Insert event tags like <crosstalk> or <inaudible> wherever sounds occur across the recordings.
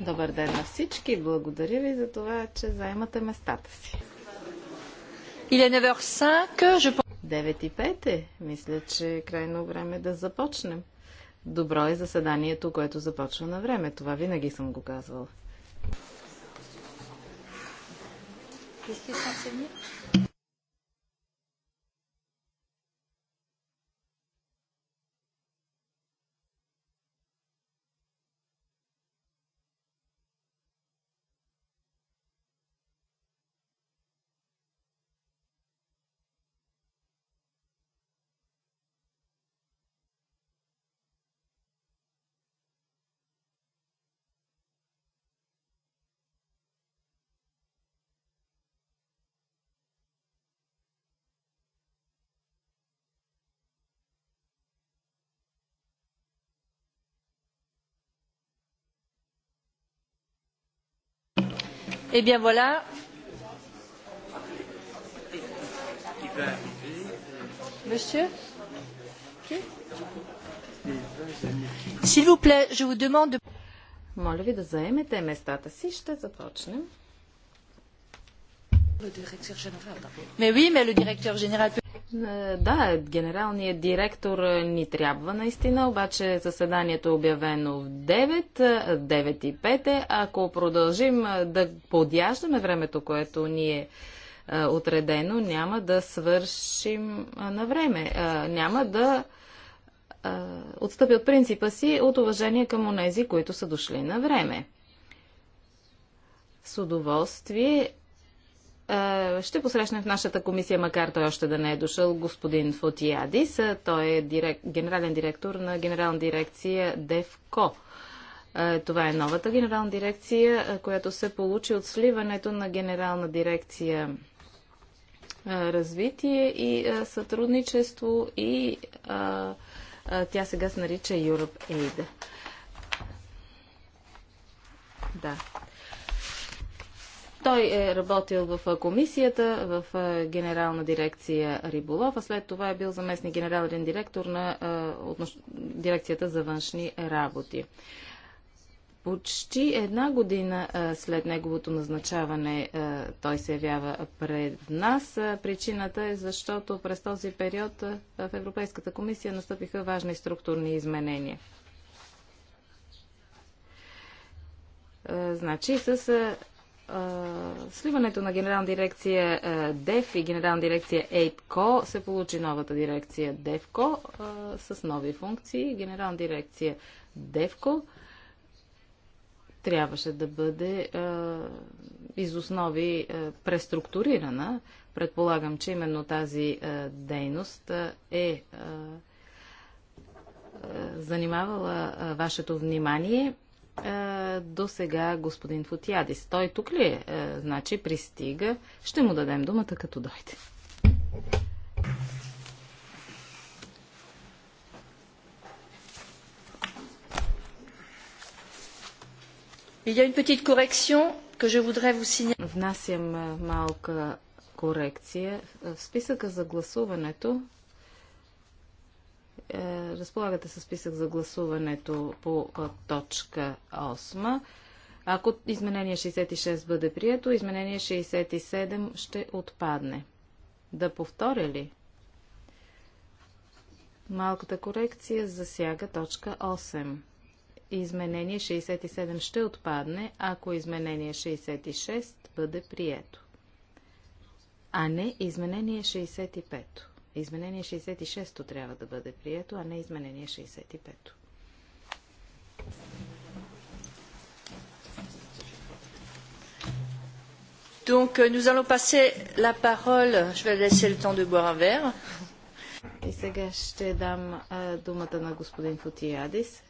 Добър ден на всички. Благодаря ви за това, че заемате местата си. 9.05 е. Мисля, че е крайно време да започнем. Добро е заседанието, което започва на време. Това винаги съм го казвала. Qu'est-ce qui est Eh bien voilà. Monsieur S'il vous plaît, je vous demande de... Моля ви да заемете местата си. Ще започнем. Mais oui, mais le directeur général е, да, генералният директор е, ни трябва наистина, обаче заседанието е обявено в 9, 9 е, и 5. Ако продължим да подяждаме времето, което ни е отредено, няма да свършим на време. Няма да отстъпи от принципа си от уважение към онези, които са дошли на време. С удоволствие ще посрещнем в нашата комисия, макар той още да не е дошъл, господин Фотиадис. Той е директ, генерален директор на генерална дирекция ДЕВКО. Това е новата генерална дирекция, която се получи от сливането на генерална дирекция развитие и сътрудничество и тя сега се нарича Europe Aid. Да. Той е работил в комисията, в генерална дирекция Риболов, а след това е бил заместник генерален директор на дирекцията за външни работи. Почти една година след неговото назначаване той се явява пред нас. Причината е защото през този период в Европейската комисия настъпиха важни структурни изменения. Значи с сливането на генерална дирекция ДЕФ и генерална дирекция ЕЙПКО се получи новата дирекция ДЕФКО с нови функции. Генерална дирекция ДЕФКО трябваше да бъде из основи преструктурирана. Предполагам, че именно тази дейност е занимавала вашето внимание до сега господин Футиадис. Той тук ли е? Значи пристига. Ще му дадем думата като дойде. Внасям малка корекция. В списъка за гласуването е, разполагате със списък за гласуването по точка 8. Ако изменение 66 бъде прието, изменение 67 ще отпадне. Да повторя ли? Малката корекция засяга точка 8. Изменение 67 ще отпадне, ако изменение 66 бъде прието, а не изменение 65. Изменение 66-то трябва да бъде прието, а не изменение 65-то. Donc euh, nous allons passer la parole, je vais laisser le temps de boire un verre. Et сега ще дам а, думата на господин Фотиадис,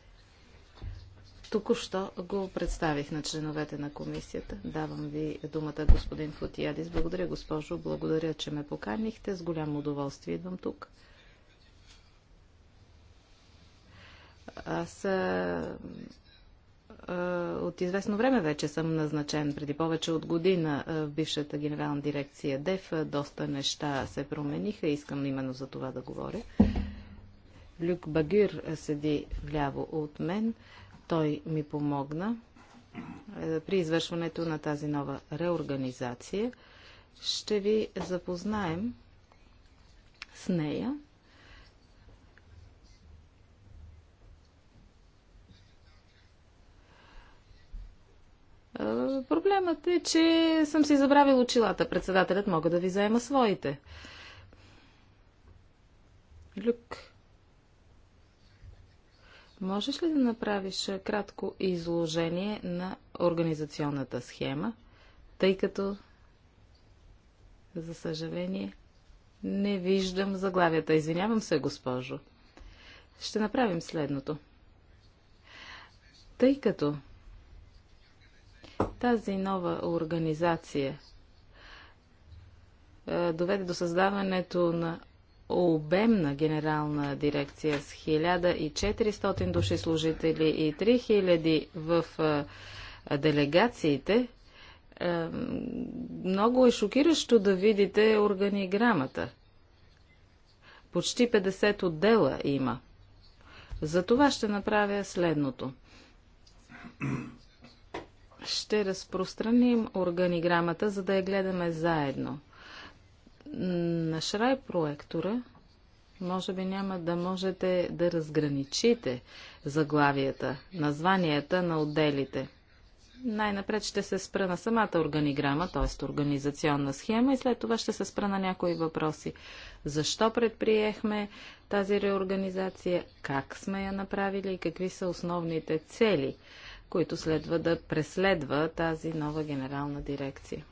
Току-що го представих на членовете на комисията. Давам ви думата, господин Футиадис. Благодаря, госпожо. Благодаря, че ме поканихте. С голямо удоволствие идвам тук. Аз а, а, от известно време вече съм назначен, преди повече от година в бившата генерална дирекция ДЕФ. Доста неща се промениха, искам именно за това да говоря. Люк Багир седи вляво от мен. А, той ми помогна е, при извършването на тази нова реорганизация. Ще ви запознаем с нея. Е, проблемът е, че съм си забравил очилата. Председателят мога да ви заема своите. Люк. Можеш ли да направиш кратко изложение на организационната схема, тъй като, за съжаление, не виждам заглавията. Извинявам се, госпожо. Ще направим следното. Тъй като тази нова организация е, доведе до създаването на обемна генерална дирекция с 1400 души служители и 3000 в делегациите, много е шокиращо да видите органиграмата. Почти 50 отдела има. За това ще направя следното. Ще разпространим органиграмата, за да я гледаме заедно – на шрай проектора може би няма да можете да разграничите заглавията, названията на отделите. Най-напред ще се спра на самата органиграма, т.е. организационна схема и след това ще се спра на някои въпроси. Защо предприехме тази реорганизация, как сме я направили и какви са основните цели, които следва да преследва тази нова генерална дирекция.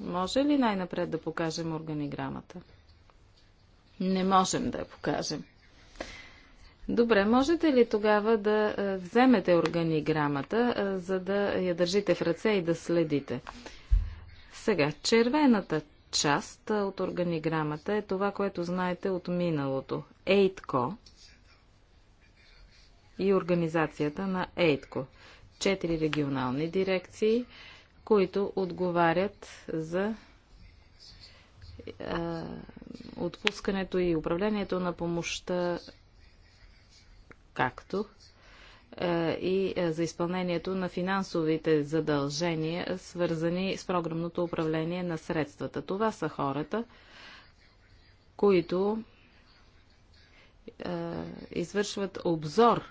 Може ли най-напред да покажем органиграмата? Не можем да я покажем. Добре, можете ли тогава да вземете органиграмата, за да я държите в ръце и да следите? Сега, червената част от органиграмата е това, което знаете от миналото. Ейтко и организацията на Ейтко. Четири регионални дирекции – които отговарят за отпускането и управлението на помощта, както и за изпълнението на финансовите задължения, свързани с програмното управление на средствата. Това са хората, които извършват обзор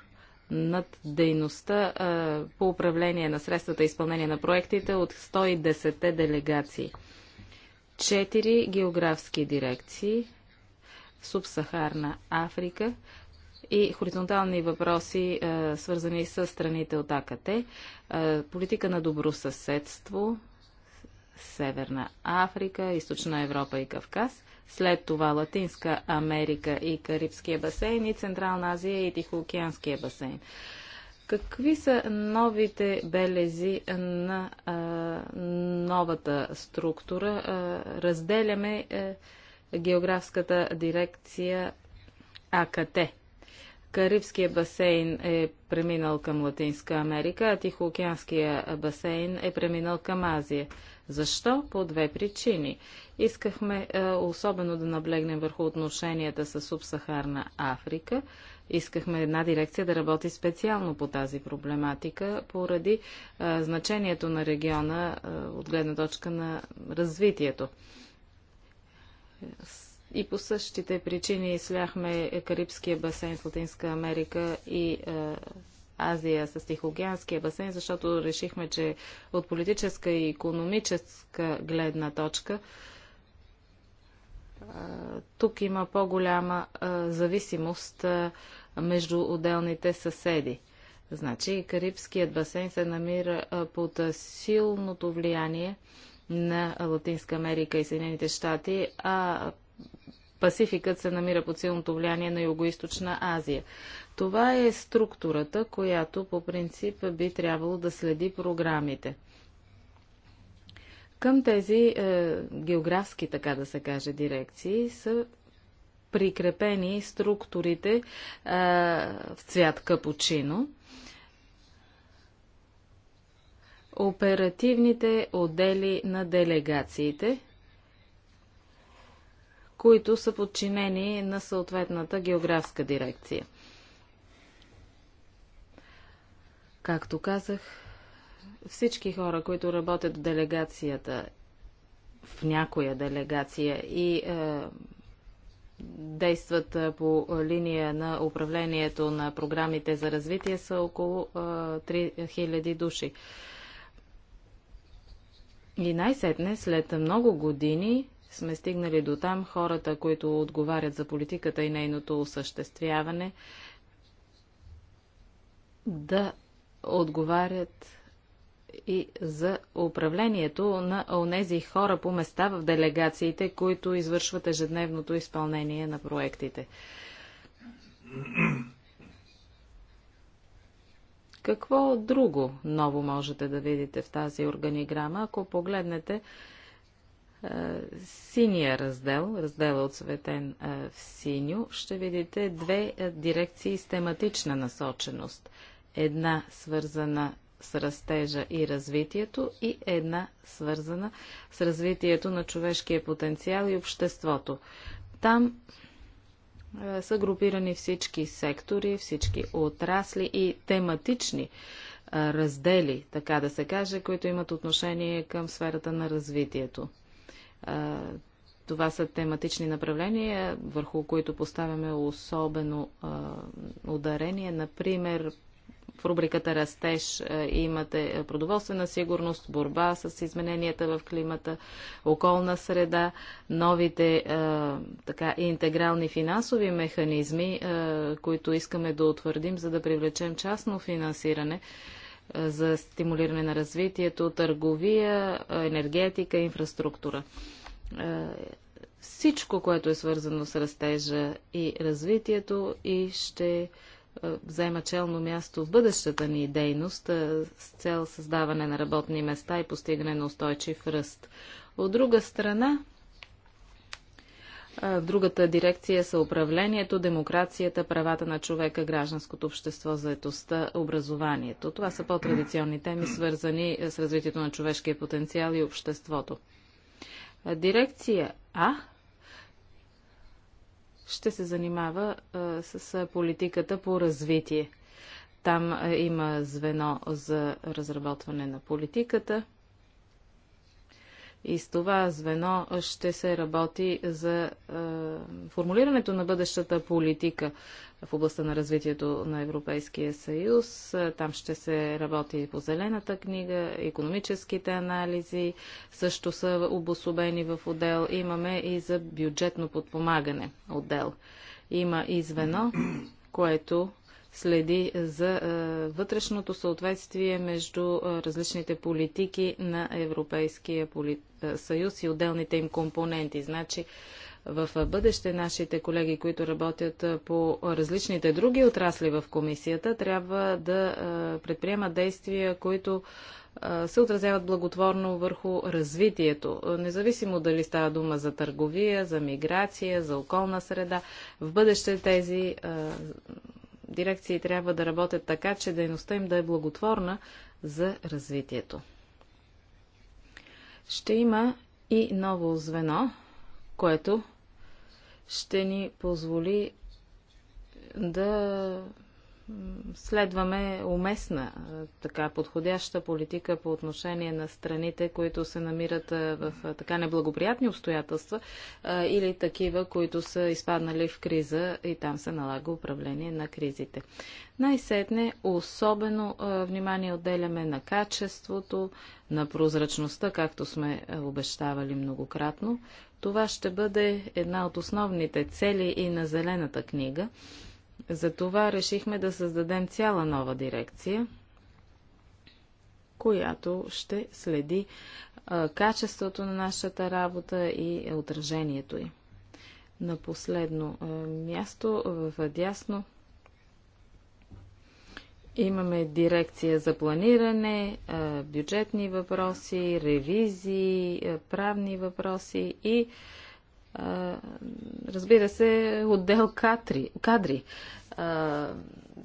над дейността а, по управление на средствата и изпълнение на проектите от 110 делегации. Четири географски дирекции Субсахарна Африка и хоризонтални въпроси, а, свързани с страните от АКТ, а, политика на добросъседство, Северна Африка, Източна Европа и Кавказ – след това Латинска Америка и Карибския басейн и Централна Азия и Тихоокеанския басейн. Какви са новите белези на а, новата структура? А, разделяме а, географската дирекция АКТ. Карибския басейн е преминал към Латинска Америка, а Тихоокеанския басейн е преминал към Азия. Защо? По две причини. Искахме е, особено да наблегнем върху отношенията с Субсахарна Африка. Искахме една дирекция да работи специално по тази проблематика, поради е, значението на региона е, от гледна точка на развитието. И по същите причини сляхме Карибския басейн в Латинска Америка и е, Азия, с Тихоокеанския басейн, защото решихме, че от политическа и економическа гледна точка тук има по-голяма зависимост между отделните съседи. Значи Карибският басейн се намира под силното влияние на Латинска Америка и Съединените щати, а Пасификът се намира под силното влияние на Юго-Источна Азия. Това е структурата, която по принцип би трябвало да следи програмите. Към тези е, географски, така да се каже, дирекции са прикрепени структурите е, в цвят капучино. Оперативните отдели на делегациите които са подчинени на съответната географска дирекция. Както казах, всички хора, които работят в делегацията, в някоя делегация и е, действат е, по линия на управлението на програмите за развитие, са около е, 3000 души. И най-сетне, след много години, сме стигнали до там хората, които отговарят за политиката и нейното осъществяване, да отговарят и за управлението на онези хора по места в делегациите, които извършват ежедневното изпълнение на проектите. Какво друго ново можете да видите в тази органиграма, ако погледнете синия раздел, раздела отсветен в синьо, ще видите две дирекции с тематична насоченост. Една свързана с растежа и развитието и една свързана с развитието на човешкия потенциал и обществото. Там са групирани всички сектори, всички отрасли и тематични раздели, така да се каже, които имат отношение към сферата на развитието. Това са тематични направления, върху които поставяме особено ударение. Например, в рубриката Растеж имате продоволствена сигурност, борба с измененията в климата, околна среда, новите така, интегрални финансови механизми, които искаме да утвърдим, за да привлечем частно финансиране за стимулиране на развитието, търговия, енергетика, инфраструктура. Всичко, което е свързано с растежа и развитието и ще взема челно място в бъдещата ни дейност с цел създаване на работни места и постигане на устойчив ръст. От друга страна, другата дирекция са управлението, демокрацията, правата на човека, гражданското общество, заедостта, образованието. Това са по-традиционни теми, свързани е, с развитието на човешкия потенциал и обществото. Дирекция А ще се занимава с политиката по развитие. Там има звено за разработване на политиката – и с това звено ще се работи за е, формулирането на бъдещата политика в областта на развитието на Европейския съюз. Е, там ще се работи по зелената книга, економическите анализи също са обособени в отдел. Имаме и за бюджетно подпомагане отдел. Има и звено, което следи за е, вътрешното съответствие между е, различните политики на Европейския е, съюз и отделните им компоненти. Значи, в бъдеще нашите колеги, които работят по различните други отрасли в комисията, трябва да предприемат действия, които се отразяват благотворно върху развитието, независимо дали става дума за търговия, за миграция, за околна среда. В бъдеще тези дирекции трябва да работят така, че дейността им да е благотворна за развитието. Ще има и ново звено, което ще ни позволи да следваме уместна, така подходяща политика по отношение на страните, които се намират в така неблагоприятни обстоятелства или такива, които са изпаднали в криза и там се налага управление на кризите. Най-сетне особено внимание отделяме на качеството, на прозрачността, както сме обещавали многократно. Това ще бъде една от основните цели и на Зелената книга. Затова решихме да създадем цяла нова дирекция, която ще следи качеството на нашата работа и отражението й. На последно място, в дясно, имаме дирекция за планиране, бюджетни въпроси, ревизии, правни въпроси и разбира се, отдел кадри, кадри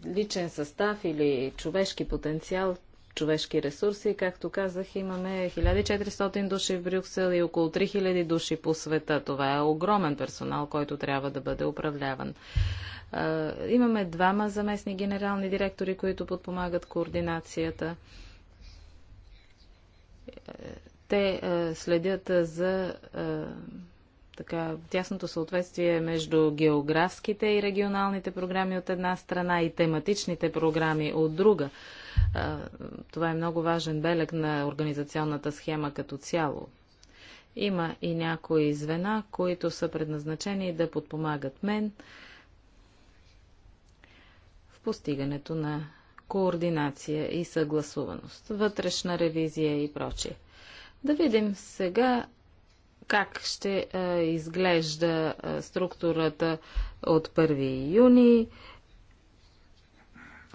личен състав или човешки потенциал, човешки ресурси. Както казах, имаме 1400 души в Брюксел и около 3000 души по света. Това е огромен персонал, който трябва да бъде управляван. Имаме двама заместни генерални директори, които подпомагат координацията. Е, те е, следят за е, така тясното съответствие между географските и регионалните програми от една страна и тематичните програми от друга. Това е много важен белег на организационната схема като цяло. Има и някои звена, които са предназначени да подпомагат мен в постигането на координация и съгласуваност, вътрешна ревизия и прочие. Да видим сега как ще е, изглежда е, структурата от 1 юни.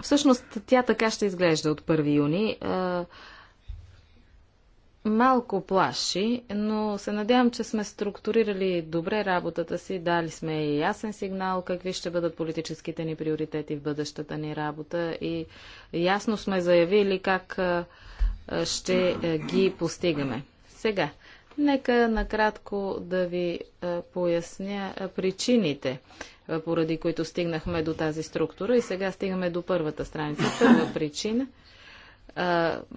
Всъщност тя така ще изглежда от 1 юни. Е, малко плаши, но се надявам, че сме структурирали добре работата си, дали сме и ясен сигнал какви ще бъдат политическите ни приоритети в бъдещата ни работа и ясно сме заявили как ще ги постигаме. Сега, Нека накратко да ви поясня причините, поради които стигнахме до тази структура и сега стигаме до първата страница. Първа причина –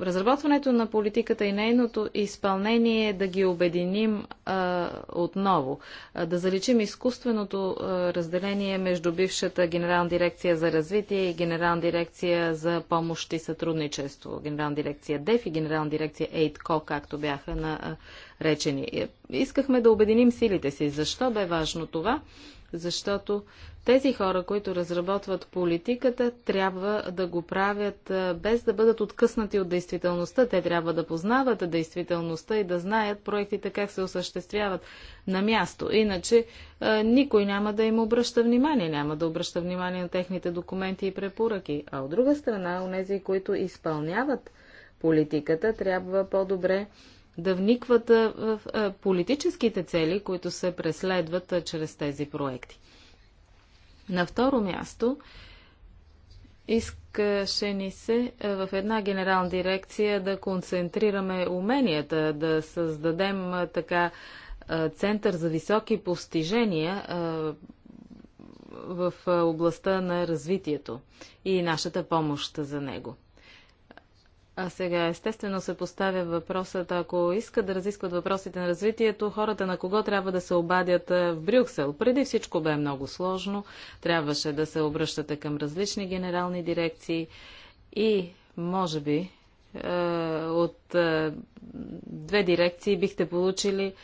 разработването на политиката и нейното изпълнение е да ги обединим а, отново, а, да заличим изкуственото а, разделение между бившата Генерална дирекция за развитие и Генерална дирекция за помощ и сътрудничество, Генерална дирекция ДЕФ и Генерална дирекция ЕЙТКО, както бяха на а, речени. Е, искахме да обединим силите си. Защо бе важно това? Защото тези хора, които разработват политиката, трябва да го правят без да бъдат откъснати от действителността. Те трябва да познават действителността и да знаят проектите как се осъществяват на място. Иначе никой няма да им обръща внимание, няма да обръща внимание на техните документи и препоръки. А от друга страна, онези, които изпълняват политиката, трябва по-добре да вникват в политическите цели, които се преследват чрез тези проекти. На второ място, искаше ни се е, в една генерална дирекция да концентрираме уменията, да създадем е, така е, център за високи постижения в областта на развитието и нашата помощ за него. А сега естествено се поставя въпросът, ако искат да разискват въпросите на развитието, хората на кого трябва да се обадят в Брюксел. Преди всичко бе много сложно, трябваше да се обръщате към различни генерални дирекции и може би от две дирекции бихте получили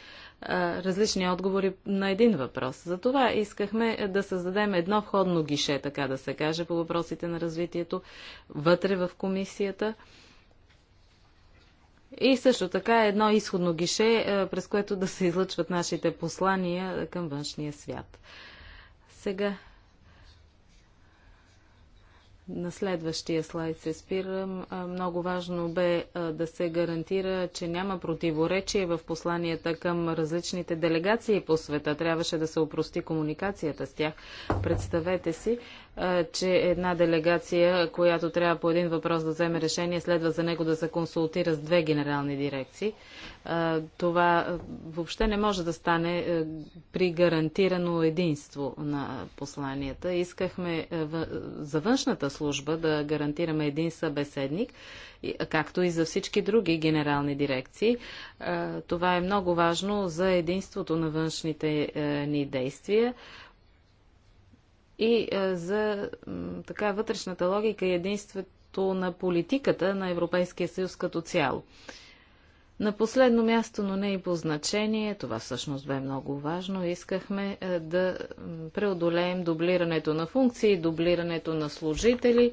различни отговори на един въпрос. Затова искахме да създадем едно входно гише, така да се каже, по въпросите на развитието вътре в комисията – и също така е едно изходно гише, е, през което да се излъчват нашите послания към външния свят. Сега на следващия слайд се спирам. Е, много важно бе е, да се гарантира, че няма противоречие в посланията към различните делегации по света. Трябваше да се опрости комуникацията с тях. Представете си, че една делегация, която трябва по един въпрос да вземе решение, следва за него да се консултира с две генерални дирекции. Това въобще не може да стане при гарантирано единство на посланията. Искахме за външната служба да гарантираме един събеседник, както и за всички други генерални дирекции. Това е много важно за единството на външните ни действия и е, за така вътрешната логика и единството на политиката на Европейския съюз като цяло. На последно място, но не и по значение, това всъщност бе много важно, искахме е, да преодолеем дублирането на функции, дублирането на служители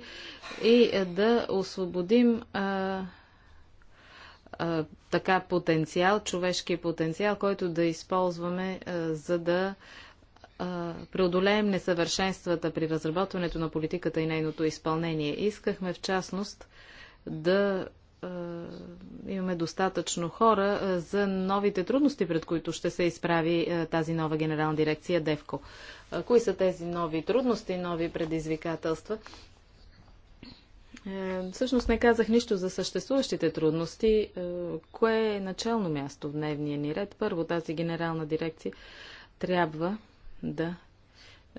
и е, да освободим а, а, така потенциал, човешки потенциал, който да използваме, а, за да а, преодолеем несъвършенствата при разработването на политиката и нейното изпълнение. Искахме в частност да имаме достатъчно хора за новите трудности, пред които ще се изправи тази нова генерална дирекция ДЕВКО. Кои са тези нови трудности, нови предизвикателства? Е, всъщност не казах нищо за съществуващите трудности. Е, кое е начално място в дневния ни ред? Първо, тази генерална дирекция трябва да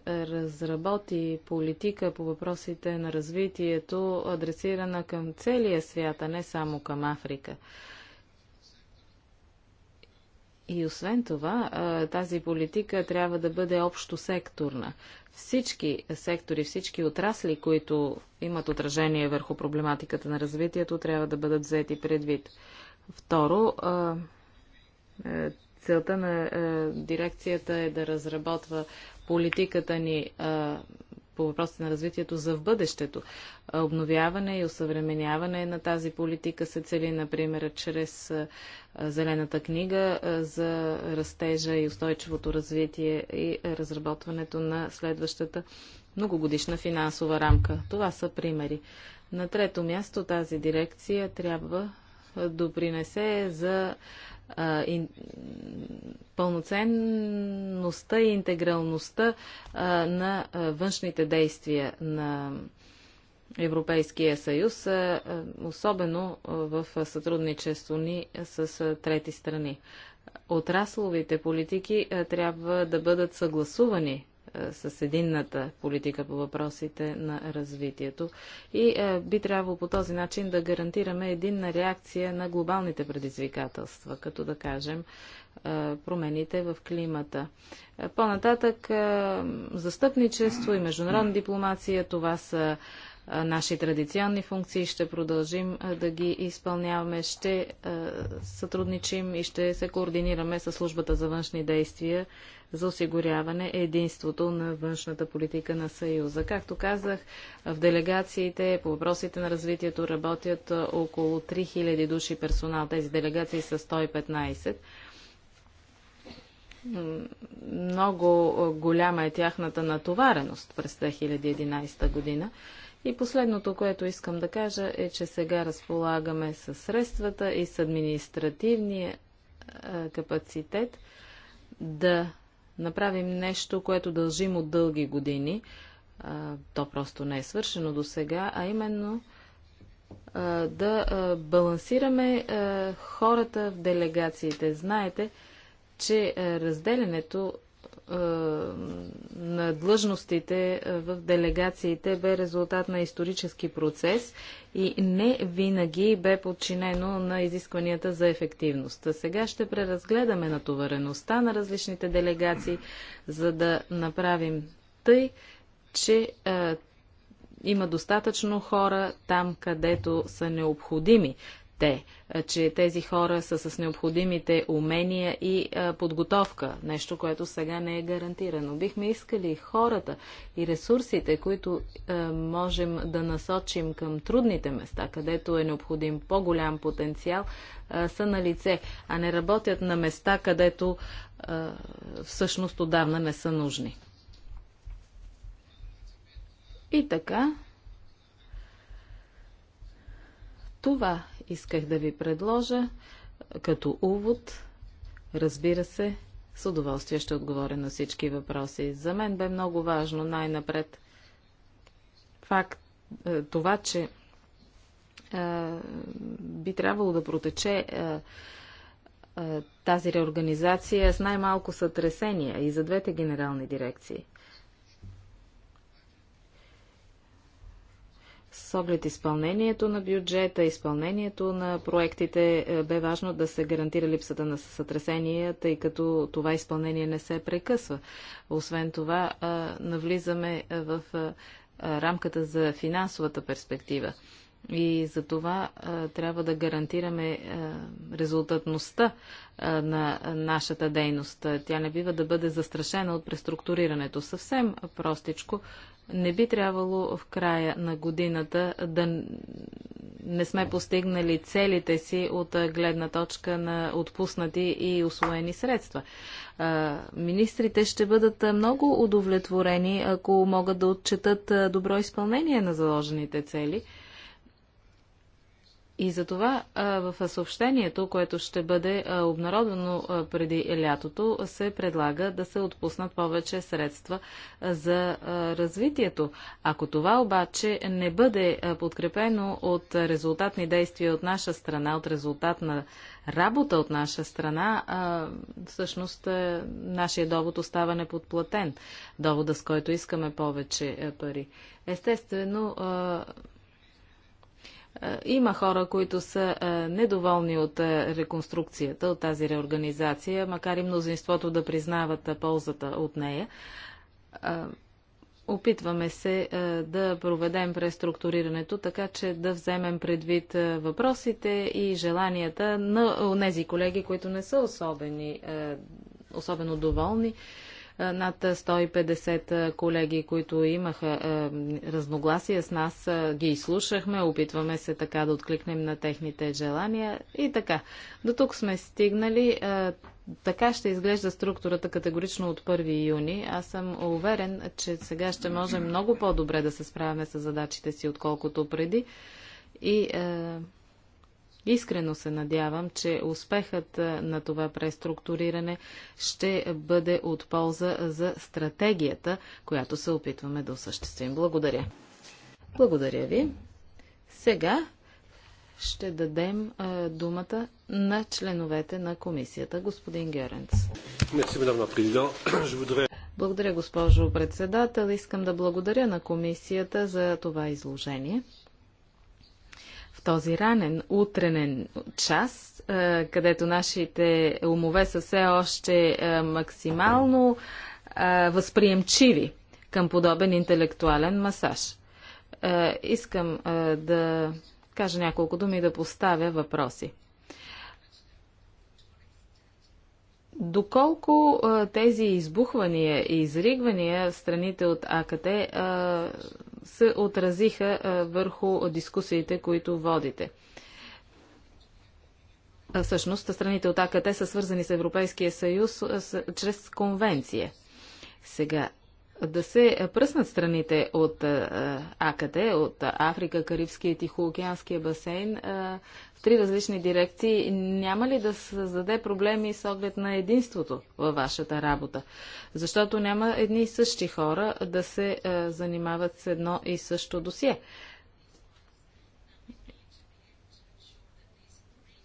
разработи политика по въпросите на развитието, адресирана към целия свят, а не само към Африка. И освен това, тази политика трябва да бъде общо секторна. Всички сектори, всички отрасли, които имат отражение върху проблематиката на развитието, трябва да бъдат взети предвид. Второ, е, Целта на е, дирекцията е да разработва политиката ни е, по въпросите на развитието за в бъдещето. Е, обновяване и осъвременяване на тази политика се цели, например, чрез е, Зелената книга е, за растежа и устойчивото развитие и разработването на следващата многогодишна финансова рамка. Това са примери. На трето място тази дирекция трябва да е, допринесе за и, пълноценността и интегралността а, на външните действия на Европейския съюз, а, особено в сътрудничество ни с трети страни. Отрасловите политики трябва да бъдат съгласувани е, с единната политика по въпросите на развитието. И е, би трябвало по този начин да гарантираме единна реакция на глобалните предизвикателства, като да кажем е, промените в климата. По-нататък застъпничество и международна дипломация, това са наши традиционни функции, ще продължим да ги изпълняваме, ще сътрудничим и ще се координираме с службата за външни действия за осигуряване единството на външната политика на Съюза. Както казах, в делегациите по въпросите на развитието работят около 3000 души персонал. Тези делегации са 115 много голяма е тяхната натовареност през 2011 година. И последното, което искам да кажа е, че сега разполагаме с средствата и с административния е, капацитет да направим нещо, което дължим от дълги години. Е, то просто не е свършено до сега, а именно е, да балансираме хората в делегациите. Знаете, че разделянето е, на длъжностите е, в делегациите бе резултат на исторически процес и не винаги бе подчинено на изискванията за ефективност. А сега ще преразгледаме натовареността на различните делегации, за да направим тъй, че а, е, има достатъчно хора там, където са необходими те, че тези хора са с необходимите умения и подготовка, нещо, което сега не е гарантирано. Бихме искали хората и ресурсите, които можем да насочим към трудните места, където е необходим по-голям потенциал, са на лице, а не работят на места, където всъщност отдавна не са нужни. И така, това исках да ви предложа като увод. Разбира се, с удоволствие ще отговоря на всички въпроси. За мен бе много важно най-напред факт е, това, че е, би трябвало да протече е, е, тази реорганизация с най-малко сътресения и за двете генерални дирекции. С оглед изпълнението на бюджета, изпълнението на проектите, е, бе важно да се гарантира липсата на сътресения, тъй като това изпълнение не се прекъсва. Освен това, е, навлизаме е, в рамката за финансовата перспектива. И за това трябва да гарантираме резултатността на нашата дейност. Тя не бива да бъде застрашена от преструктурирането. Съвсем простичко не би трябвало в края на годината да не сме постигнали целите си от гледна точка на отпуснати и освоени средства. Министрите ще бъдат много удовлетворени, ако могат да отчетат добро изпълнение на заложените цели – и затова в съобщението, което ще бъде обнародвано преди лятото, се предлага да се отпуснат повече средства за развитието. Ако това обаче не бъде подкрепено от резултатни действия от наша страна, от резултат на работа от наша страна, всъщност нашия довод остава неподплатен. Довода, с който искаме повече пари. Естествено, е, има хора, които са е, недоволни от е, реконструкцията, от тази реорганизация, макар и мнозинството да признават ползата от нея. Опитваме се да проведем преструктурирането, така че да вземем предвид въпросите и желанията на тези колеги, които не са особени, особено доволни е, над 150 е, колеги, които имаха е, разногласия с нас, ги изслушахме, опитваме се така да откликнем на техните желания и така. До тук сме стигнали. Така ще изглежда структурата категорично от 1 юни. Аз съм уверен, че сега ще можем много по-добре да се справяме с задачите си, отколкото преди. И е, Искрено се надявам, че успехът на това преструктуриране ще бъде от полза за стратегията, която се опитваме да осъществим. Благодаря. Благодаря ви. Сега ще дадем а, думата на членовете на комисията. Господин Геренц. <clears throat> Благодаря, госпожо председател. Искам да благодаря на комисията за това изложение този ранен утренен час, където нашите умове са все още максимално възприемчиви към подобен интелектуален масаж. Искам да кажа няколко думи и да поставя въпроси. Доколко тези избухвания и изригвания в страните от АКТ се отразиха върху дискусиите, които водите. Всъщност, страните от АКТ са свързани с Европейския съюз чрез конвенция. Сега, да се пръснат страните от АКТ, от Африка, Карибския и Тихоокеанския басейн, три различни дирекции, няма ли да създаде проблеми с оглед на единството във вашата работа? Защото няма едни и същи хора да се е, занимават с едно и също досие.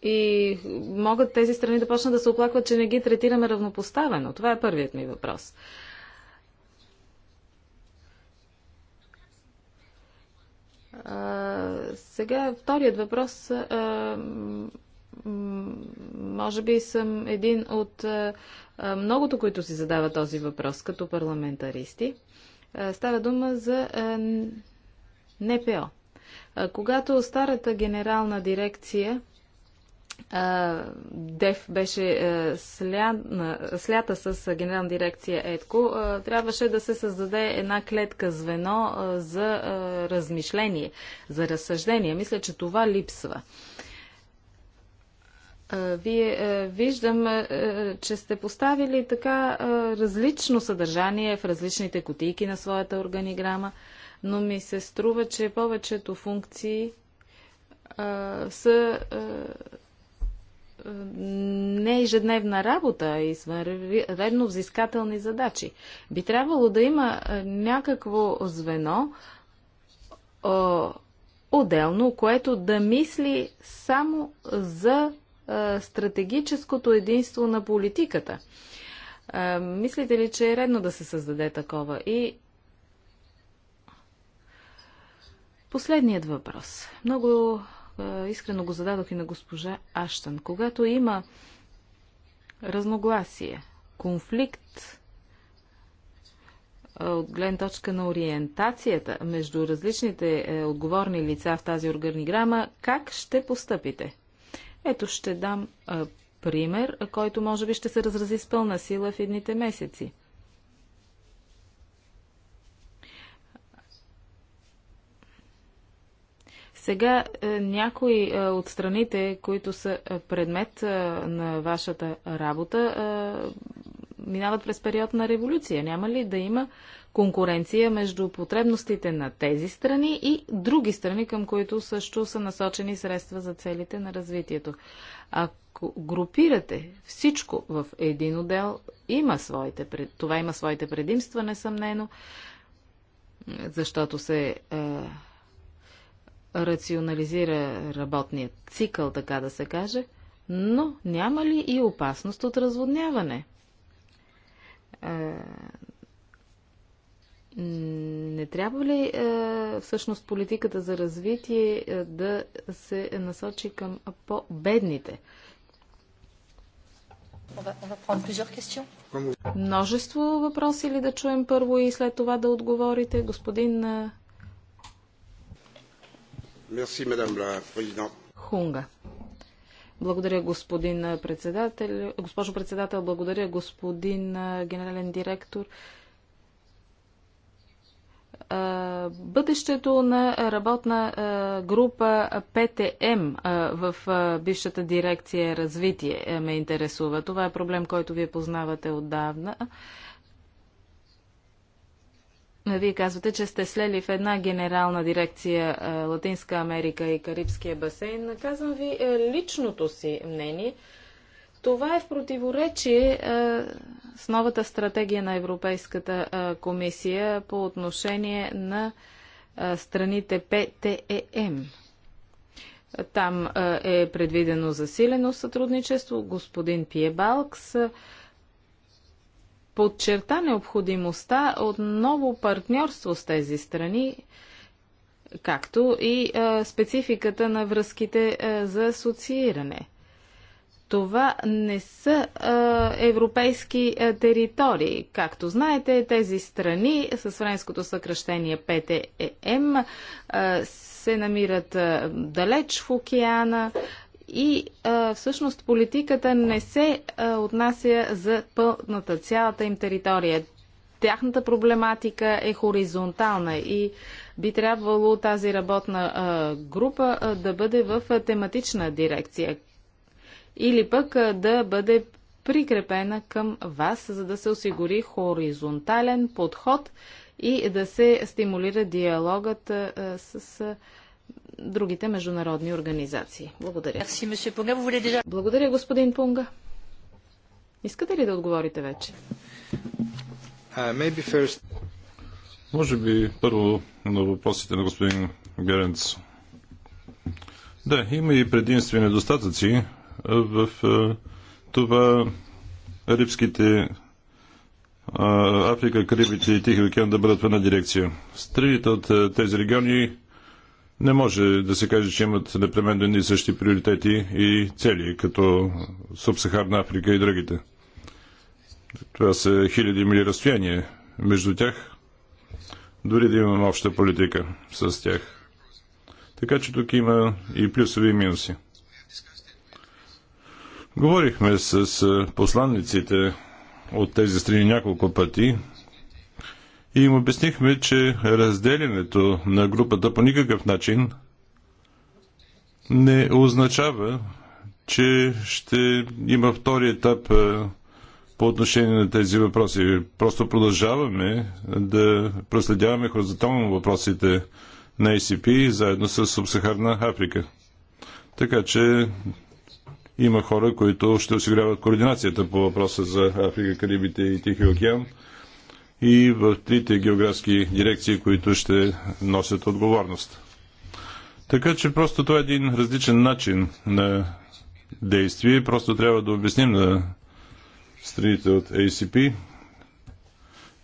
И могат тези страни да почнат да се оплакват, че не ги третираме равнопоставено. Това е първият ми въпрос. А, сега вторият въпрос. А, може би съм един от а, многото, които си задава този въпрос като парламентаристи. А, става дума за а, НПО. А, когато старата генерална дирекция Дев беше слята с генерална дирекция ЕТКО, трябваше да се създаде една клетка звено за размишление, за разсъждение. Мисля, че това липсва. Вие виждам, че сте поставили така различно съдържание в различните кутийки на своята органиграма, но ми се струва, че повечето функции са не ежедневна работа, а извънредно взискателни задачи. Би трябвало да има някакво звено отделно, което да мисли само за стратегическото единство на политиката. мислите ли, че е редно да се създаде такова? И последният въпрос. Много искрено го зададох и на госпожа Аштън. Когато има разногласие, конфликт от гледна точка на ориентацията между различните е, отговорни лица в тази органиграма, как ще постъпите? Ето ще дам пример, който може би ще се разрази с пълна сила в едните месеци – Сега е, някои е, от страните, които са е, предмет на вашата работа, минават през период на революция. Няма ли да има конкуренция между потребностите на тези страни и други страни, към които също са насочени средства за целите на развитието? Ако групирате всичко в един отдел, има своите, това има своите предимства, несъмнено, защото се рационализира работният цикъл, така да се каже, но няма ли и опасност от разводняване? Е, не трябва ли е, всъщност политиката за развитие е, да се насочи към по-бедните? Множество въпроси ли да чуем първо и след това да отговорите, господин Хунга. Благодаря, господин председател. Госпожо председател, благодаря, господин генерален директор. Бъдещето на работна група ПТМ в бившата дирекция развитие ме интересува. Това е проблем, който вие познавате отдавна. Вие казвате, че сте слели в една генерална дирекция е, Латинска Америка и Карибския басейн. Казвам ви е, личното си мнение. Това е в противоречие е, с новата стратегия на Европейската комисия по отношение на страните ПТЕМ. Там е предвидено засилено сътрудничество. Господин Пиебалкс. Балкс подчерта необходимостта от ново партньорство с тези страни, както и спецификата на връзките за асоцииране. Това не са а, европейски а, територии. Както знаете, тези страни с френското съкръщение ПТЕМ се намират а, далеч в океана, и а, всъщност политиката не се а, отнася за пълната, цялата им територия. Тяхната проблематика е хоризонтална и би трябвало тази работна а, група а, да бъде в а, тематична дирекция или пък а, да бъде прикрепена към вас, за да се осигури хоризонтален подход и да се стимулира диалогът а, с. А, другите международни организации. Благодаря. Благодаря, господин Пунга. Искате ли да отговорите вече? Uh, Може би първо на въпросите на господин Геренц. Да, има и предимствени недостатъци в това рибските Африка, Карибите и Тихи океан да бъдат в една дирекция. Страните от тези региони не може да се каже, че имат непременно едни и същи приоритети и цели, като Субсахарна Африка и другите. Това са хиляди мили разстояние между тях, дори да имаме обща политика с тях. Така че тук има и плюсови и минуси. Говорихме с посланниците от тези страни няколко пъти и им обяснихме, че разделянето на групата по никакъв начин не означава, че ще има втори етап е, по отношение на тези въпроси. Просто продължаваме да проследяваме хоризонтално въпросите на ACP заедно с Субсахарна Африка. Така че има хора, които ще осигуряват координацията по въпроса за Африка, Карибите и Тихия океан – и в трите географски дирекции, които ще носят отговорност. Така че просто това е един различен начин на действие. Просто трябва да обясним на страните от ACP,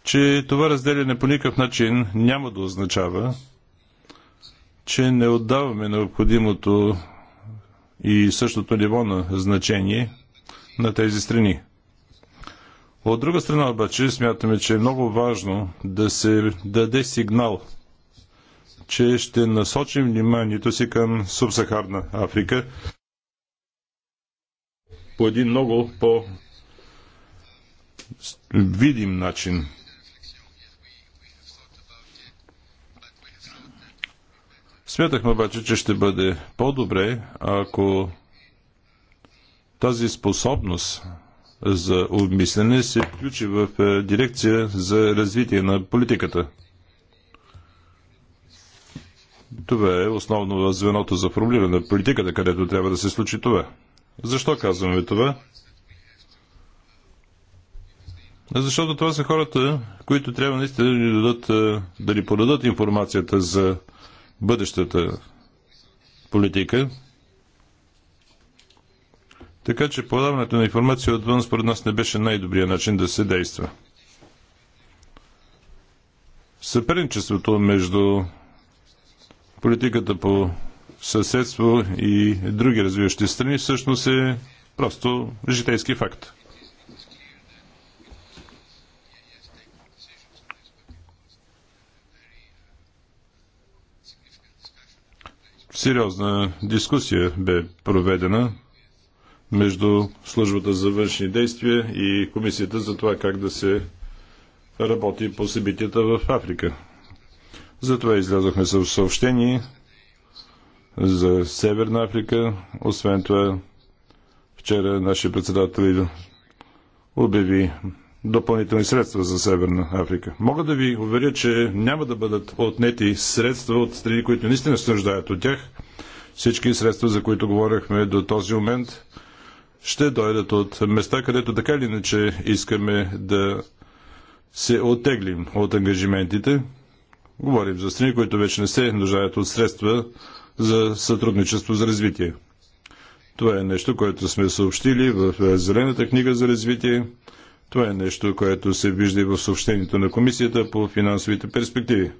че това разделяне по никакъв начин няма да означава, че не отдаваме необходимото и същото ниво на значение на тези страни. От друга страна обаче смятаме, че е много важно да се даде сигнал, че ще насочим вниманието си към субсахарна Африка по един много по видим начин. Смятахме обаче, че ще бъде по-добре, ако тази способност за обмислене се включи в е, дирекция за развитие на политиката. Това е основно звеното за формулиране на политиката, където трябва да се случи това. Защо казваме това? Защото това са хората, които трябва наистина да ни, дадат, е, да ни подадат информацията за бъдещата политика, така че подаването на информация отвън според нас не беше най-добрият начин да се действа. Съперничеството между политиката по съседство и други развиващи страни всъщност е просто житейски факт. Сериозна дискусия бе проведена между службата за външни действия и комисията за това как да се работи по събитията в Африка. Затова излязохме със съобщение за Северна Африка. Освен това, вчера нашия председател обяви допълнителни средства за Северна Африка. Мога да ви уверя, че няма да бъдат отнети средства от страни, които наистина се нуждаят от тях. Всички средства, за които говорихме до този момент, ще дойдат от места, където така или иначе искаме да се оттеглим от ангажиментите. Говорим за страни, които вече не се нуждаят от средства за сътрудничество за развитие. Това е нещо, което сме съобщили в Зелената книга за развитие. Това е нещо, което се вижда и в съобщението на Комисията по финансовите перспективи.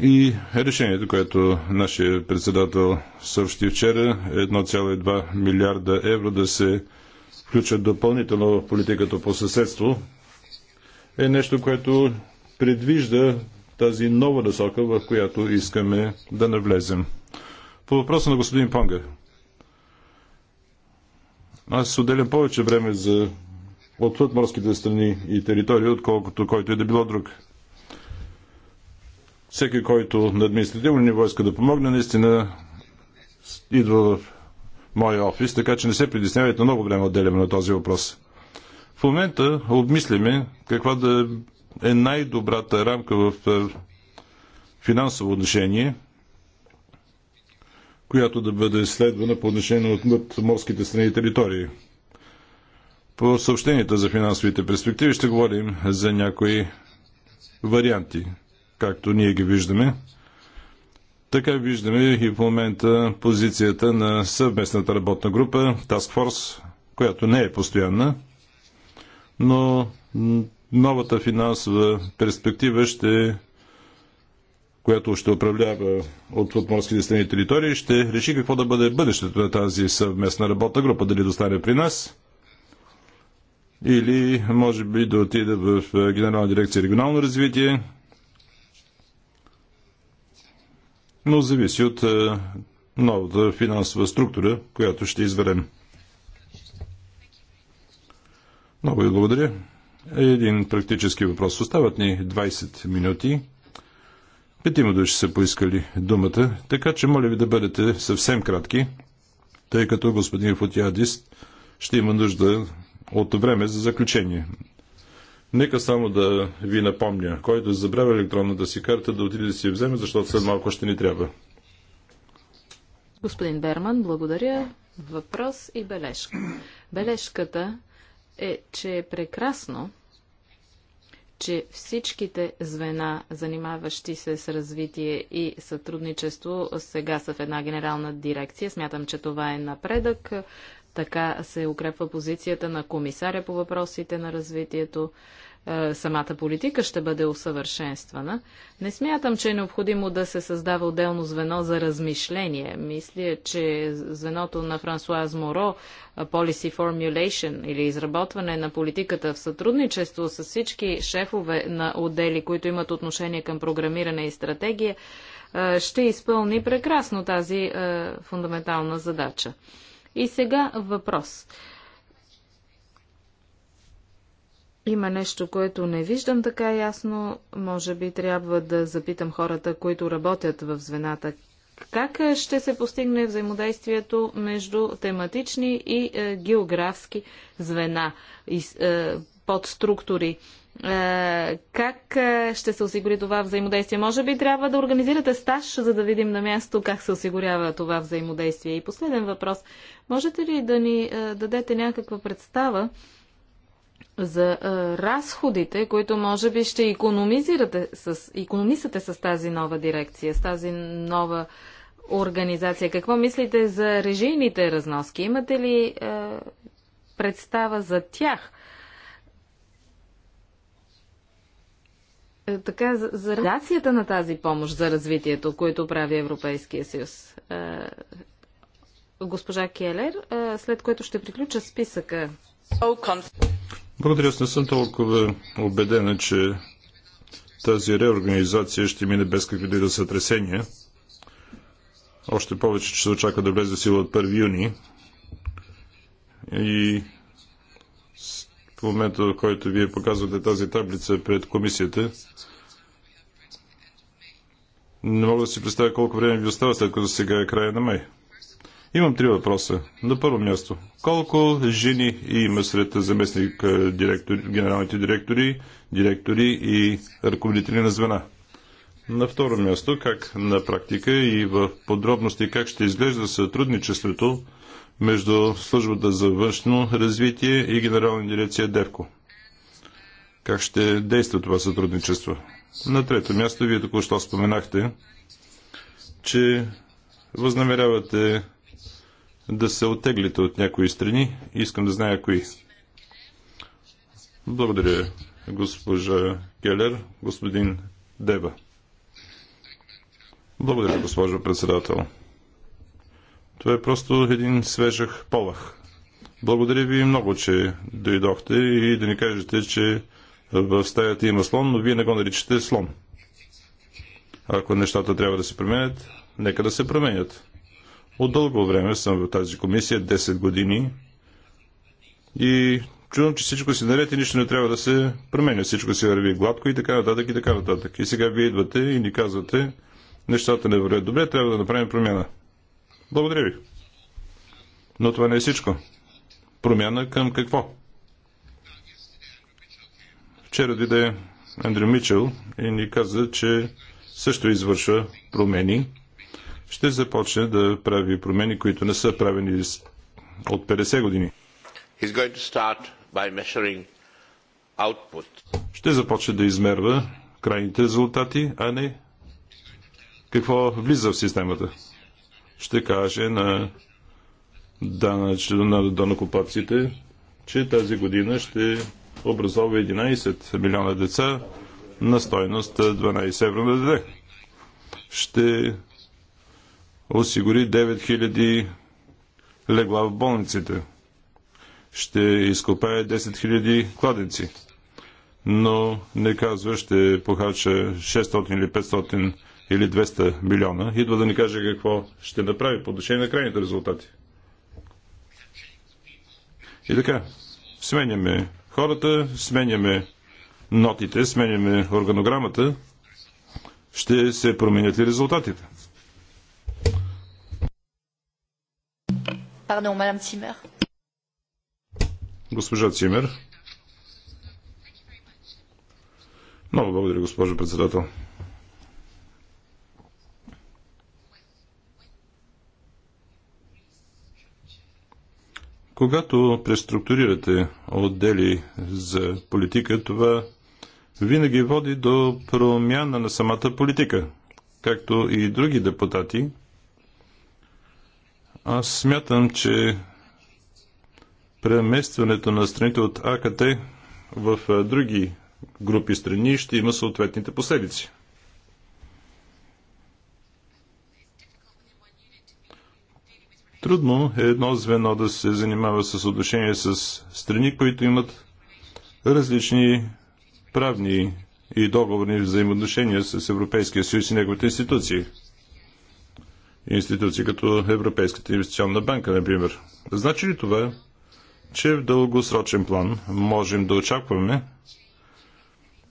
И е решението, което нашия председател съобщи вчера, 1,2 милиарда евро да се включат допълнително в политиката по съседство, е нещо, което предвижда тази нова насока, в която искаме да навлезем. По въпроса на господин Понга. Аз отделям повече време за отвъд морските страни и територии, отколкото който и е да било друг всеки, който на административно ниво иска да помогне, наистина идва в моя офис, така че не се притеснявайте, много време отделяме на този въпрос. В момента обмисляме каква да е най-добрата рамка в е, финансово отношение, която да бъде следвана по отношение от над морските страни и територии. По съобщенията за финансовите перспективи ще говорим за някои варианти както ние ги виждаме. Така виждаме и в момента позицията на съвместната работна група Task Force, която не е постоянна, но новата финансова перспектива ще която ще управлява от отморските страни територии, ще реши какво да бъде бъдещето на тази съвместна работна група, дали достане при нас или може би да отиде в Генерална дирекция регионално развитие, но зависи от е, новата финансова структура, която ще изберем. Много ви благодаря. Един практически въпрос. Остават ни 20 минути. Петима души са поискали думата, така че моля ви да бъдете съвсем кратки, тъй като господин Фотиадис ще има нужда от време за заключение. Нека само да ви напомня, който е забравя електронната си карта, да отиде да си я вземе, защото след малко ще ни трябва. Господин Берман, благодаря. Въпрос и бележка. Бележката е, че е прекрасно, че всичките звена, занимаващи се с развитие и сътрудничество, сега са в една генерална дирекция. Смятам, че това е напредък. Така се укрепва позицията на комисаря по въпросите на развитието. Е, самата политика ще бъде усъвършенствана. Не смятам, че е необходимо да се създава отделно звено за размишление. Мисля, че звеното на Франсуаз Моро, е, Policy Formulation или изработване на политиката в сътрудничество с всички шефове на отдели, които имат отношение към програмиране и стратегия, е, ще изпълни прекрасно тази фундаментална задача. И сега въпрос. Има нещо, което не виждам така ясно. Може би трябва да запитам хората, които работят в звената. Как е, ще се постигне взаимодействието между тематични и е, географски звена и е, подструктури? Е, как е, ще се осигури това взаимодействие? Може би трябва да организирате стаж, за да видим на място как се осигурява това взаимодействие. И последен въпрос. Можете ли да ни дадете някаква представа за а, разходите, които може би ще економизирате с, економисате с тази нова дирекция, с тази нова организация. Какво мислите за режийните разноски? Имате ли а, представа за тях? Е, така, за, за на тази помощ за развитието, което прави Европейския съюз. Е, госпожа Келер, е, след което ще приключа списъка. Благодаря. Аз не съм толкова убедена, че тази реорганизация ще мине без какви да сътресения. Още повече, че се очаква да влезе сила от 1 юни. И в момента, в който вие показвате тази таблица пред комисията, не мога да си представя колко време ви остава след като сега е края на май. Имам три въпроса. На първо място, колко жени има сред заместник директор, генералните директори, директори и ръководители на звена? На второ място, как на практика и в подробности как ще изглежда сътрудничеството между службата за външно развитие и генерална дирекция ДЕВКО? Как ще действа това сътрудничество? На трето място, вие току-що споменахте, че възнамерявате да се отеглите от някои страни. Искам да зная кои. Благодаря, госпожа Келер, господин Дева. Благодаря, госпожо председател. Това е просто един свежах полах. Благодаря ви много, че дойдохте и да ни кажете, че в стаята има слон, но вие не го наричате слон. Ако нещата трябва да се променят, нека да се променят. От дълго време съм в тази комисия, 10 години. И чувам, че всичко си наред и нищо не трябва да се променя. Всичко си върви гладко и така нататък и така нататък. И сега вие идвате и ни казвате, нещата не вървят добре, трябва да направим промяна. Благодаря ви. Но това не е всичко. Промяна към какво? Вчера дойде Андрю Мичел и ни каза, че също извършва промени ще започне да прави промени, които не са правени от 50 години. Ще започне да измерва крайните резултати, а не какво влиза в системата. Ще каже на данокопаците, че тази година ще образува 11 милиона деца на стойност 12 евро на деде. Ще осигури 9000 легла в болниците. Ще изкопае 10 000 кладенци. Но не казва, ще похача 600 или 500 или 200 милиона. Идва да ни каже какво ще направи по отношение на крайните резултати. И така, сменяме хората, сменяме нотите, сменяме органограмата. Ще се променят ли резултатите? Pardon, Madame Госпожа Цимер. Много благодаря, госпожо председател. Когато преструктурирате отдели за политика, това винаги води до промяна на самата политика. Както и други депутати аз смятам, че преместването на страните от АКТ в други групи страни ще има съответните последици. Трудно е едно звено да се занимава с отношение с страни, които имат различни правни и договорни взаимоотношения с Европейския съюз и неговите институции институции, като Европейската инвестиционна банка, например. Значи ли това, че в дългосрочен план можем да очакваме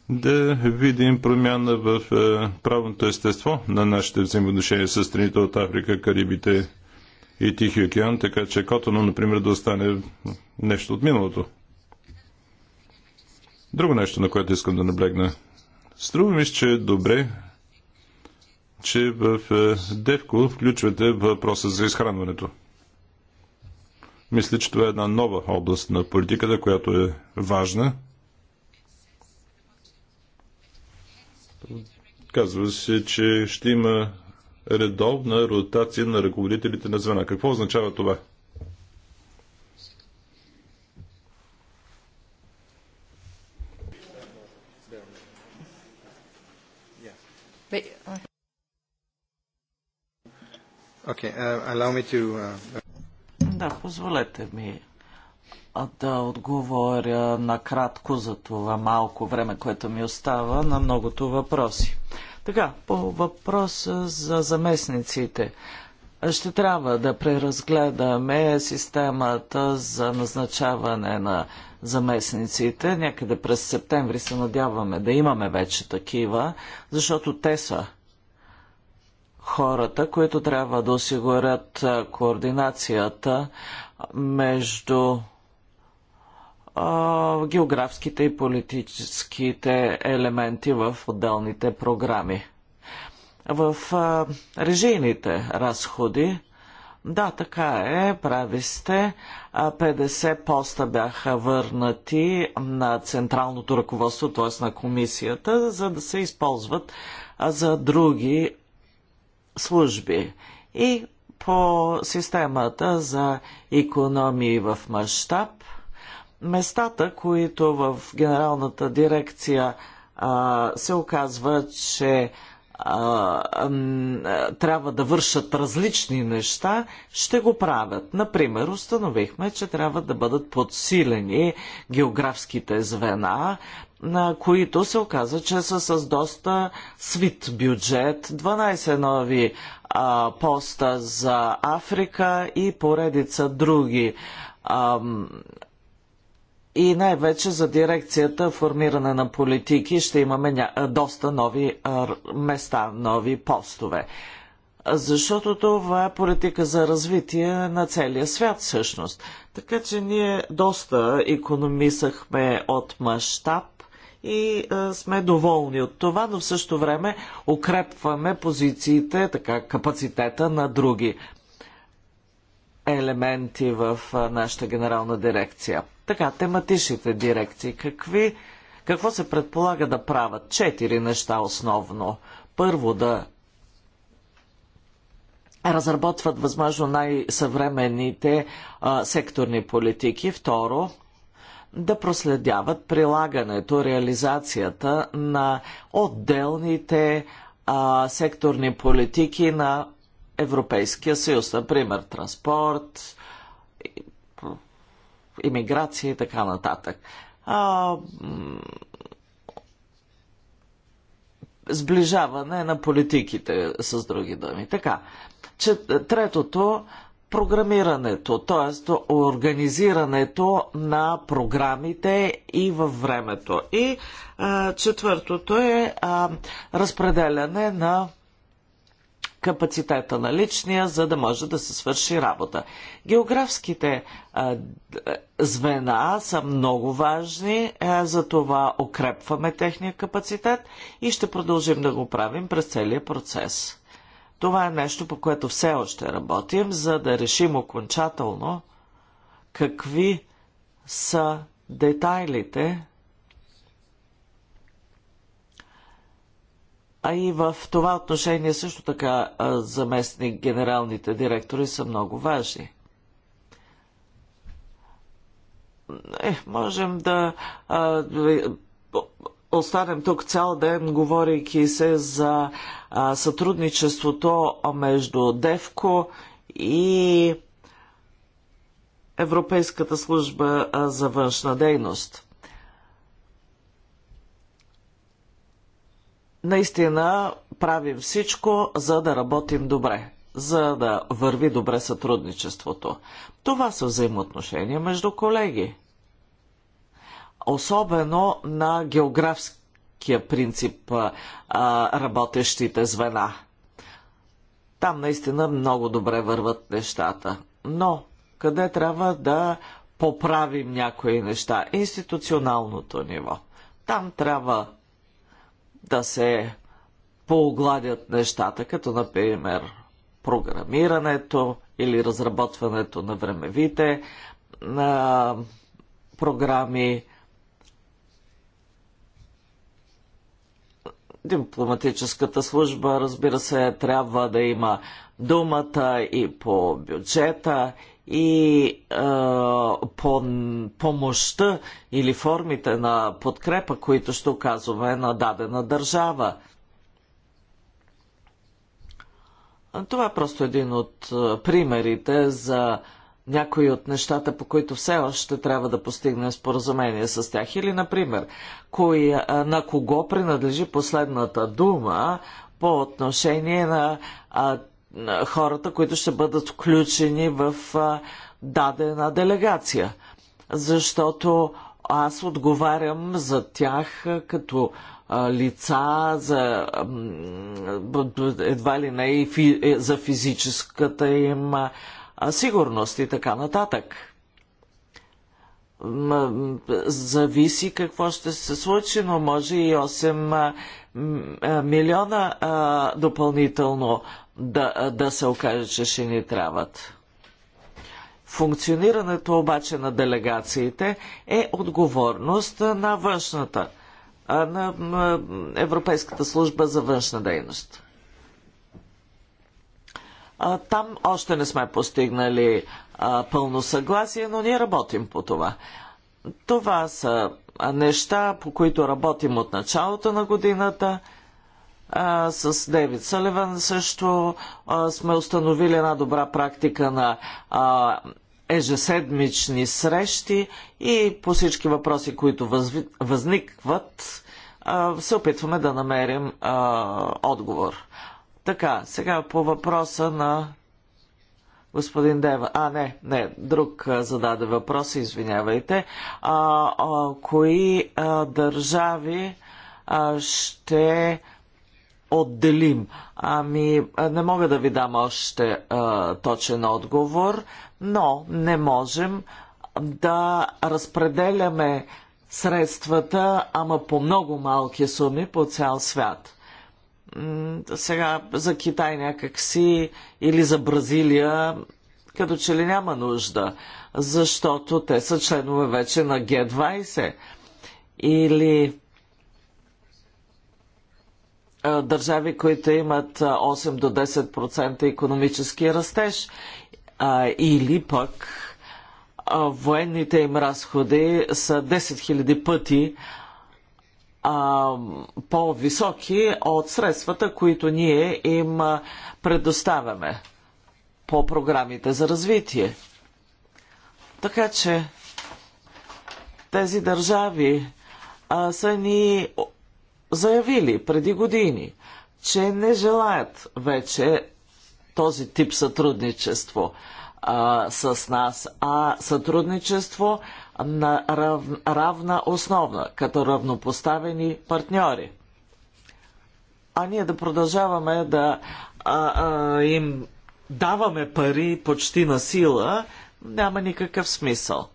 да видим промяна в е, правното естество на нашите взаимоотношения с страните от Африка, Карибите и Тихия океан, така че Котоно, например, да остане нещо от миналото. Друго нещо, на което искам да наблегна. Струва ми, че е добре че в е, Девко включвате въпроса за изхранването. Мисля, че това е една нова област на политиката, която е важна. Казва се, че ще има редовна ротация на ръководителите на звена. Какво означава това? But, uh... Okay, uh, allow me to, uh... Да, позволете ми да отговоря накратко за това малко време, което ми остава на многото въпроси. Така, по въпроса за заместниците. Ще трябва да преразгледаме системата за назначаване на заместниците. Някъде през септември се надяваме да имаме вече такива, защото те са хората, които трябва да осигурят координацията между географските и политическите елементи в отделните програми. В режийните разходи да, така е, прави сте. 50 поста бяха върнати на централното ръководство, т.е. на комисията, за да се използват за други служби и по системата за економии в мащаб, местата, които в генералната дирекция а, се оказва, че а, трябва да вършат различни неща, ще го правят. Например, установихме, че трябва да бъдат подсилени географските звена, на които се оказа, че са с доста свит бюджет, 12 нови а, поста за Африка и поредица други. А, и най-вече за дирекцията формиране на политики ще имаме ня... доста нови места, нови постове. Защото това е политика за развитие на целия свят всъщност. Така че ние доста економисахме от мащаб и а, сме доволни от това, но в същото време укрепваме позициите, така капацитета на други елементи в а, нашата генерална дирекция. Така, тематичните дирекции. Какви, какво се предполага да правят? Четири неща основно. Първо да разработват възможно най-съвременните секторни политики. Второ, да проследяват прилагането, реализацията на отделните а, секторни политики на Европейския съюз, например транспорт, иммиграция и така нататък. А, сближаване на политиките, с други думи. Така, че, третото програмирането, т.е. организирането на програмите и във времето. И а, четвъртото е а, разпределяне на капацитета на личния, за да може да се свърши работа. Географските а, звена са много важни, а, за това укрепваме техния капацитет и ще продължим да го правим през целия процес. Това е нещо, по което все още работим, за да решим окончателно какви са детайлите, а и в това отношение също така заместник генералните директори са много важни. Е, можем да а, останем тук цял ден, говорейки се за а, сътрудничеството между ДЕВКО и Европейската служба за външна дейност. Наистина правим всичко, за да работим добре, за да върви добре сътрудничеството. Това са взаимоотношения между колеги особено на географския принцип работещите звена. Там наистина много добре върват нещата. Но къде трябва да поправим някои неща? Институционалното ниво. Там трябва да се поогладят нещата, като например програмирането или разработването на времевите на програми, Дипломатическата служба, разбира се, трябва да има думата и по бюджета, и е, по помощта или формите на подкрепа, които ще оказваме на дадена държава. Това е просто един от примерите за някои от нещата, по които все още трябва да постигнем споразумение с тях. Или, например, кой, на кого принадлежи последната дума по отношение на, а, на хората, които ще бъдат включени в а, дадена делегация. Защото аз отговарям за тях като лица, за едва ли не и за физическата им сигурност и така нататък. Зависи какво ще се случи, но може и 8 милиона допълнително да, да се окаже, че ще ни трябват. Функционирането обаче на делегациите е отговорност на външната, на Европейската служба за външна дейност. Там още не сме постигнали пълно съгласие, но ние работим по това. Това са неща, по които работим от началото на годината. А, с Дейвид Саливан също а, сме установили една добра практика на а, ежеседмични срещи и по всички въпроси, които възви, възникват, се опитваме да намерим отговор. Така, сега по въпроса на господин Дева. А, не, не, друг зададе въпрос, извинявайте. А, а, кои а, държави а, ще отделим? Ами, не мога да ви дам още а, точен отговор, но не можем да разпределяме средствата, ама по много малки суми по цял свят сега за Китай някакси или за Бразилия като че ли няма нужда, защото те са членове вече на Г-20 или държави, които имат 8 до 10% економически растеж или пък военните им разходи са 10 000 пъти по-високи от средствата, които ние им предоставяме по програмите за развитие. Така че тези държави а, са ни заявили преди години, че не желаят вече този тип сътрудничество а, с нас, а сътрудничество на рав... равна основа, като равнопоставени партньори. А ние да продължаваме да а, а, им даваме пари почти на сила, няма никакъв смисъл.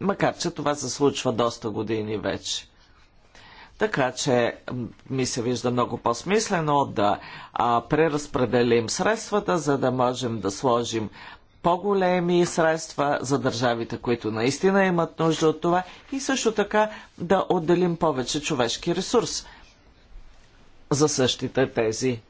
Макар, че това се случва доста години вече. Така че ми се вижда много по-смислено да а, преразпределим средствата, за да можем да сложим по-големи средства за държавите, които наистина имат нужда от това и също така да отделим повече човешки ресурс за същите тези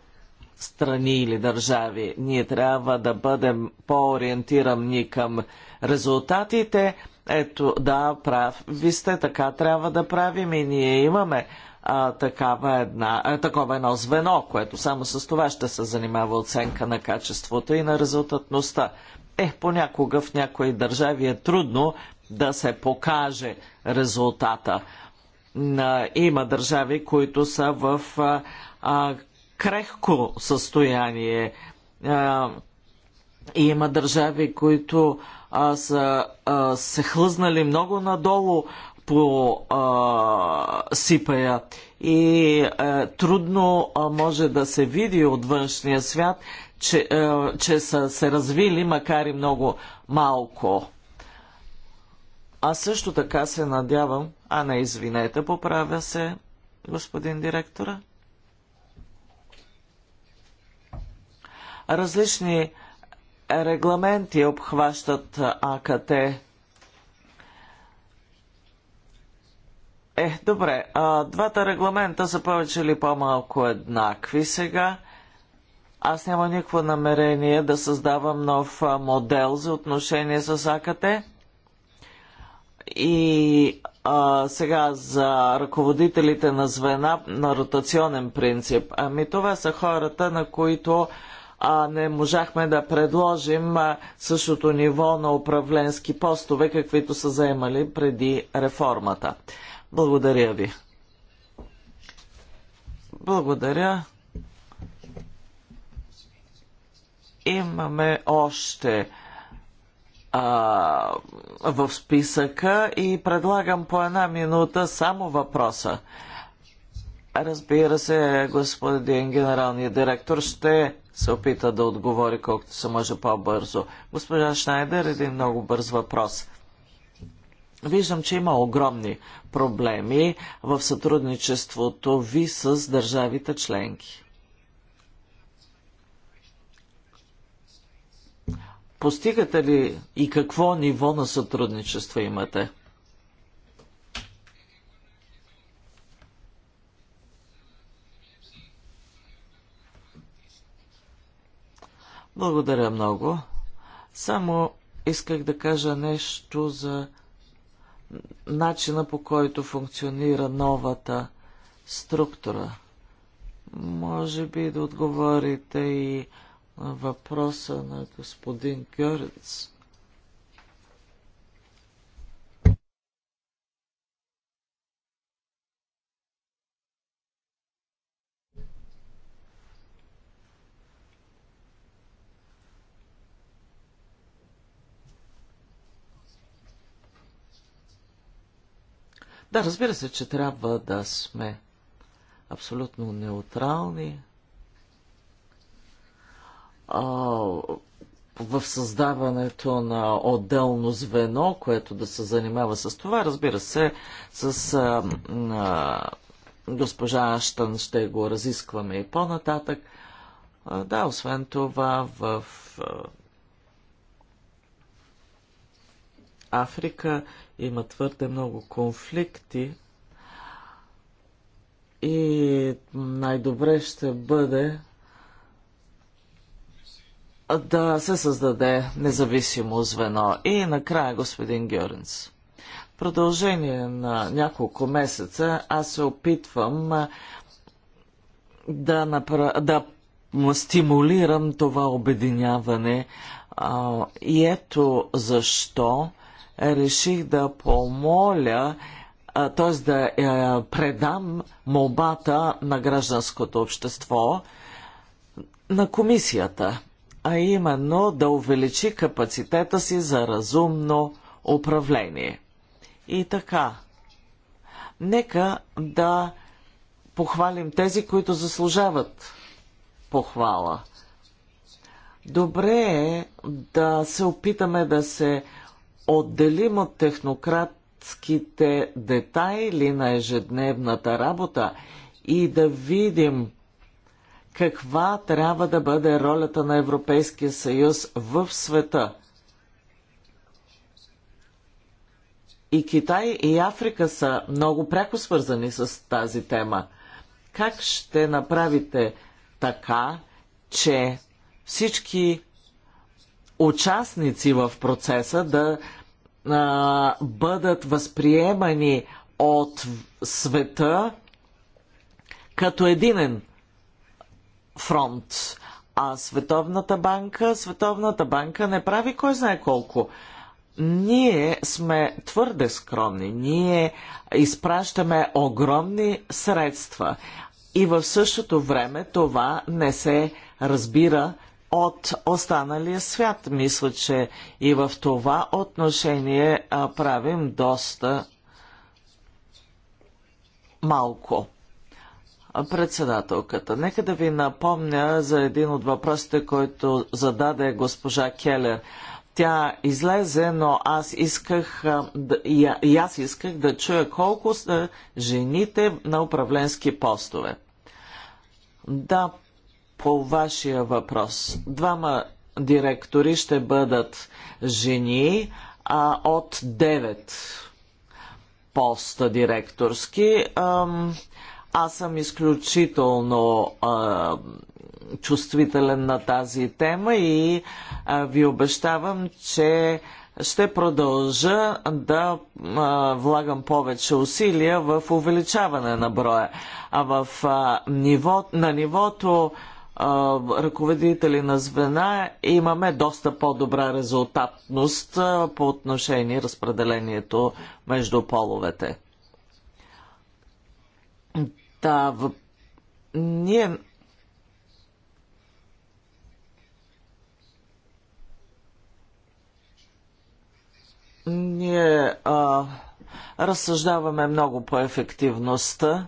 страни или държави. Ние трябва да бъдем по-ориентирани към резултатите. Ето, да, прав. Ви сте, така трябва да правим и ние имаме а, такава една, а, такова едно звено, което само с това ще се занимава оценка на качеството и на резултатността. Е, понякога в някои държави е трудно да се покаже резултата. Има държави, които са в а, крехко състояние. А, има държави, които а, са а, се хлъзнали много надолу по а, сипая и а, е, трудно а, може да се види от външния свят че, е, че са се развили, макар и много малко. А също така се надявам, а не извинете, поправя се господин директора. Различни регламенти обхващат АКТ. Е, добре, а, двата регламента са повече или по-малко еднакви сега. Аз няма никакво намерение да създавам нов модел за отношение с АКТ. И а, сега за ръководителите на звена на ротационен принцип. Ами това са хората, на които а, не можахме да предложим а, същото ниво на управленски постове, каквито са заемали преди реформата. Благодаря ви. Благодаря. имаме още а, в списъка и предлагам по една минута само въпроса. Разбира се, господин генералният директор ще се опита да отговори колкото се може по-бързо. Госпожа Шнайдер, един много бърз въпрос. Виждам, че има огромни проблеми в сътрудничеството ви с държавите членки. Постигате ли и какво ниво на сътрудничество имате? Благодаря много. Само исках да кажа нещо за начина по който функционира новата структура. Може би да отговорите и въпроса на господин Гърц. Да, разбира се, че трябва да сме абсолютно неутрални, в създаването на отделно звено, което да се занимава с това. Разбира се, с а, а, госпожа Аштан ще го разискваме и по-нататък. А, да, освен това в а, Африка има твърде много конфликти и най-добре ще бъде да се създаде независимо звено. И накрая, господин Георенц, В продължение на няколко месеца аз се опитвам да, направ... да стимулирам това обединяване а, и ето защо реших да помоля т.е. да а, е, предам молбата на гражданското общество на комисията а именно да увеличи капацитета си за разумно управление. И така, нека да похвалим тези, които заслужават похвала. Добре е да се опитаме да се отделим от технократските детайли на ежедневната работа и да видим каква трябва да бъде ролята на Европейския съюз в света. И Китай и Африка са много пряко свързани с тази тема. Как ще направите така, че всички участници в процеса да а, бъдат възприемани от света като единен фронт. А Световната банка, Световната банка не прави кой знае колко. Ние сме твърде скромни. Ние изпращаме огромни средства. И в същото време това не се разбира от останалия свят. Мисля, че и в това отношение правим доста малко председателката. Нека да ви напомня за един от въпросите, който зададе госпожа Келер. Тя излезе, но аз исках, и, и аз исках да чуя колко са жените на управленски постове. Да, по вашия въпрос. Двама директори ще бъдат жени а, от 9 поста директорски. Ам, аз съм изключително а, чувствителен на тази тема и а, ви обещавам, че ще продължа да а, влагам повече усилия в увеличаване на броя. А в а, ниво, на нивото а, ръководители на звена имаме доста по-добра резултатност а, по отношение разпределението между половете. Та, в... ние ние а, разсъждаваме много по ефективността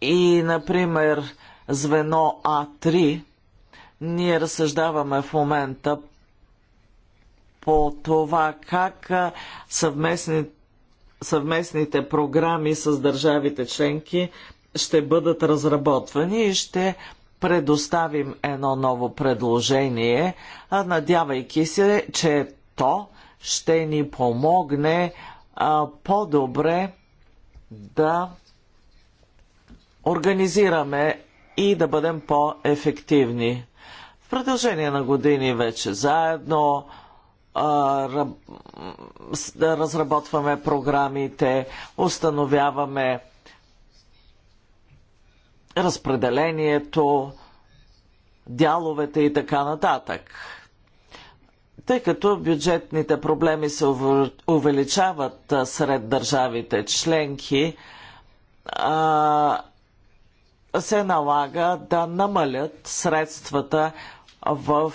и, например, звено А3, ние разсъждаваме в момента по това как съвместните съвместните програми с държавите членки ще бъдат разработвани и ще предоставим едно ново предложение, надявайки се, че то ще ни помогне по-добре да организираме и да бъдем по-ефективни. В продължение на години вече заедно разработваме програмите, установяваме разпределението, дяловете и така нататък. Тъй като бюджетните проблеми се увеличават сред държавите членки, се налага да намалят средствата в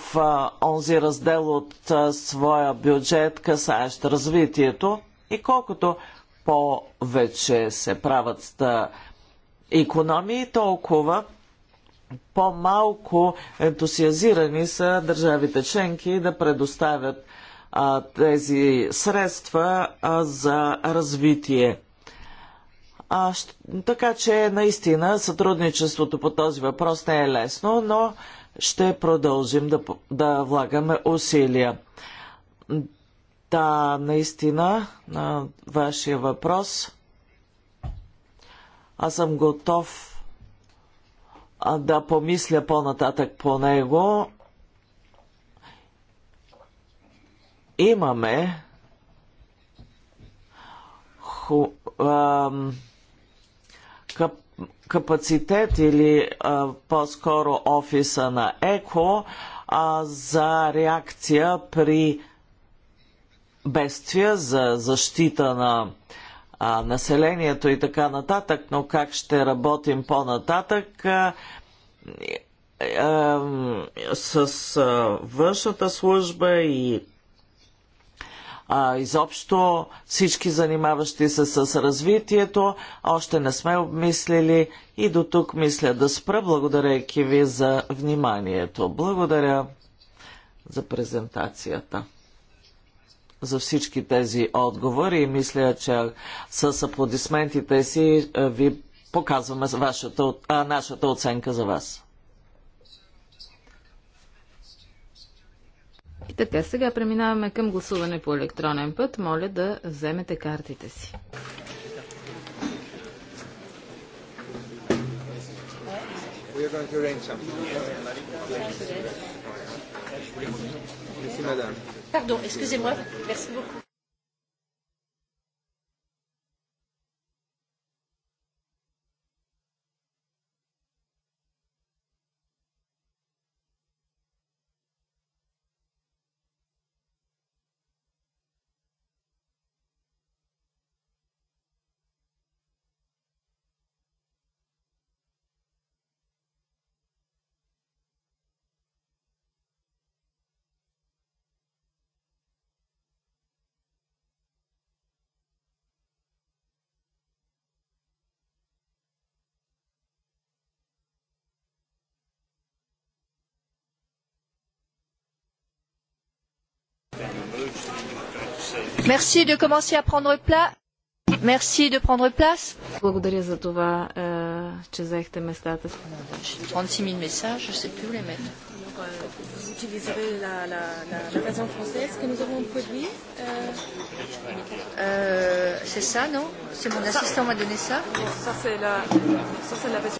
онзи раздел от своя бюджет, касаещ развитието. И колкото повече се правят економии, толкова по-малко ентусиазирани са държавите членки да предоставят а, тези средства а, за развитие. А, така че наистина сътрудничеството по този въпрос не е лесно, но ще продължим да, да влагаме усилия. Да, наистина, на вашия въпрос, аз съм готов да помисля по-нататък по него. Имаме ху, а, къп, капацитет или по-скоро офиса на ЕКО а, за реакция при бедствия, за защита на а, населението и така нататък, но как ще работим по-нататък а, а, е, е, с а, външната служба и а, изобщо всички занимаващи се с развитието. Още не сме обмислили и до тук мисля да спра, Благодаряйки ви за вниманието. Благодаря за презентацията за всички тези отговори и мисля, че с аплодисментите си ви показваме вашата, а, нашата оценка за вас. И така, сега преминаваме към гласуване по електронен път. Моля да вземете картите си. Pardon, excusez-moi. Merci beaucoup. Merci de commencer à prendre place. Merci de prendre place. Благодаря за това, че заехте местата. 36 000 messages, je sais plus où les mettre. Vous utiliserez la, la, la, la version française que nous avons produite. Euh... Euh, c'est ça, non C'est mon assistant m'a donné ça. Ça, c'est la, la version.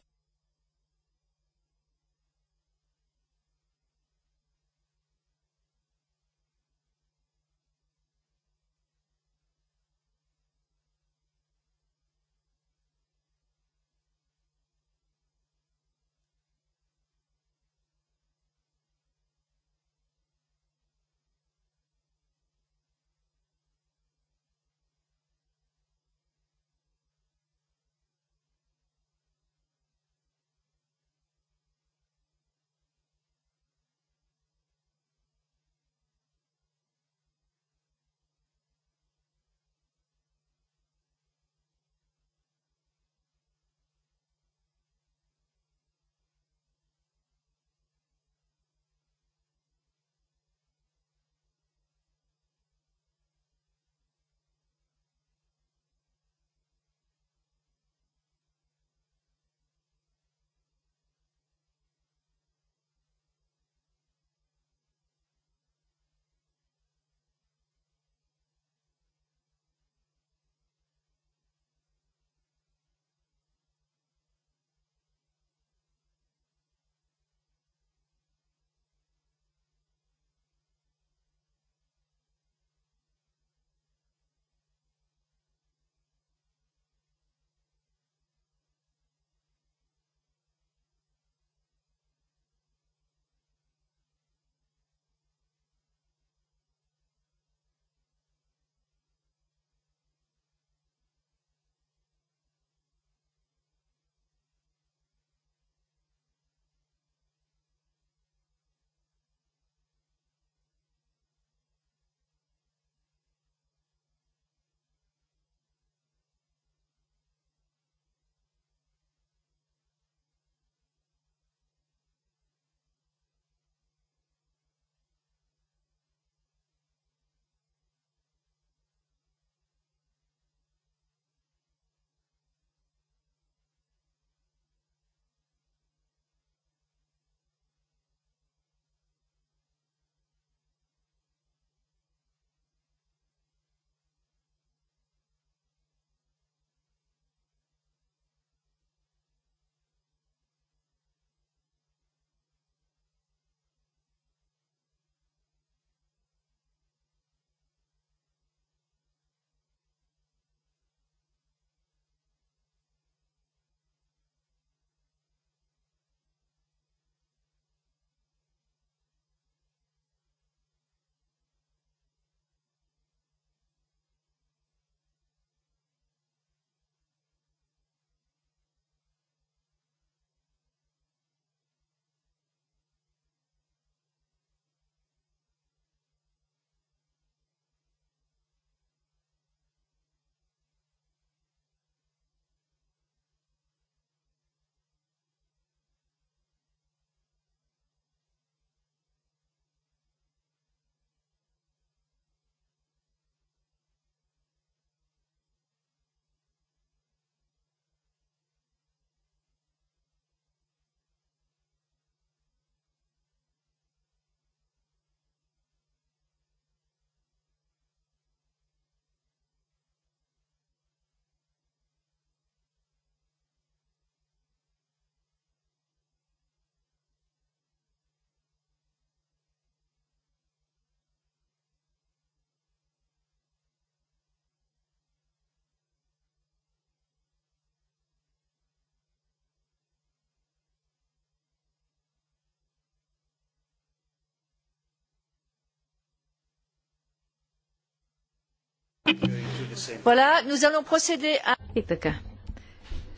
И така.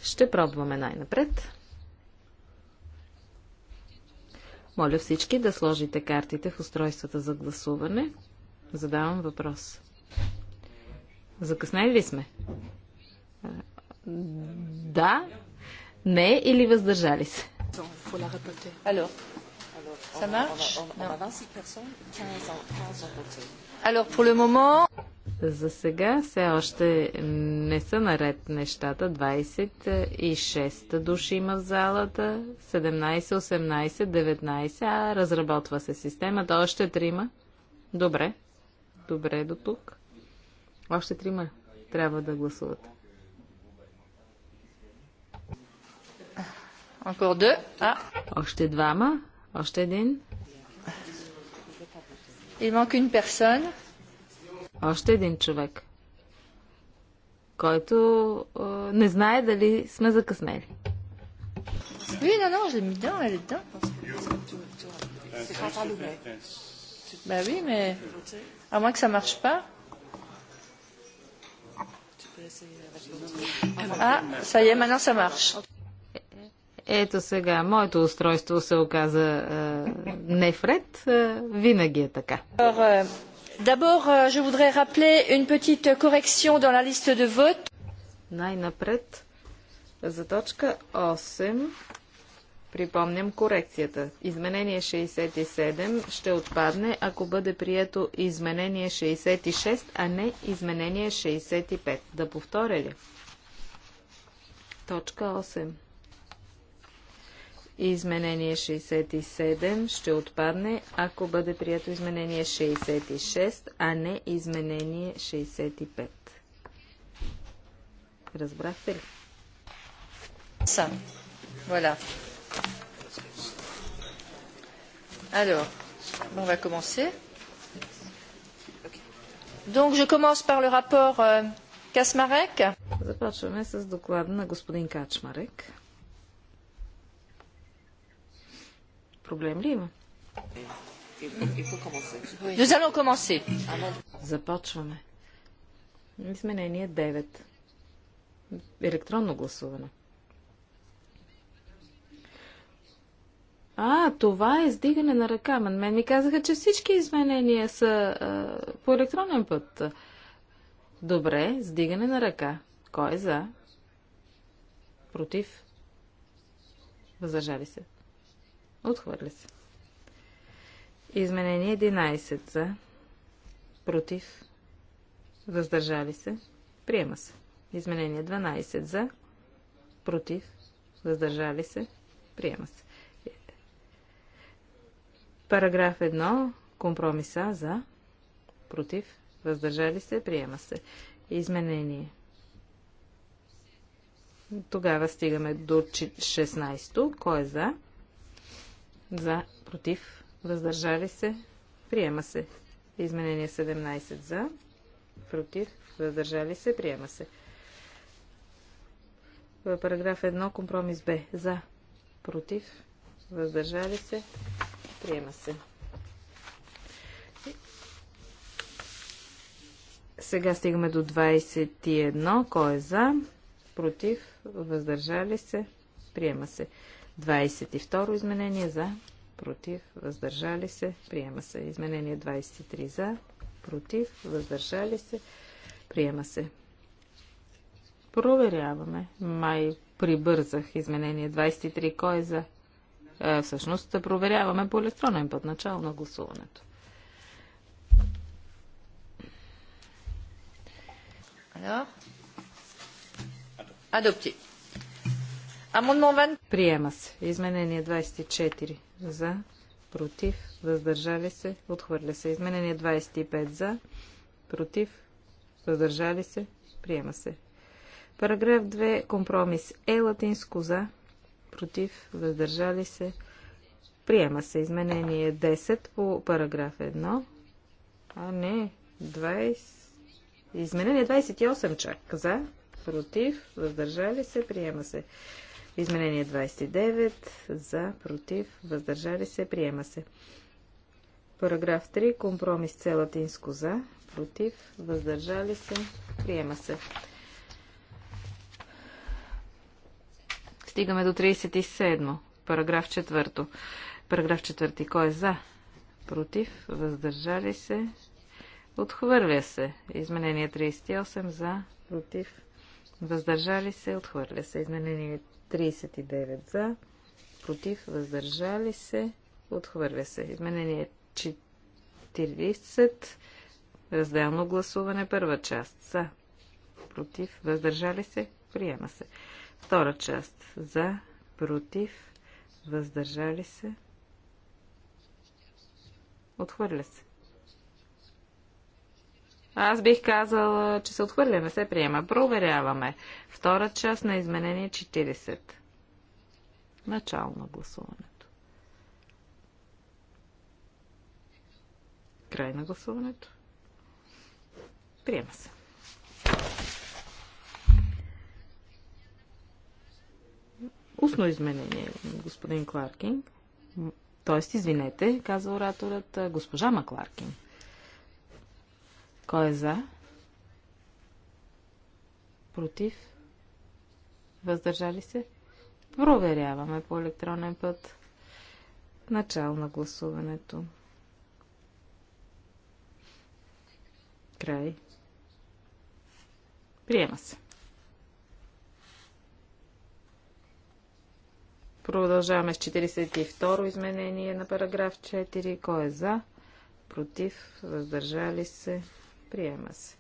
Ще пробваме най-напред. Моля всички да сложите картите в устройствата за гласуване. Задавам въпрос. Закъснели ли сме? Да, не или въздържали се? Alors, ça marche? 15 ans, 15 ans Alors, pour le moment... За сега все още не са наред нещата. 26 души има в залата, 17, 18, 19, а разработва се системата. Още трима. Добре. Добре до тук. Още трима трябва да гласуват. Ah. Още двама. Още един. Il manque une personne. Още един човек, който е, не знае дали сме закъснели. Oui, non, non, je l'ai mis dedans, elle est dedans. C'est Fatal Oublet. Bah oui, mais à moins que ça marche pas. Ah, ça y est, maintenant ça marche. Ето сега, моето устройство се оказа е, не вред, е, винаги е така. D'abord, е, е, je voudrais rappeler une petite correction dans la liste de vote. Най-напред, за точка 8, припомням корекцията. Изменение 67 ще отпадне, ако бъде прието изменение 66, а не изменение 65. Да повторя ли? Точка 8. Изменение 67 ще отпадне, ако бъде прието изменение 66, а не изменение 65. Разбрахте ли? Са. Voilà. Alors, on va commencer. Donc, je commence par le rapport euh, Kaczmarek. Започваме с доклада на господин Качмарек. Проблем ли има? Започваме. Изменение 9. Електронно гласуване. А, това е издигане на ръка. Мен, мен ми казаха, че всички изменения са а, по електронен път. Добре, издигане на ръка. Кой е за? Против? Възражали се. Отхвърля се. Изменение 11 за. Против. Въздържали се. Приема се. Изменение 12 за. Против. Въздържали се. Приема се. Параграф 1. Компромиса за. Против. Въздържали се. Приема се. Изменение. Тогава стигаме до 16. Кой е за? За. Против. Въздържали се. Приема се. Изменение 17 за. Против. Въздържали се. Приема се. В параграф 1 компромис Б. За. Против. Въздържали се. Приема се. Сега стигаме до 21. Кой е за? Против? Въздържали се? Приема се. 22 изменение за, против, въздържали се, приема се. Изменение 23 за, против, въздържали се, приема се. Проверяваме. Май прибързах изменение 23. Кой е за? Е, всъщност да проверяваме по електронен път начало на гласуването. Адопти. Приема се. Изменение 24 за, против, въздържали се, отхвърля се. Изменение 25 за, против, въздържали се, приема се. Параграф 2. Компромис е латинско за, против, въздържали се, приема се. Изменение 10 по параграф 1. А не, 20. Изменение 28 чак за, против, въздържали се, приема се. Изменение 29 за, против, въздържали се, приема се. Параграф 3. Компромис С латинско за, против, въздържали се, приема се. Стигаме до 37. Параграф 4. Параграф 4. Кой е за? Против, въздържали се, отхвърля се. Изменение 38 за, против, въздържали се, отхвърля се. Изменение 39 за, против, въздържали се, отхвърля се. Изменение 40, разделно гласуване, първа част за, против, въздържали се, приема се. Втора част за, против, въздържали се, отхвърля се. Аз бих казал, че се отхвърляме, се приема. Проверяваме. Втора част на изменение 40. Начало на гласуването. Край на гласуването. Приема се. Устно изменение, господин Кларкинг. Тоест, извинете, каза ораторът госпожа Макларкинг. Кой е за? Против? Въздържали се? Проверяваме по електронен път. Начало на гласуването. Край. Приема се. Продължаваме с 42 изменение на параграф 4. Кой е за? Против? Въздържали се? Приема се.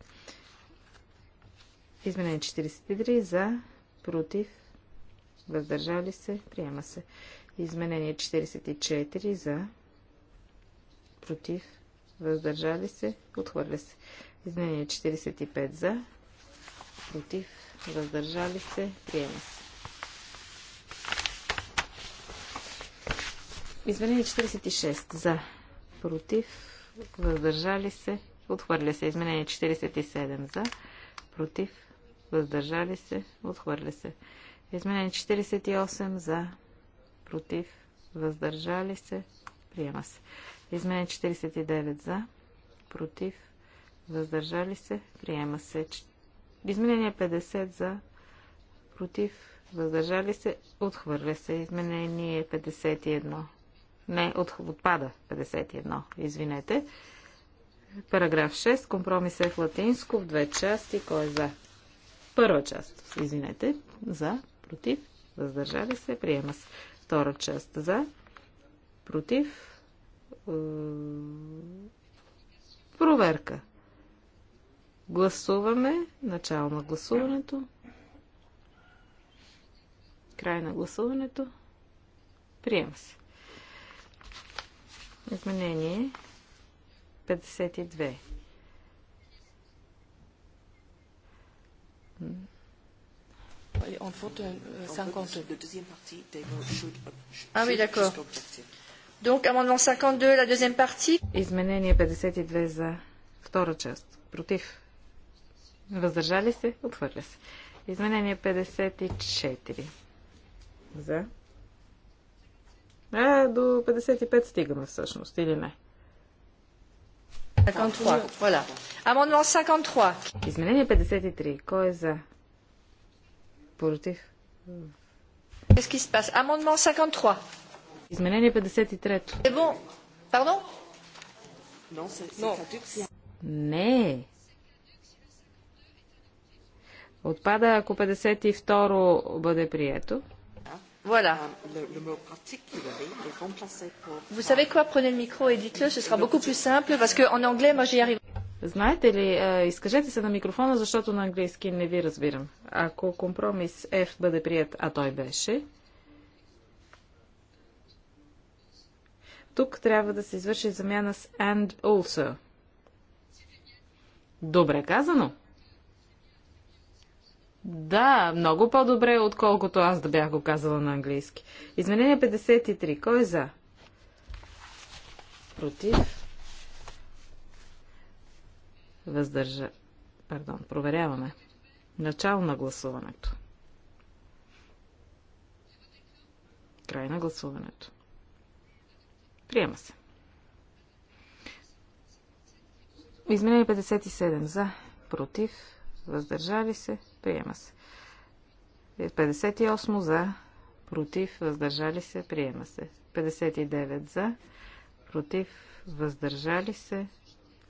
Изменение 43 за, против, въздържали се, приема се. Изменение 44 за, против, въздържали се, отхвърля се. Изменение 45 за, против, въздържали се, приема се. Изменение 46 за, против, въздържали се, Отхвърля се. Изменение 47 за. Против. Въздържали се. Отхвърля се. Изменение 48 за. Против. Въздържали се. Приема се. Изменение 49 за. Против. Въздържали се. Приема се. Изменение 50 за. Против. Въздържали се. Отхвърля се. Изменение 51. Не, отпада 51. Извинете. Параграф 6. Компромис е в латинско в две части. Кой е за? Първа част. Извинете. За. Против. Въздържали се. Приема се. Втора част. За. Против. Е, проверка. Гласуваме. Начало на гласуването. Край на гласуването. Приема се. Изменение 52. En faute, 52. Ah oui, d'accord. Donc, amendement 52, la deuxième partie. Изменение 52 за втора част. Против. Въздържали се? Отвърля се. Изменение 54. За. А, до 55 стигаме всъщност, или не? 53. Voilà. Amendement 53. Изменение 53. Кой е за? Против. Qu'est-ce qui se passe Amendement 53. Изменение 53. Е bon. Pardon Non, c'est non. Не. Отпада, ако 52 бъде прието. Знаете ли, изкажете се на микрофона, защото на английски не ви разбирам. Ако компромис F бъде прият, а той беше, тук трябва да се извърши замяна с and also. Добре казано. Да, много по-добре, отколкото аз да бях го казала на английски. Изменение 53. Кой е за? Против? Въздържа. Пардон, проверяваме. Начало на гласуването. Край на гласуването. Приема се. Изменение 57. За. Против. Въздържали се. Приема се. 58 за, против, въздържали се, приема се. 59 за, против, въздържали се,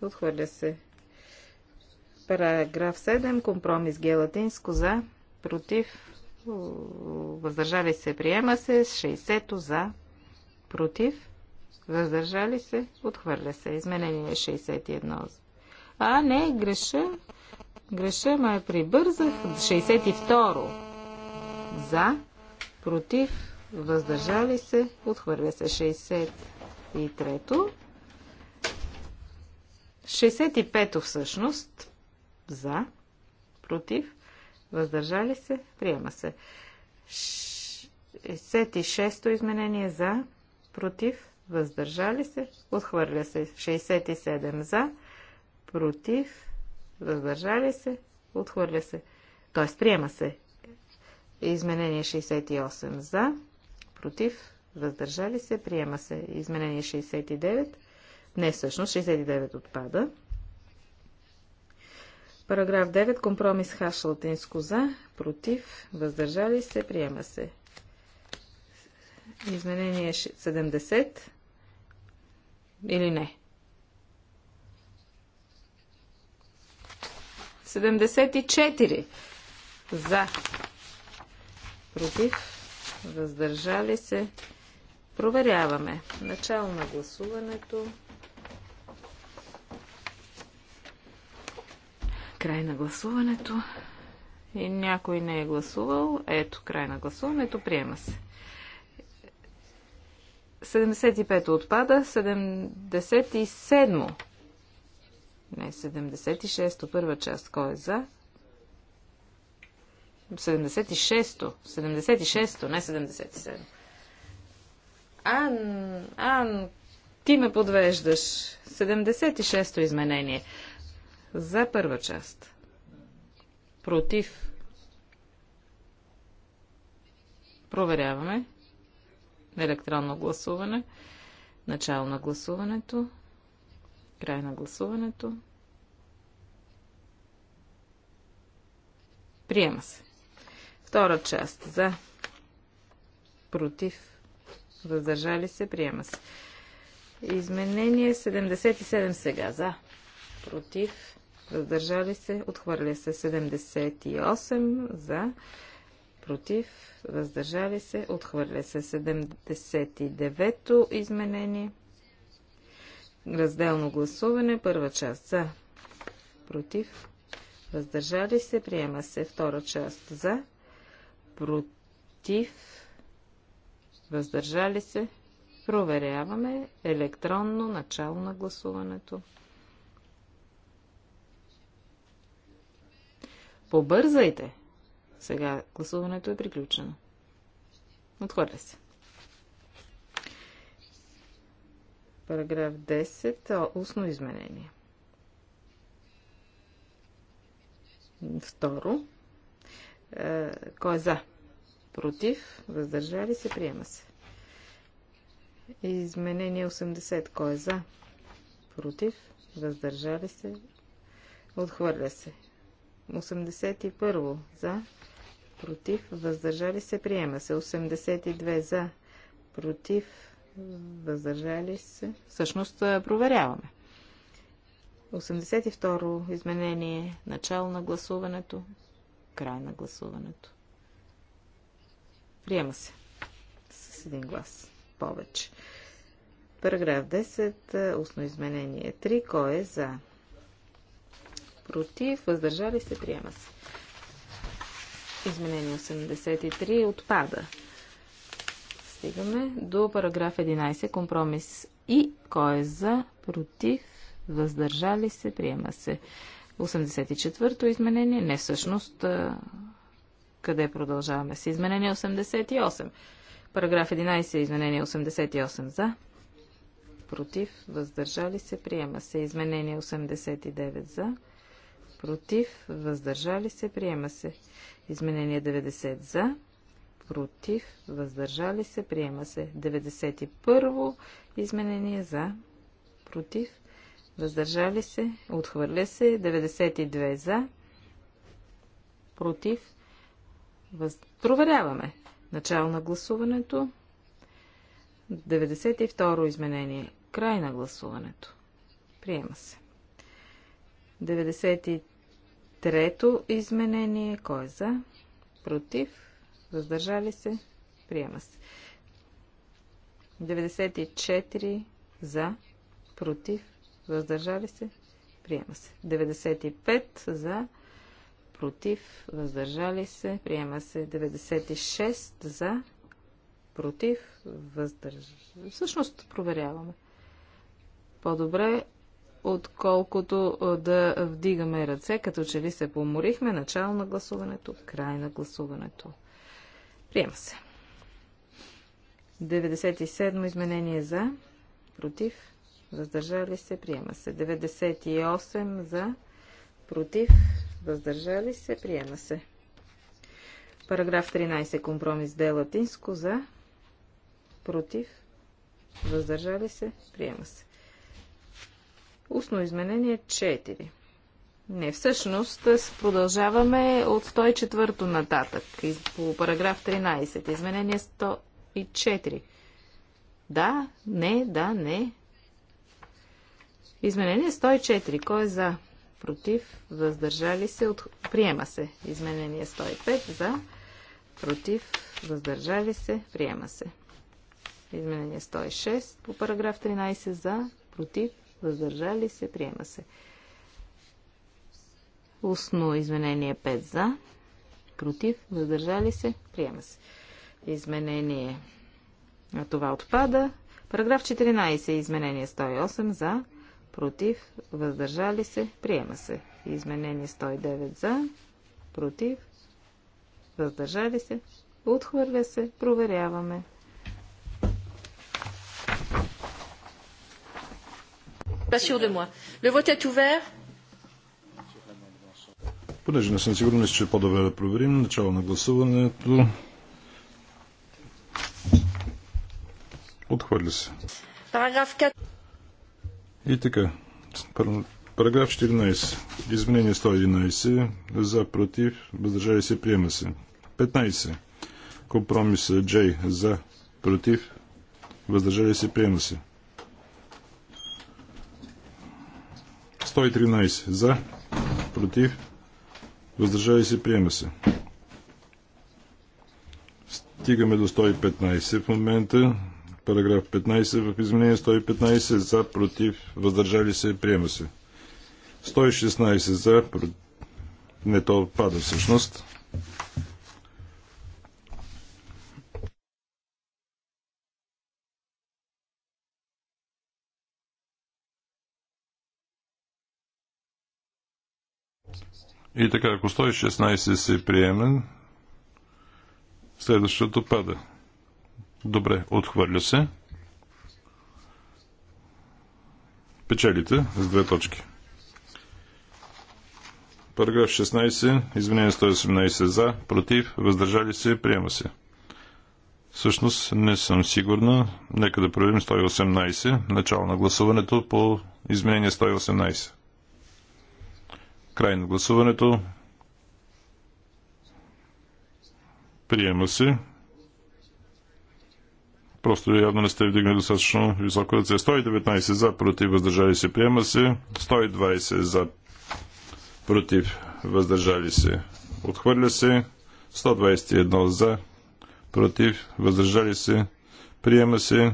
отхвърля се. Параграф 7, компромис Гелатинско за, против, въздържали се, приема се, 60 за, против, въздържали се, отхвърля се. Изменение 61. А, не, греша. Греша, май прибързах. 62. За, против, въздържали се, отхвърля се 63-то. 65-то всъщност. За, против, въздържали се, приема се. 66-то изменение за, против, въздържали се, отхвърля се. 67 за, против, въздържали се, отхвърля се. Т.е. приема се. Изменение 68 за, против, въздържали се, приема се. Изменение 69. Не, всъщност 69 отпада. Параграф 9. Компромис Хаш латинско за, против, въздържали се, приема се. Изменение 70 или не? 74 за, против, въздържали се. Проверяваме. Начало на гласуването. Край на гласуването. И някой не е гласувал. Ето, край на гласуването. Приема се. 75 отпада. 77 не, 76-то, първа част. Кой е за? 76-то. 76-то, не 77. Ан, Ан, ти ме подвеждаш. 76-то изменение. За първа част. Против. Проверяваме. Електронно гласуване. Начало на гласуването. Край на гласуването. Приема се. Втора част. За. Против. Въздържали се. Приема се. Изменение 77 сега. За. Против. Въздържали се. Отхвърля се 78. За. Против. Въздържали се. Отхвърля се 79-то изменение. Разделно гласуване. Първа част за. Против. Въздържали се. Приема се. Втора част за. Против. Въздържали се. Проверяваме електронно начало на гласуването. Побързайте! Сега гласуването е приключено. Отхвърля се. Параграф 10. Устно изменение. Второ. Е, кой е за? Против? Въздържали се? Приема се. Изменение 80. Кой е за? Против? Въздържали се? Отхвърля се. 81. За? Против? Въздържали се? Приема се. 82. За? Против? въздържали се. Всъщност проверяваме. 82-ро изменение, начало на гласуването, край на гласуването. Приема се. С един глас повече. Параграф 10, устно изменение 3. Кой е за? Против, въздържали се, приема се. Изменение 83 отпада стигаме до параграф 11. Компромис и кой е за, против, въздържали се, приема се. 84-то изменение, не всъщност, къде продължаваме с изменение 88. Параграф 11, изменение 88 за, против, въздържали се, приема се. Изменение 89 за, против, въздържали се, приема се. Изменение 90 за, против, въздържали се, приема се. 91 изменение за, против, въздържали се, отхвърля се. 92 за, против, въз... проверяваме. Начало на гласуването. 92 изменение. Край на гласуването. Приема се. 93-то изменение. Кой е за? Против? въздържали се, приема се. 94 за, против, въздържали се, приема се. 95 за, против, въздържали се, приема се. 96 за, против, въздържали. Всъщност проверяваме. По-добре, отколкото да вдигаме ръце, като че ли се поморихме. Начало на гласуването, край на гласуването. Приема се. 97 изменение за, против, въздържали се, приема се. 98 за, против, въздържали се, приема се. Параграф 13. Компромис Д латинско за, против, въздържали се, приема се. Устно изменение 4. Не, всъщност продължаваме от 104 нататък, по параграф 13, изменение 104. Да, не, да, не. Изменение 104. Кой е за? Против? Въздържали се? От... Приема се. Изменение 105. За? Против? Въздържали се? Приема се. Изменение 106 по параграф 13. За? Против? Въздържали се? Приема се. Устно изменение 5 за, против, въздържали се, приема се. Изменение на това отпада. Параграф 14, изменение 108 за, против, въздържали се, приема се. Изменение 109 за, против, въздържали се, отхвърля се, проверяваме. Pas sûr de moi. Le vote est ouvert. Понеже не съм сигурен, че е по-добре да проверим начало на гласуването. Отхвърля се. Параграф 4. И така. Параграф 14. Изменение 111. За, против, въздържали се, приема се. 15. Компромиса J. За, против, въздържали се, приема се. 113. За, против, Въздържали се, приема се. Стигаме до 115 в момента. Параграф 15 в изменение 115 за, против, въздържали се, приема се. 116 за, не то пада всъщност. И така, ако 116 се приеме, следващото пада. Добре, отхвърля се. Печелите с две точки. Параграф 16, изменение 118 за, против, въздържали се, приема се. Всъщност не съм сигурна. Нека да проверим 118, начало на гласуването по изменение 118. Край на гласуването. Приема се. Просто явно не сте вдигнали достатъчно високо ръце. 119 за, против, въздържали се. Приема се. 120 за, против, въздържали се. Отхвърля се. 121 за, против, въздържали се. Приема се.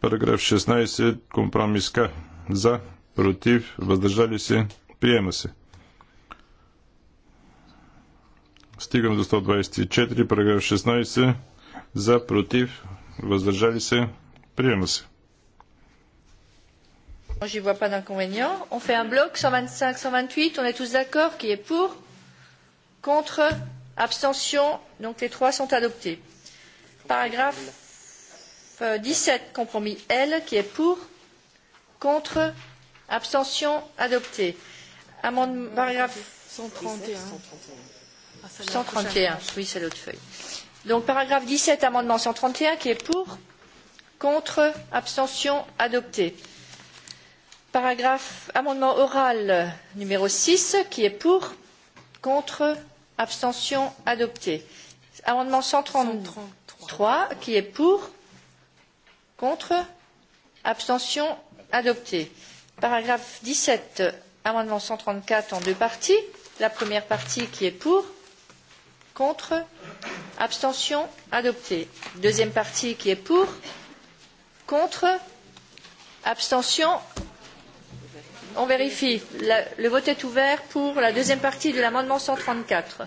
Параграф 16. Компромиска. За, против, въздържали се. Приема се. Стигаме до 124, параграф 16. За, против, въздържали се. Приема се. Je vois pas d'inconvénient. On fait un bloc 125, 128. On est tous d'accord qui est pour, contre, abstention. Donc les trois sont adoptés. Paragraphe 17, compromis L, qui est pour, contre, abstention, adopté. Amendement paragraphe 131. 131, oui, c'est l'autre feuille. Donc, paragraphe 17, amendement 131, qui est pour, contre, abstention, adopté. Paragraphe, amendement oral numéro 6, qui est pour, contre, abstention, adopté. Amendement 133, qui est pour, contre, abstention, adopté. Paragraphe 17, Amendement cent trente quatre en deux parties. La première partie qui est pour, contre, abstention, adopté. Deuxième partie qui est pour, contre, abstention, on vérifie. le vote est ouvert pour la deuxième partie de l'amendement cent trente quatre.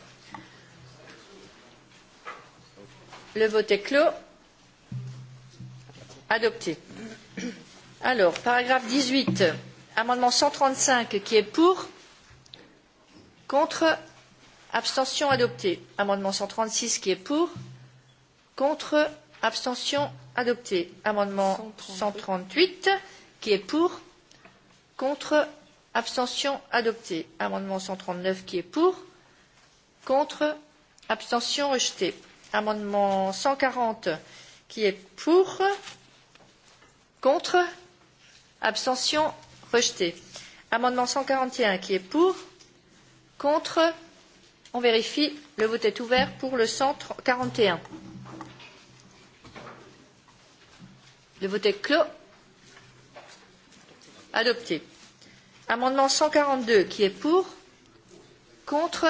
Le vote est clos. Adopté. Alors, paragraphe dix huit Amendement 135 qui est pour, contre, abstention adopté. Amendement 136 qui est pour, contre, abstention adopté. Amendement 138 qui est pour, contre, abstention adopté. Amendement 139 qui est pour, contre, abstention rejeté. Amendement 140 qui est pour, contre, abstention Rejeté. Amendement 141 qui est pour Contre On vérifie. Le vote est ouvert pour le 141. Le vote est clos. Adopté. Amendement 142 qui est pour Contre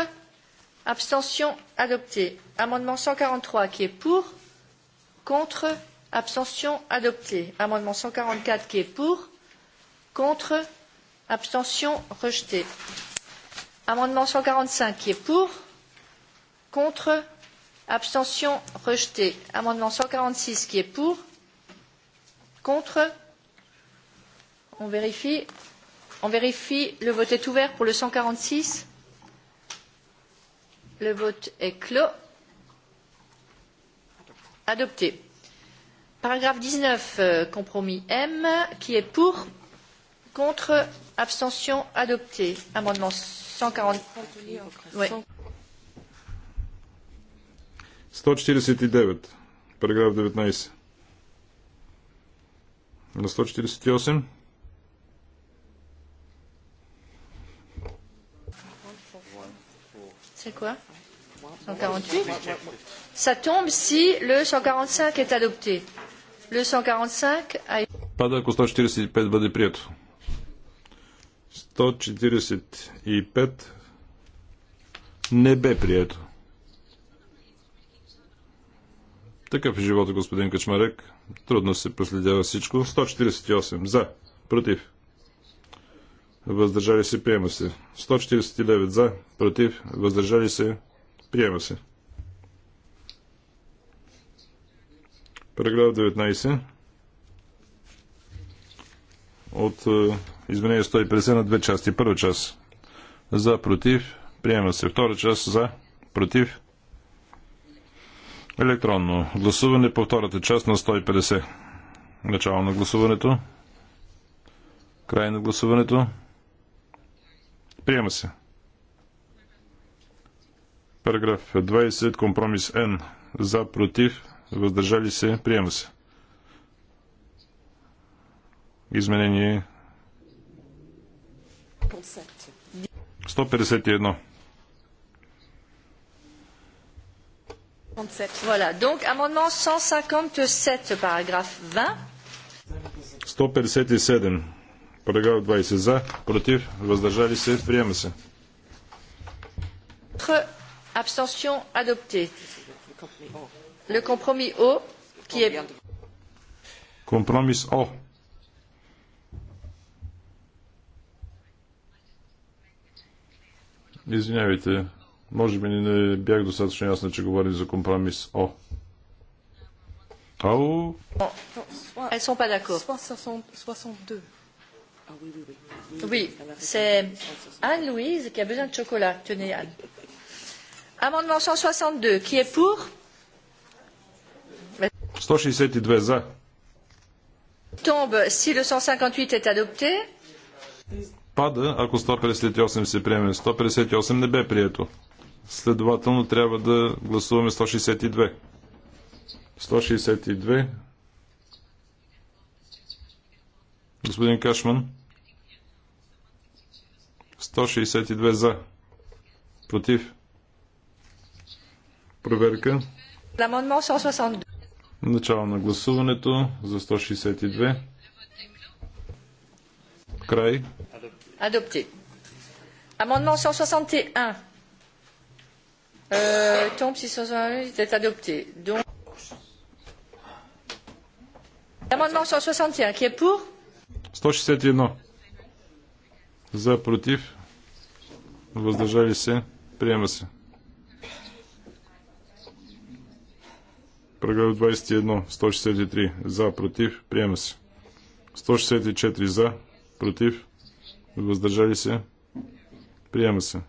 Abstention adopté. Amendement 143 qui est pour Contre Abstention adopté. Amendement 144 qui est pour Contre Abstention rejeté. Amendement 145 qui est pour Contre Abstention rejeté. Amendement 146 qui est pour Contre On vérifie. On vérifie. Le vote est ouvert pour le 146. Le vote est clos. Adopté. Paragraphe 19, compromis M, qui est pour Contre, abstention adopté. Amendement 140. quarante. 149. Параграф 19. На 148. C'est quoi 148 Ça tombe si le 145 est adopté. Le 145 a... Пада, 145 145 не бе прието. Такъв е живота, господин Качмарек. Трудно се проследява всичко. 148 за, против. Въздържали се, приема се. 149 за, против, въздържали се, приема се. Параграф 19 от е, изменение 150 на две части. Първа част за, против, приема се. Втора част за, против, електронно гласуване по втората част на 150. Начало на гласуването. Край на гласуването. Приема се. Параграф 20. Компромис Н. За, против, въздържали се. Приема се. Изменение 151. Voilà, donc amendement 157, параграф 20. 157, параграф 20. За, против, въздържали се, приема се. Le compromis O qui est... Компромис О. Извинявайте, може би не бях достатъчно ясна, че говорим за компромис О. Ау! Elles са pas d'accord. 62. Oui, c'est Anne-Louise qui a besoin de chocolat. Tenez, Anne. Amendement 162, qui est pour 162 за. Tombe si le 158 est adopté пада, ако 158 се приеме. 158 не бе прието. Следователно трябва да гласуваме 162. 162. Господин Кашман. 162 за. Против. Проверка. Начало на гласуването за 162. Край. Adopté. Amendement 161. Euh, tombe 661, il est adopté. Donc, Amendement 161, qui est pour 161. За, против, въздържали се, приема се. Параграф 21, 163. За, против, приема се. 164 за, против, Въздържали се. Приема се.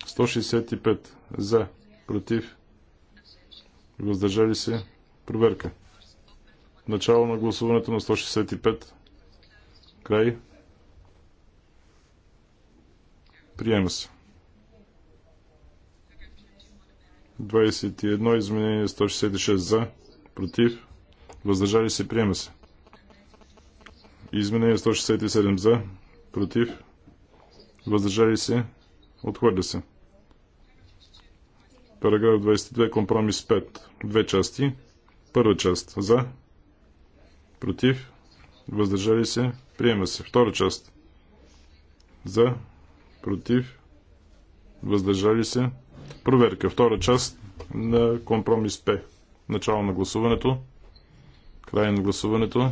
165 за, против, въздържали се. Проверка. Начало на гласуването на 165. Край. Приема се. 21 изменение 166 за, против, въздържали се, приема се. Изменение 167 за, против, въздържали се, отхвърля се. Параграф 22, компромис 5. Две части. Първа част за, против, въздържали се, приема се. Втора част за, против, въздържали се. Проверка. Втора част на компромис П. Начало на гласуването. Край на гласуването.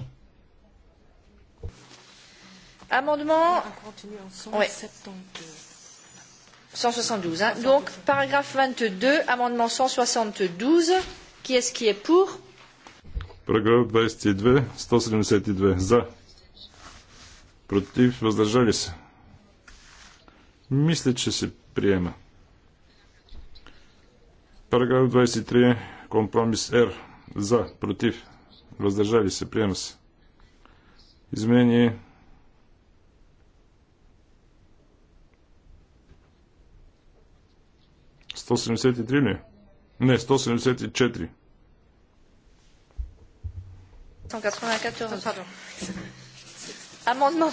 Amendement. Ouais. 172. Hein. Donc, paragraphe 22, amendement 172. Qui est-ce qui est pour Paragraphe 22, 172. За. Против, въздържали Мисля, че се приема. Параграф 23, компромис Р. За, против, въздържали се, приема се. Изменение 173 ли? Не, 174. Amendement.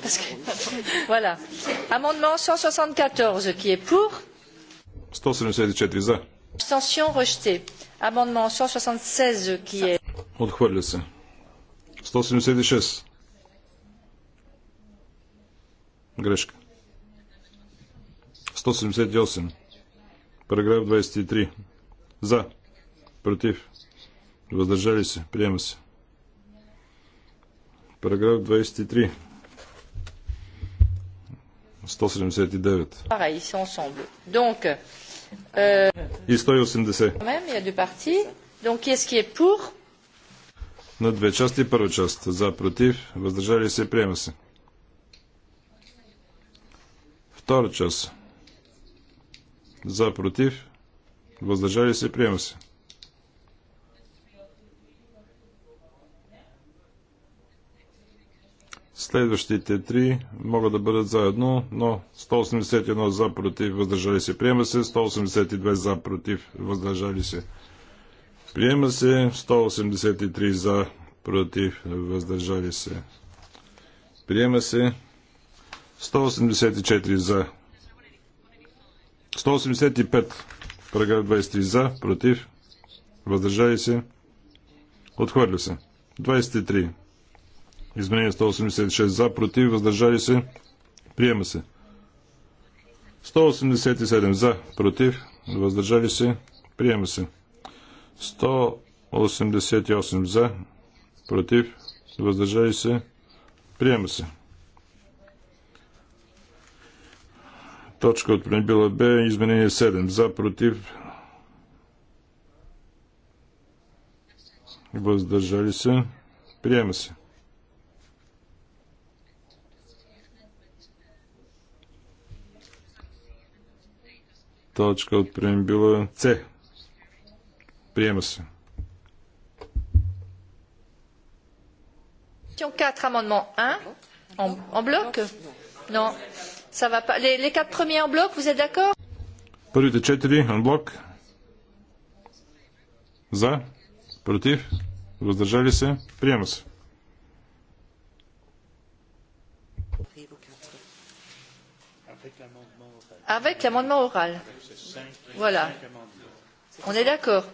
Parce que, voilà. Amendement 174 qui est pour. 174 за. Abstention rejetée. Amendement 176 qui est. Отхвърля се. 176. Грешка. 178. Параграф 23. За. Против. Въздържали се. Приема се. Параграф 23. 179. Pareil, c'est ensemble. Donc, euh, и 180. Même, il y a deux parties. Donc, qu'est-ce qui est pour На две части. Първа част. За, против, въздържали се, приема се. Втора част. За, против, въздържали се, приема се. Следващите три могат да бъдат заедно, но 181 за против въздържали се приема се, 182 за против въздържали се приема се, 183 за против въздържали се приема се, 184 за 185. Параграф 23 за, против, въздържали се, отхвърля се. 23. Изменение 186 за, против, въздържали се, приема се. 187 за, против, въздържали се, приема се. 188 за, против, въздържали се, приема се. Точка от преамбила Б, изменение 7. За, против, въздържали се, приема се. Точка от преамбила С. Приема се. 4, amendement 1, en, en bloc Non. Ça va pas. Les, les quatre premiers en bloc, vous êtes d'accord Първите четири на блок. За. Против. Въздържали се. Приема се. Avec l'amendement oral. Voilà. On est d'accord.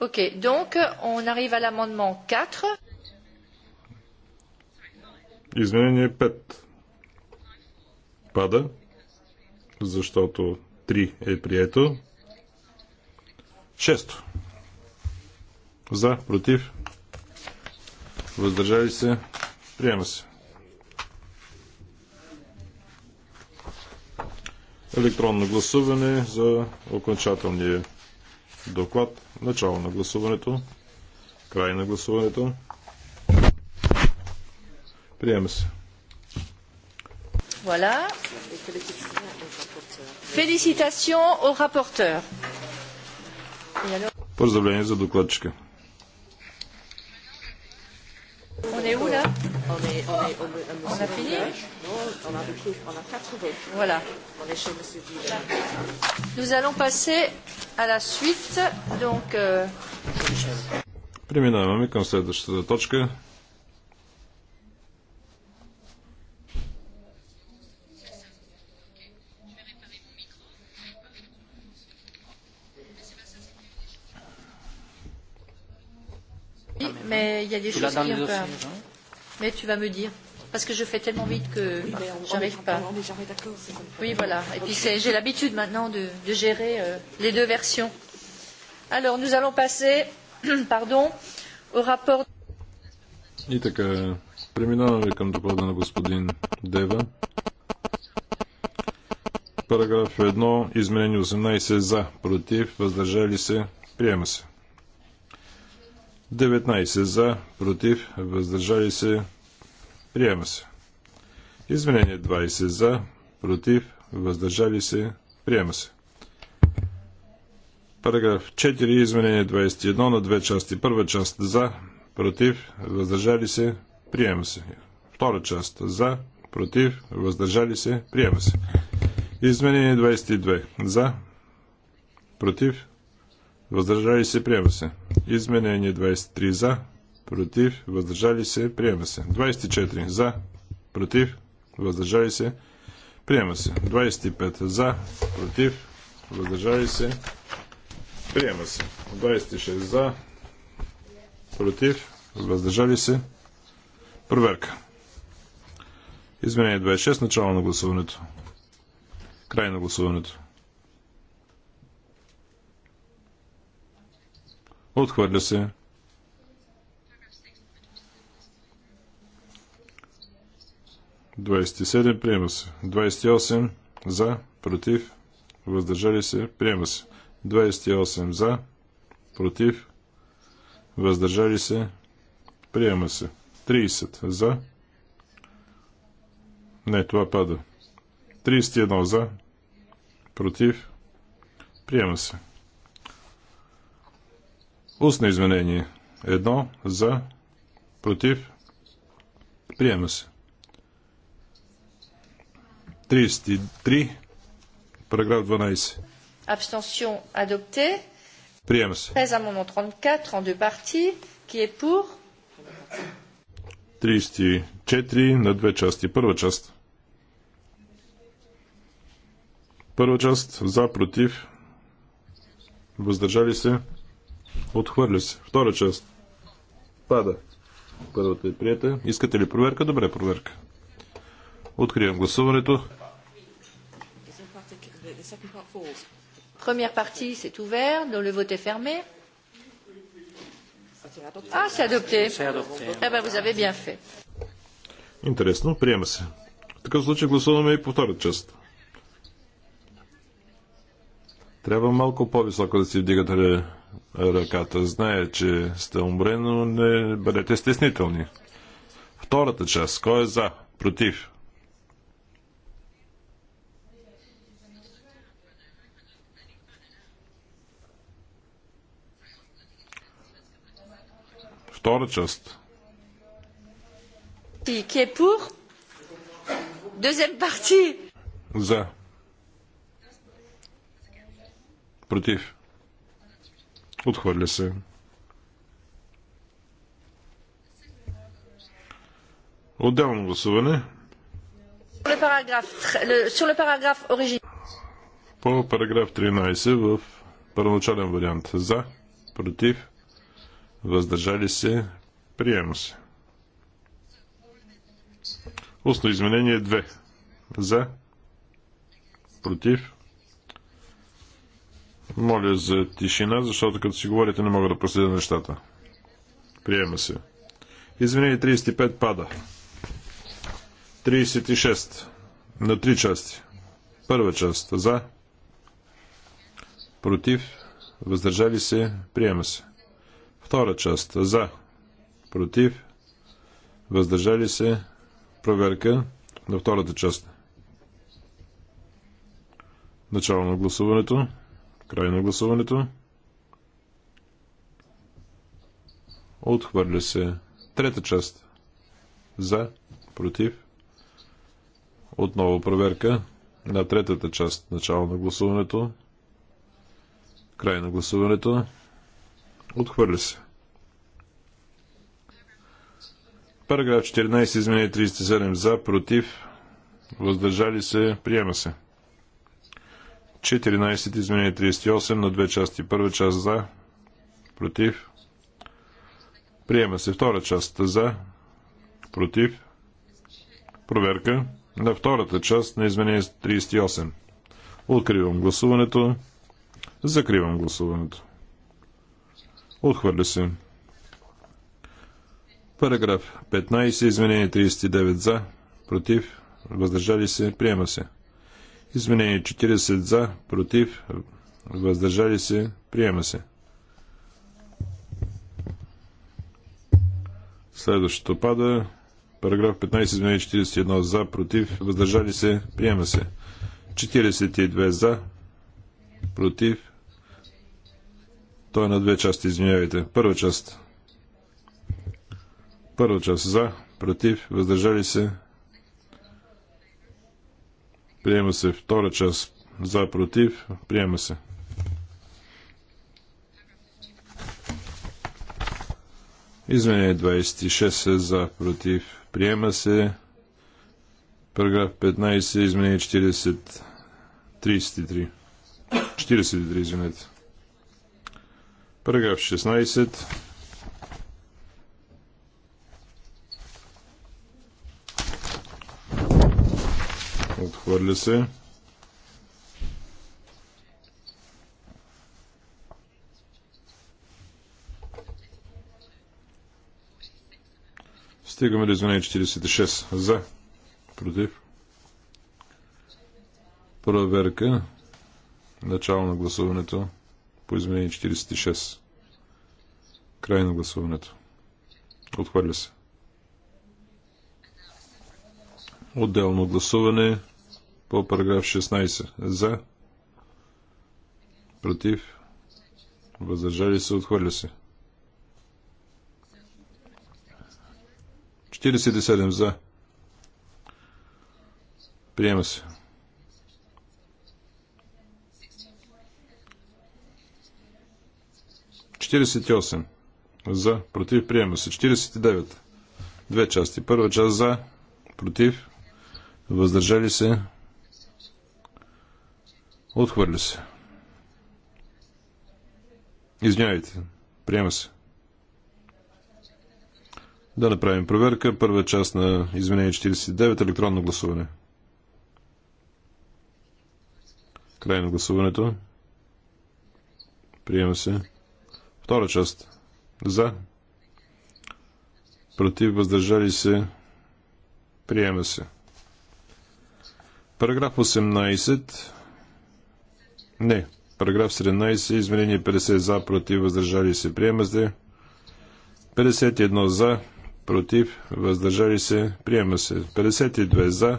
Ok, donc on arrive à l'amendement 4. Изменение 5 отпада, защото 3 е прието. Шесто. За, против, въздържали се, приема се. Електронно гласуване за окончателния доклад. Начало на гласуването. Край на гласуването. Приема се. Voilà. Félicitations au rapporteur. Поздравление за докладчика. On est où là on, est, on, est, on, on a fini on a, on a quatre votes. Voilà. On est chez M. Dillon. Nous allons passer à la suite. Donc, euh... Преминаваме към следващата точка. Mais il y a des choses qui ont pas. Mais tu vas me dire. Parce que je fais tellement vite que j'arrive pas. Oui, voilà. Et puis j'ai l'habitude maintenant de, de gérer euh, les deux versions. Alors, nous allons passer, pardon, au rapport. И така, преминаваме към доклада на господин Дева. Параграф 1, изменение 18 за, против, въздържали се, приема се. 19 за, против, въздържали се, приема се. Изменение 20 за, против, въздържали се, приема се. Параграф 4, изменение 21 на две части. Първа част за, против, въздържали се, приема се. Втора част за, против, въздържали се, приема се. Изменение 22 за, против, Въздържали се, приема се. Изменение 23 за, против, въздържали се, приема се. 24 за, против, въздържали се, приема се. 25 за, против, въздържали се, приема се. 26 за, против, въздържали се, проверка. Изменение 26, начало на гласуването. Край на гласуването. Отхвърля се. Двадесет седем. Приема се. 28 за, против, въздържали се. Приема се. 28 за, против, въздържали се. Приема се. 30 за. Не, това пада. 31 за, против, приема се. Устно изменение. Едно за, против, приема се. 33, параграф 12. Абстенцион. Адопте. Приема се. 13 amendement 34 en deux parties. Qui est pour? 34 на две части. Първа част. Първа част за, против, въздържали се, Отхвърля се. Втора част. Пада. Първата е прията. Искате ли проверка? Добре, проверка. Откривам гласуването. Première partie, c'est ouvert. Donc le vote est fermé. Ah, c'est adopté. Eh bien, vous avez bien fait. Интересно, приема се. В такъв случай гласуваме и по втората част. Трябва малко по-високо да си вдигате ръката. знае, че сте умре, но не бъдете стеснителни. Втората част. Кой е за? Против? Втора част. Ти е пур? Дозем партия. За. Против. Отхвърля се. Отделно гласуване. По параграф 13 в първоначален вариант. За, против, въздържали се, приема се. Устно изменение 2. За, против, моля за тишина, защото като си говорите не мога да проследя нещата. Приема се. Извинение 35 пада. 36. На три части. Първа част. За. Против. Въздържали се. Приема се. Втора част. За. Против. Въздържали се. Проверка на втората част. Начало на гласуването. Край на гласуването. Отхвърля се. Трета част. За. Против. Отново проверка на третата част. Начало на гласуването. Край на гласуването. Отхвърля се. Параграф 14, изменение 37 за, против, въздържали се, приема се. 14 изменение 38 на две части. Първа част за, против. Приема се втора част за, против. Проверка на втората част на изменение 38. Откривам гласуването. Закривам гласуването. Отхвърля се. Параграф 15, изменение 39 за, против, въздържали се, приема се. Изменение 40 за, против, въздържали се, приема се. Следващото пада. Параграф 15, изменение 41 за, против, въздържали се, приема се. 42 за, против. Той е на две части, извинявайте. Първа част. Първа част за, против, въздържали се, Приема се втора част за против. Приема се. Изменение 26 за против. Приема се. Параграф 15, изменение 40, 33. 43, извинете. Параграф 16. Отхвърля се. Стигаме до изменение 46. За. Против. Проверка. Начало на гласуването по изменение 46. Край на гласуването. Отхвърля се. Отделно гласуване по параграф 16. За. Против. Въздържали се. Отхвърля се. 47 за. Приема се. За. Против. Приема се. 49. Две части. Първа част за. Против. Въздържали се. Отхвърля се. Извинявайте. Приема се. Да направим проверка. Първа част на изменение 49. Електронно гласуване. Край на гласуването. Приема се. Втора част. За. Против. Въздържали се. Приема се. Параграф 18. Не. Параграф 17. Изменение 50 за, против, въздържали се. Приема се. 51 за, против, въздържали се. Приема се. 52 за,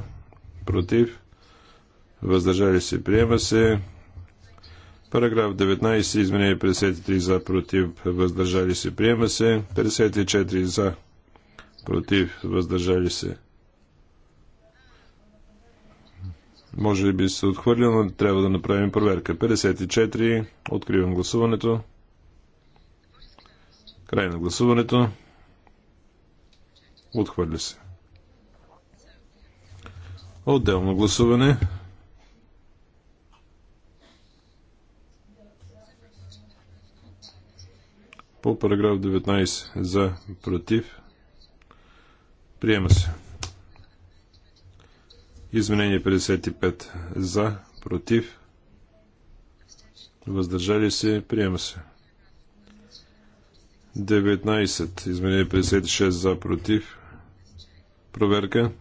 против, въздържали се. Приема се. Параграф 19. Изменение 53 за, против, въздържали се. Приема се. 54 за, против, въздържали се. Може би се отхвърля, но трябва да направим проверка. 54. Откривам гласуването. Край на гласуването. Отхвърля се. Отделно гласуване. По параграф 19 за против. Приема се. Изменение 55 за, против, въздържали се, приема се. 19. Изменение 56 за, против. Проверка.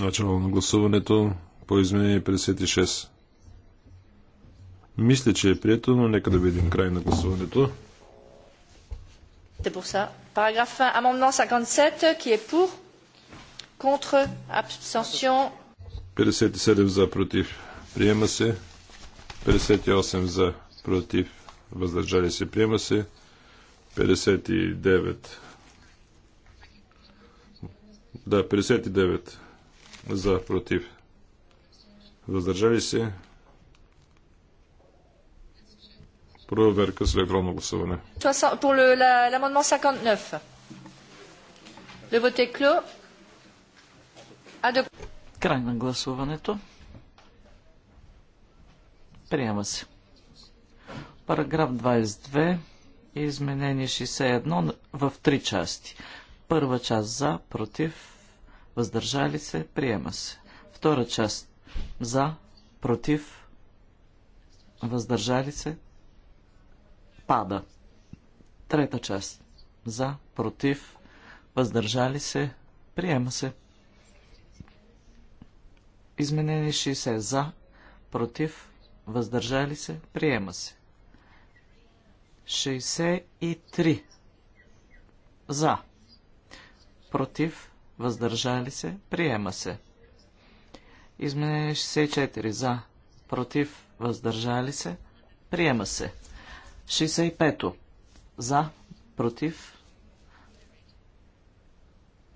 Начало на гласуването по изменение 56. Мисля, че е прието, но нека да видим край на гласуването. Параграф 57, qui е pour? Contre Абсенсион. 57 за против. Приема се. 58 за против. Въздържали се. Приема се. 59. Да, 59 за против. Въздържали се. Проверка с електронно гласуване. Pour l'amendement 59. Le vote est clos. Край на гласуването. Приема се. Параграф 22 изменение 61 в три части. Първа част за, против, въздържали се, приема се. Втора част за, против, въздържали се, пада. Трета част за, против, въздържали се, приема се. Изменени 60 за, против, въздържали се, приема се. 63 за, против, въздържали се, приема се. Изменени 64 за, против, въздържали се, приема се. 65 за, против,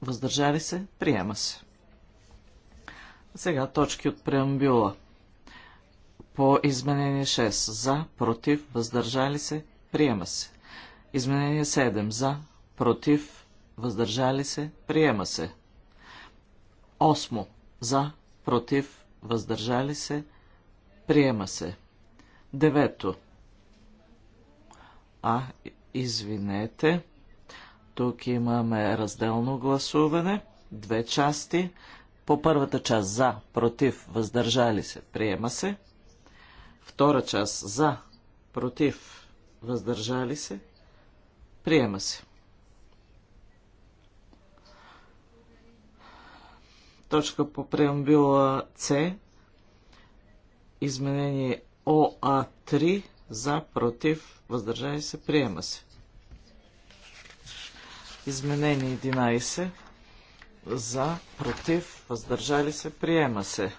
въздържали се, приема се. Сега точки от преамбюла. По изменение 6. За, против, въздържали се, приема се. Изменение 7. За, против, въздържали се, приема се. 8. За, против, въздържали се, приема се. 9. А, извинете. Тук имаме разделно гласуване. Две части. По първата част за, против, въздържали се, приема се. Втора част за, против, въздържали се, приема се. Точка по преамбюла С. Изменение ОА3 за, против, въздържали се, приема се. Изменение 11 за, против, въздържали се, приема се.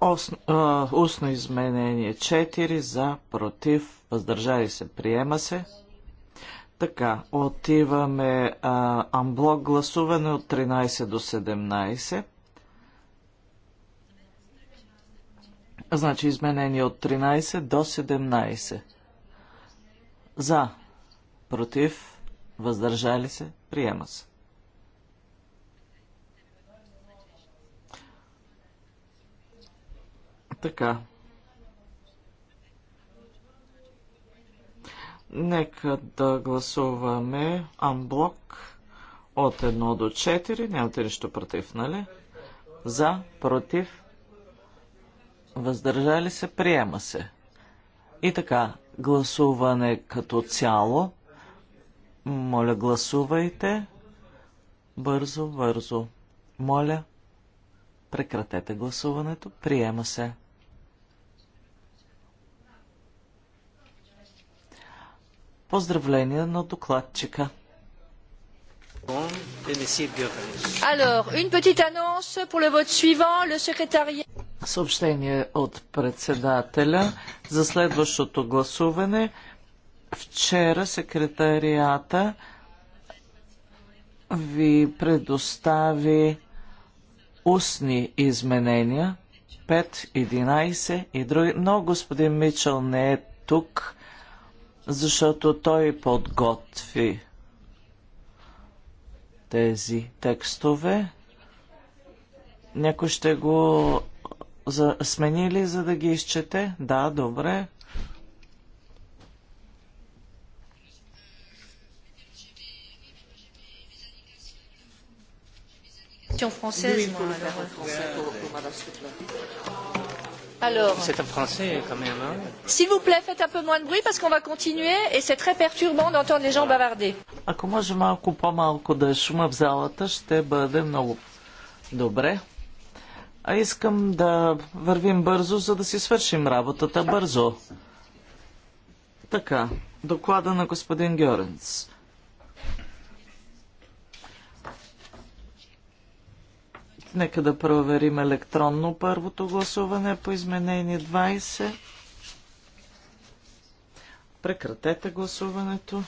Осно, а, устно изменение 4 за, против, въздържали се, приема се. Така, отиваме а, амблок гласуване от 13 до 17. Значи изменение от 13 до 17. За, против, въздържали се, приема се. така. Нека да гласуваме амблок от 1 до 4. Нямате нищо против, нали? За, против, въздържали се, приема се. И така, гласуване като цяло. Моля, гласувайте. Бързо, бързо. Моля, прекратете гласуването. Приема се. Поздравления на докладчика. Alors, une petite annonce pour le vote suivant. Le secrétariat... Съобщение от председателя за следващото гласуване. Вчера секретарията ви предостави устни изменения 5, 11 и други. Но господин Мичел не е тук защото той подготви тези текстове. Някой ще го за... смени ли, за да ги изчете? Да, добре. Française, moi, alors, français Alors, c'est un français quand même. Hein S'il vous plaît, faites un peu moins de bruit parce qu'on va continuer et c'est très perturbant d'entendre les gens bavarder. Ако може малко по-малко да е шума в залата, ще бъде много добре. А искам да вървим бързо, за да си свършим работата бързо. Така, доклада на господин Гьоренц. Нека да проверим електронно първото гласуване по изменение 20. Прекратете гласуването.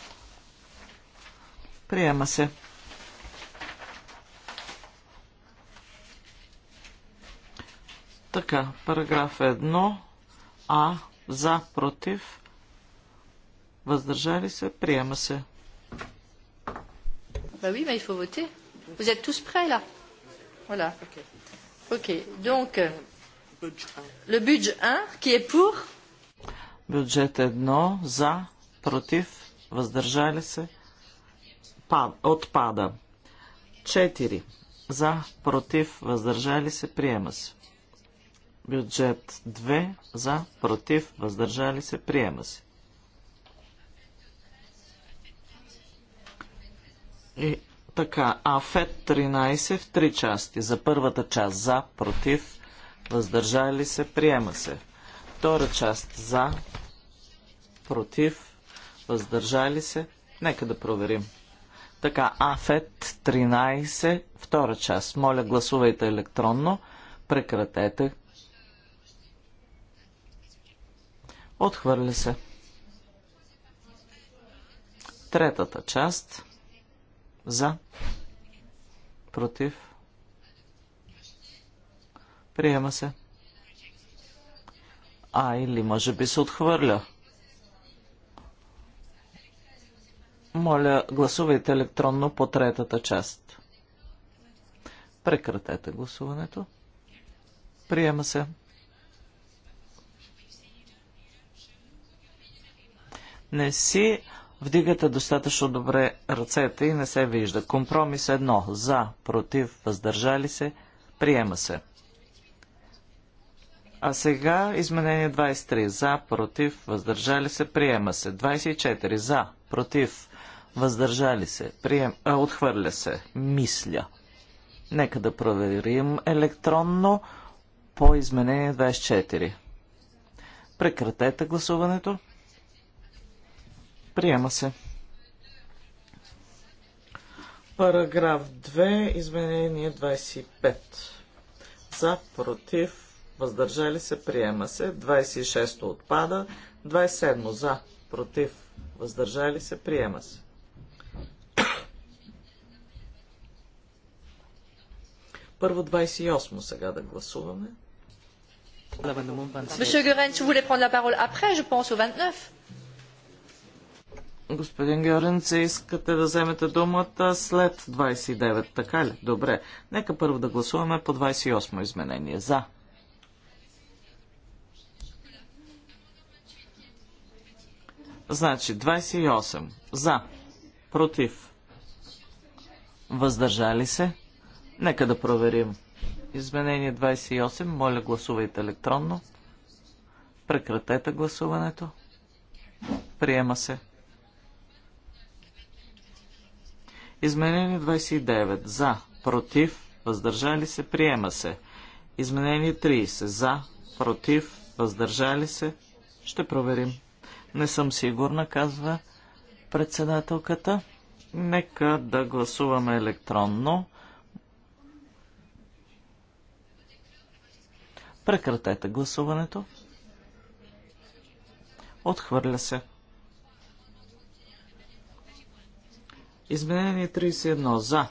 Приема се. Така, параграф 1. А. За, против. Въздържали се. Приема се. Ба, oui, mais il faut voter. Vous êtes tous prêts là Voilà. Ok. Donc, euh, le budget 1, qui est pour Бюджет 1 за, против, въздържали се, пад, отпада. 4 за, против, въздържали се, приема се. Бюджет 2 за, против, въздържали се, приема се. И така, Афет 13 в три части. За първата част за, против, въздържали се, приема се. Втора част за, против, въздържали се. Нека да проверим. Така, Афет 13, втора част. Моля, гласувайте електронно. Прекратете. Отхвърля се. Третата част. За. Против. Приема се. А, или може би се отхвърля. Моля, гласувайте електронно по третата част. Прекратете гласуването. Приема се. Не си Вдигате достатъчно добре ръцете и не се вижда. Компромис едно. За, против, въздържали се, приема се. А сега изменение 23. За, против, въздържали се, приема се. 24. За, против, въздържали се, прием... а, отхвърля се, мисля. Нека да проверим електронно по изменение 24. Прекратете гласуването. Приема се. Параграф 2, изменение 25. За, против, въздържали се, приема се. 26 то отпада. 27 то за, против, въздържали се, приема се. Първо 28 сега да гласуваме. Monsieur Guerin, si vous voulez prendre la parole après, je pense au 29. Господин Георенце, искате да вземете думата след 29, така ли? Добре. Нека първо да гласуваме по 28 изменение. За. Значи 28. За. Против. Въздържали се. Нека да проверим. Изменение 28. Моля гласувайте електронно. Прекратете гласуването. Приема се. Изменение 29. За. Против. Въздържали се. Приема се. Изменение 30. За. Против. Въздържали се. Ще проверим. Не съм сигурна, казва председателката. Нека да гласуваме електронно. Прекратете гласуването. Отхвърля се. Изменение 31 за,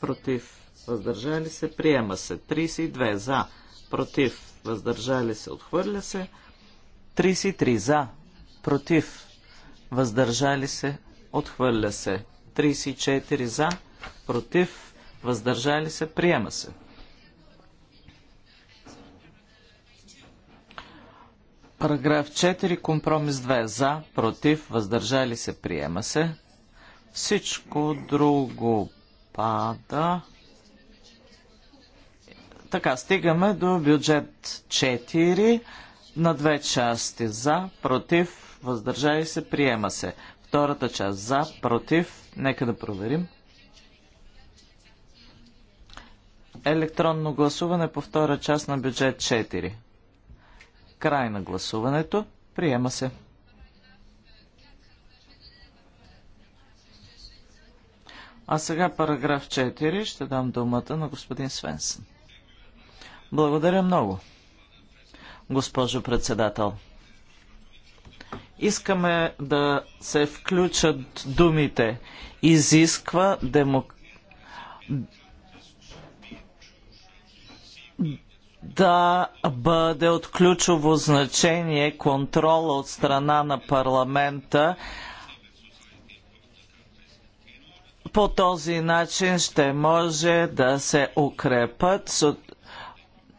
против, въздържали се, приема се. 32 за, против, въздържали се, отхвърля се. 33 за, против, въздържали се, отхвърля се. 34 за, против, въздържали се, приема се. Параграф 4, компромис 2 за, против, въздържали се, приема се. Всичко друго пада. Така, стигаме до бюджет 4 на две части. За, против, въздържали се, приема се. Втората част за, против, нека да проверим. Електронно гласуване по втора част на бюджет 4. Край на гласуването. Приема се. А сега параграф 4 ще дам думата на господин Свенсън. Благодаря много, госпожо председател. Искаме да се включат думите. Изисква демок... да бъде от ключово значение контрола от страна на парламента по този начин ще може да се укрепат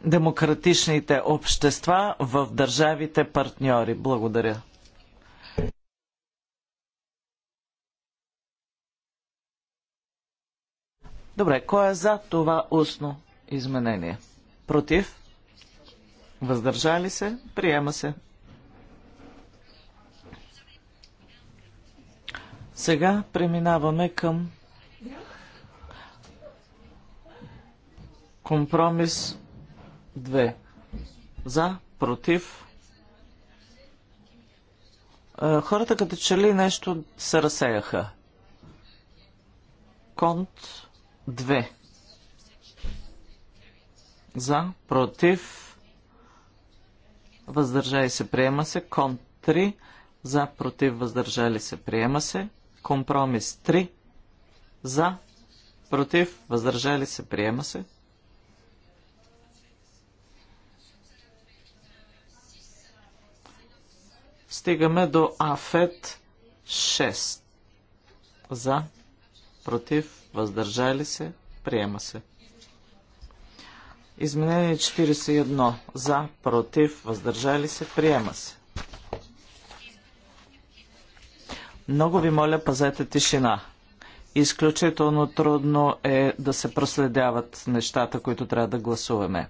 демократичните общества в държавите партньори. Благодаря. Добре, кой е за това устно изменение? Против? Въздържали се? Приема се. Сега преминаваме към Компромис 2. За, против. Е, хората като че ли нещо се разсеяха. Конт 2. За, против. Въздържали се, приема се. Конт 3. За, против, въздържали се, приема се. Компромис 3. За, против, въздържали се, приема се. Стигаме до Афет 6. За, против, въздържали се, приема се. Изменение 41. За, против, въздържали се, приема се. Много ви моля, пазете тишина. Изключително трудно е да се проследяват нещата, които трябва да гласуваме.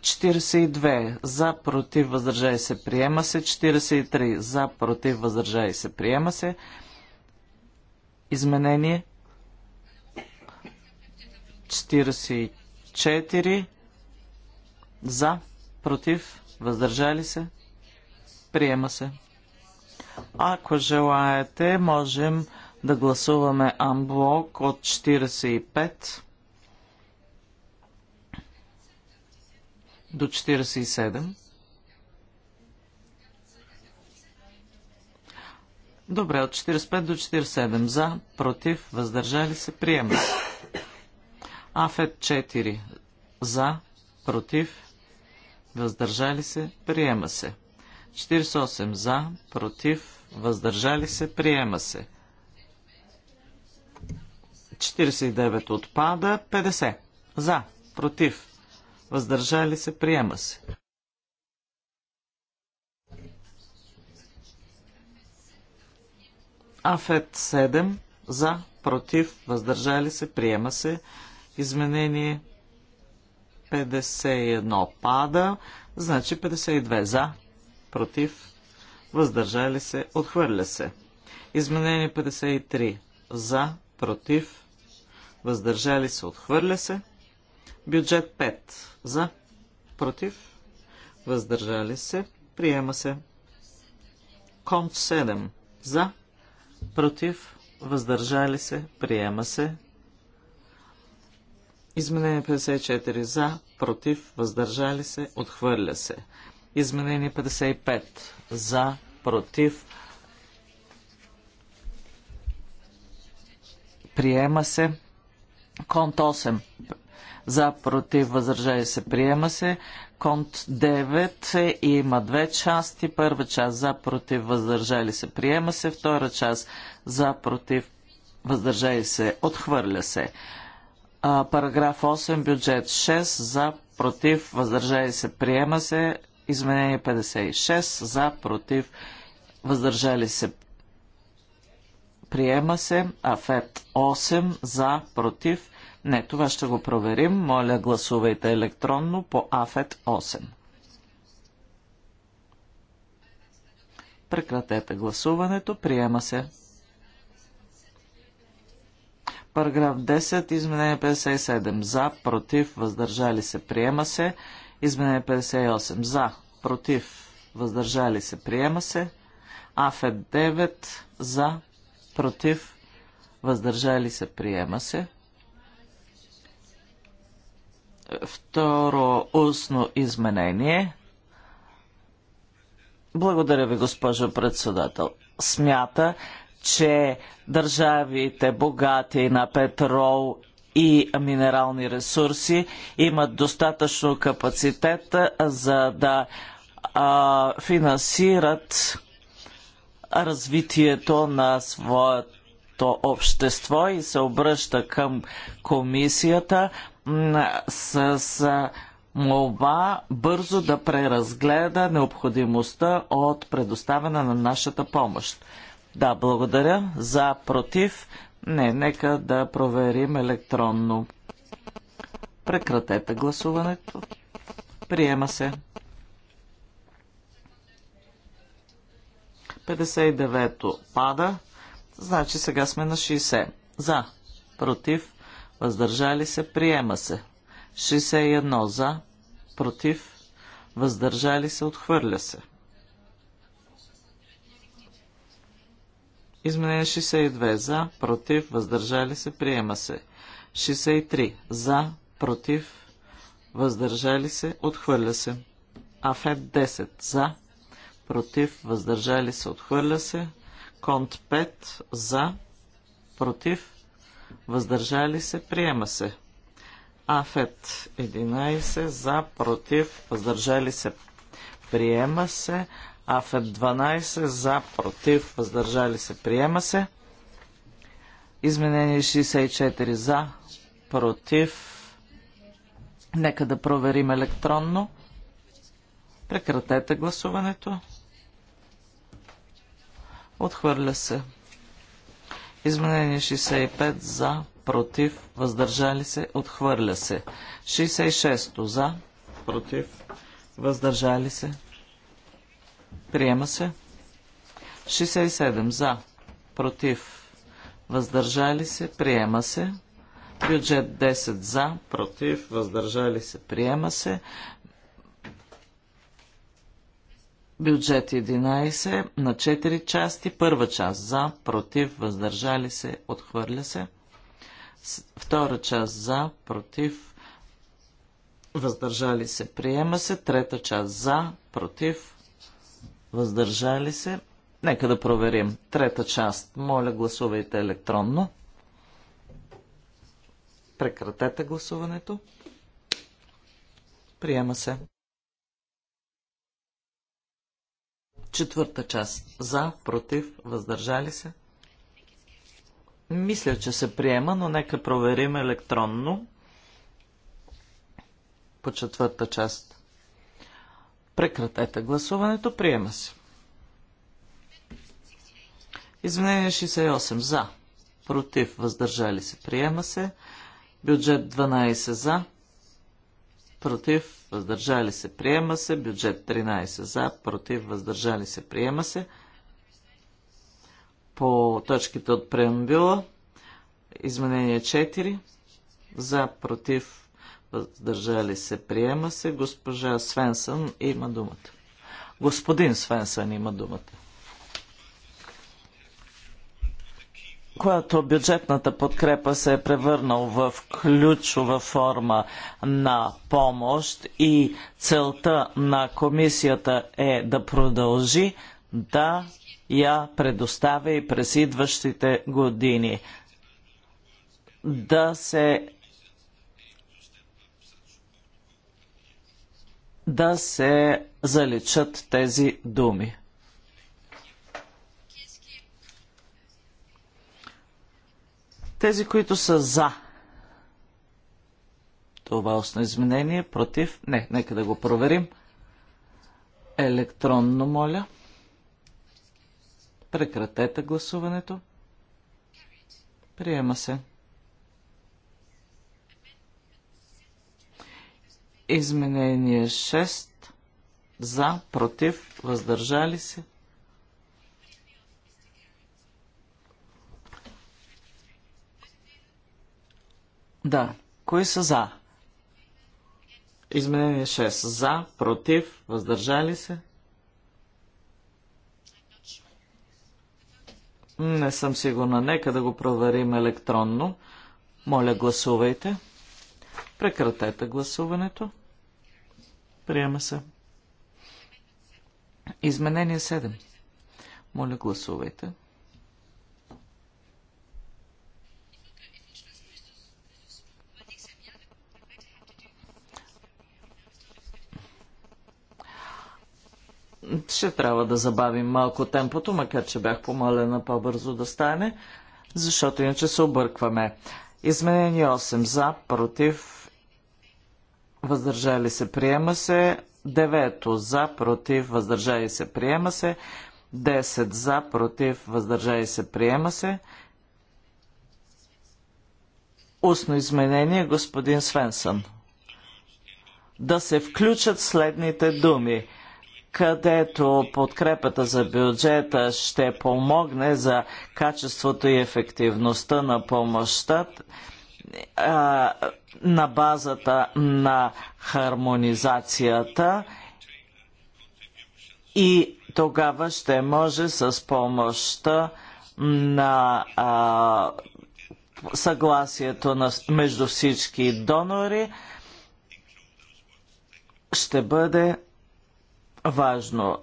42 за против въздържали се приема се. 43 за против въздържали се приема се. Изменение 44 за против въздържали се приема се. Ако желаете, можем да гласуваме амблок от 45 до 47. Добре, от 45 до 47 за, против, въздържали се, приема се. Афет 4 за, против, въздържали се, приема се. 48 за, против, въздържали се, приема се. 49 отпада, 50 за, против, въздържали се, приема се. Афет 7 за, против, въздържали се, приема се. Изменение 51 пада, значи 52 за, против, въздържали се, отхвърля се. Изменение 53 за, против, въздържали се, отхвърля се. Бюджет 5. За. Против. Въздържали се. Приема се. Конт 7. За. Против. Въздържали се. Приема се. Изменение 54. За. Против. Въздържали се. Отхвърля се. Изменение 55. За. Против. Приема се. Конт 8 за против въздържали се приема се. Конт 9 е, има две части. Първа част за против въздържали се приема се. Втора част за против въздържали се отхвърля се. А, параграф 8 бюджет 6 за против въздържали се приема се. Изменение 56 за против въздържали се приема се. Афет 8 за против не, това ще го проверим. Моля, гласувайте електронно по АФЕТ 8. Прекратете гласуването. Приема се. Параграф 10, изменение 57. За, против, въздържали се, приема се. Изменение 58. За, против, въздържали се, приема се. Афет 9. За, против, въздържали се, приема се. Второ устно изменение. Благодаря ви, госпожо председател. Смята, че държавите богати на петрол и минерални ресурси имат достатъчно капацитет за да а, финансират развитието на своето общество и се обръща към комисията с молба бързо да преразгледа необходимостта от предоставяне на нашата помощ. Да, благодаря. За, против. Не, нека да проверим електронно. Прекратете гласуването. Приема се. 59-то пада. Значи сега сме на 60. За, против, въздържали се, приема се. 61 за, против, въздържали се, отхвърля се. Изменение 62 за, против, въздържали се, приема се. 63 за, против, въздържали се, отхвърля се. Афет 10 за, против, въздържали се, отхвърля се. Конт 5 за, против, въздържали се, приема се. Афет 11 за, против, въздържали се, приема се. Афет 12 за, против, въздържали се, приема се. Изменение 64 за, против. Нека да проверим електронно. Прекратете гласуването. Отхвърля се. Изменение 65 за, против, въздържали се, отхвърля се. 66 за, против, въздържали се, приема се. 67 за, против, въздържали се, приема се. Бюджет 10 за, против, въздържали се, приема се. Бюджет 11 на 4 части. Първа част за, против, въздържали се, отхвърля се. Втора част за, против, въздържали се, приема се. Трета част за, против, въздържали се. Нека да проверим. Трета част. Моля, гласувайте електронно. Прекратете гласуването. Приема се. Четвърта част. За, против, въздържали се. Мисля, че се приема, но нека проверим електронно по четвърта част. Прекратете гласуването. Приема се. Извинение 68. За. Против. Въздържали се. Приема се. Бюджет 12 за. Против въздържали се, приема се. Бюджет 13 за, против, въздържали се, приема се. По точките от преамбюла, изменение 4 за, против, въздържали се, приема се. Госпожа Свенсън има думата. Господин Свенсън има думата. когато бюджетната подкрепа се е превърнал в ключова форма на помощ и целта на комисията е да продължи да я предоставя и през идващите години. Да се да се заличат тези думи. Тези, които са за това осно изменение, против, не, нека да го проверим. Електронно, моля. Прекратете гласуването. Приема се. Изменение 6. За, против, въздържали се. Да. Кои са за? Изменение 6. За, против, въздържали се. Не съм сигурна. Нека да го проверим електронно. Моля, гласувайте. Прекратете гласуването. Приема се. Изменение 7. Моля, гласувайте. ще трябва да забавим малко темпото, макар че бях помолена по-бързо да стане, защото иначе се объркваме. Изменение 8 за, против, въздържали се, приема се. 9 за, против, въздържали се, приема се. 10 за, против, въздържали се, приема се. Устно изменение, господин Свенсън. Да се включат следните думи – където подкрепата за бюджета ще помогне за качеството и ефективността на помощта на базата на хармонизацията и тогава ще може с помощта на а, съгласието на, между всички донори ще бъде важно.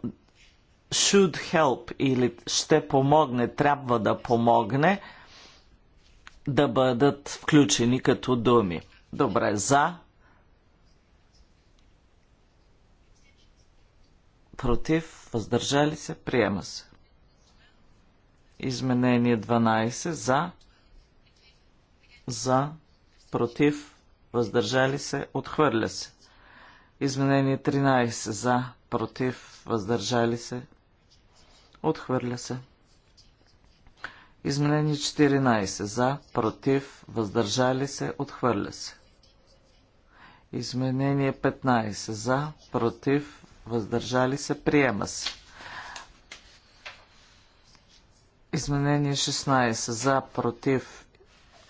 Should help или ще помогне, трябва да помогне да бъдат включени като думи. Добре, за. Против, въздържали се, приема се. Изменение 12 за. За. Против, въздържали се, отхвърля се. Изменение 13 за, против, въздържали се, отхвърля се. Изменение 14 за, против, въздържали се, отхвърля се. Изменение 15 за, против, въздържали се, приема се. Изменение 16 за, против,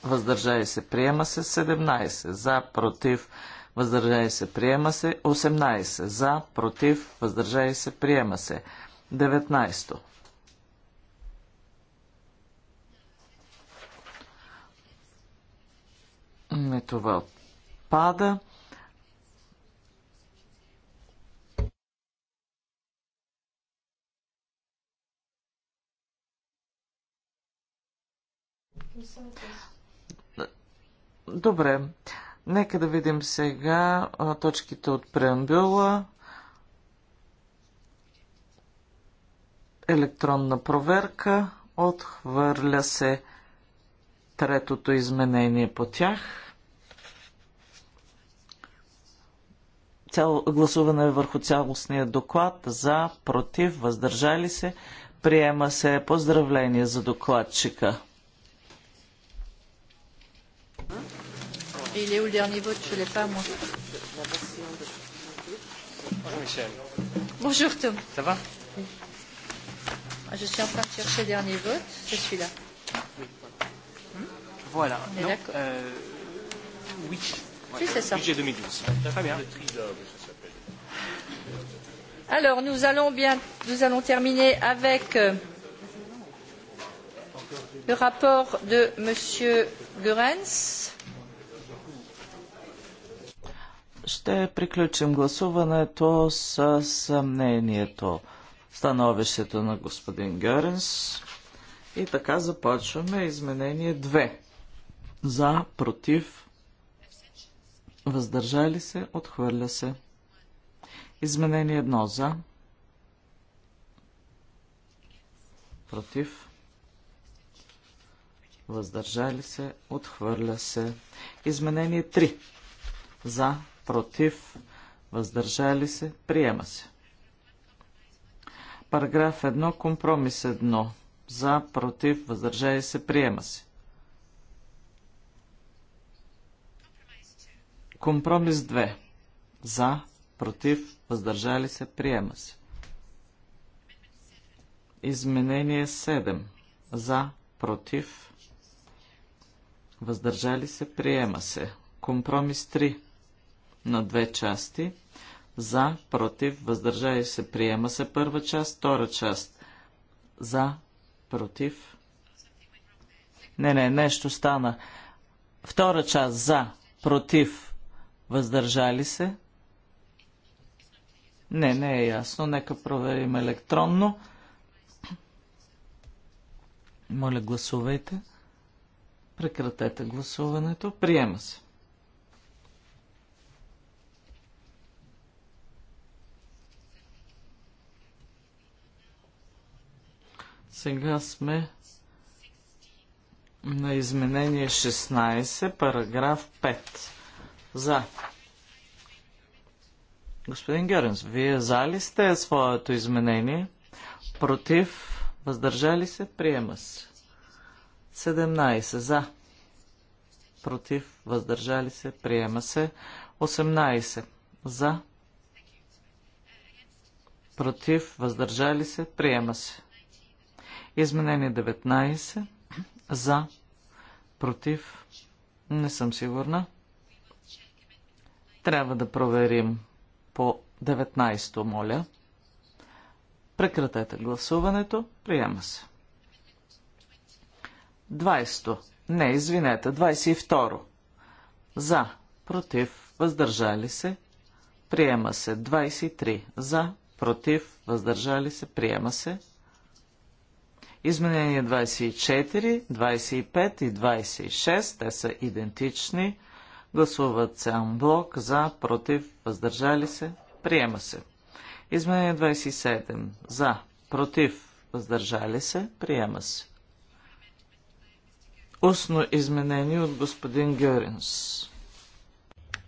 въздържали се, приема се. 17 за, против, въздържали се въздържали се, приема се. 18. За, против, въздържали се, приема се. 19. Не това отпада. Добре. Нека да видим сега точките от преамбюла. Електронна проверка. Отхвърля се третото изменение по тях. Цяло, гласуване е върху цялостния доклад за, против, въздържали се. Приема се поздравление за докладчика. il est où le dernier vote Je ne l'ai pas, moi. Bonjour Michel. Bonjour Tom. Ça va Je suis en train de chercher le dernier vote. je suis là Voilà. non, euh, oui. Oui, c'est ça. Budget 2012. Très bien. Alors, nous allons, bien, nous allons terminer avec euh, le rapport de Monsieur Goerens Ще приключим гласуването с съмнението, становището на господин Геренс. И така започваме изменение 2. За, против, въздържали се, отхвърля се. Изменение 1 за, против, въздържали се, отхвърля се. Изменение 3 за, против, въздържали се, приема се. Параграф 1, компромис 1, за, против, въздържали се, приема се. Компромис 2, за, против, въздържали се, приема се. Изменение 7, за, против, въздържали се, приема се. Компромис 3, на две части. За, против, въздържали се, приема се първа част, втора част. За, против. Не, не, нещо стана. Втора част за, против, въздържали се. Не, не е ясно. Нека проверим електронно. Моля, гласувайте. Прекратете гласуването. Приема се. Сега сме на изменение 16, параграф 5. За. Господин Геренс, вие за ли сте своето изменение? Против? Въздържали се? Приема се. 17. За. Против? Въздържали се? Приема се. 18. За. Против? Въздържали се? Приема се. Изменение 19. За. Против. Не съм сигурна. Трябва да проверим по 19-то, моля. Прекратете гласуването. Приема се. 20-то. Не, извинете. 22-ро. За. Против. Въздържали се. Приема се. 23. За. Против. Въздържали се. Приема се. Изменения 24, 25 и 26, те са идентични. Гласуват се блок. за, против, въздържали се, приема се. Изменение 27, за, против, въздържали се, приема се. Устно изменение от господин Гюринс.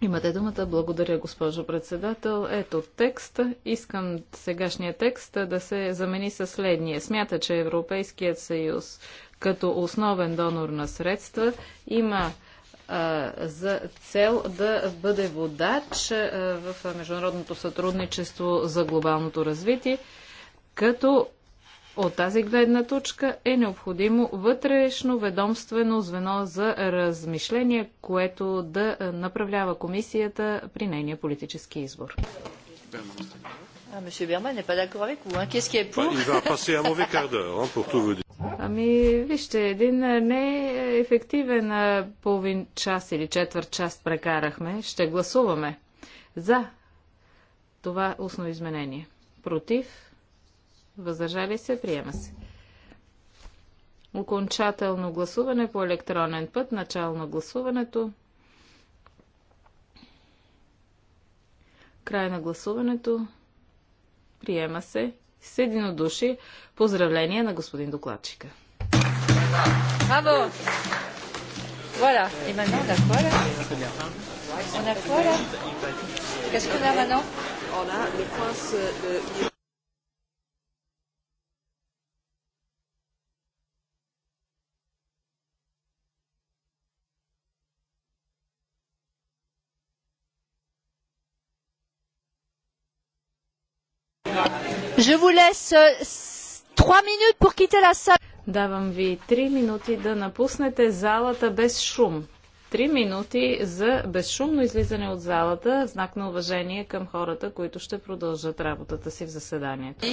Имате думата. Благодаря, госпожо председател. Ето текст. Искам сегашния текст да се замени със следния. Смята, че Европейският съюз като основен донор на средства има а, за цел да бъде водач а, в международното сътрудничество за глобалното развитие, като от тази гледна точка е необходимо вътрешно ведомствено звено за размишление, което да направлява комисията при нейния политически избор. Ами, вижте, един неефективен половин час или четвърт час прекарахме. Ще гласуваме за това устно изменение. Против? Въздържали се? Приема се. Окончателно гласуване по електронен път. Начало на гласуването. Край на гласуването. Приема се. С единодуши. Поздравление на господин докладчика. Браво! Voilà. Et maintenant, on a quoi là On a quoi là Qu'est-ce qu'on a maintenant On a de Je vous laisse 3 euh, minutes pour quitter la salle. Давам ви 3 минути да напуснете залата без шум. 3 минути за безшумно излизане от залата, знак на уважение към хората, които ще продължат работата си в заседанието.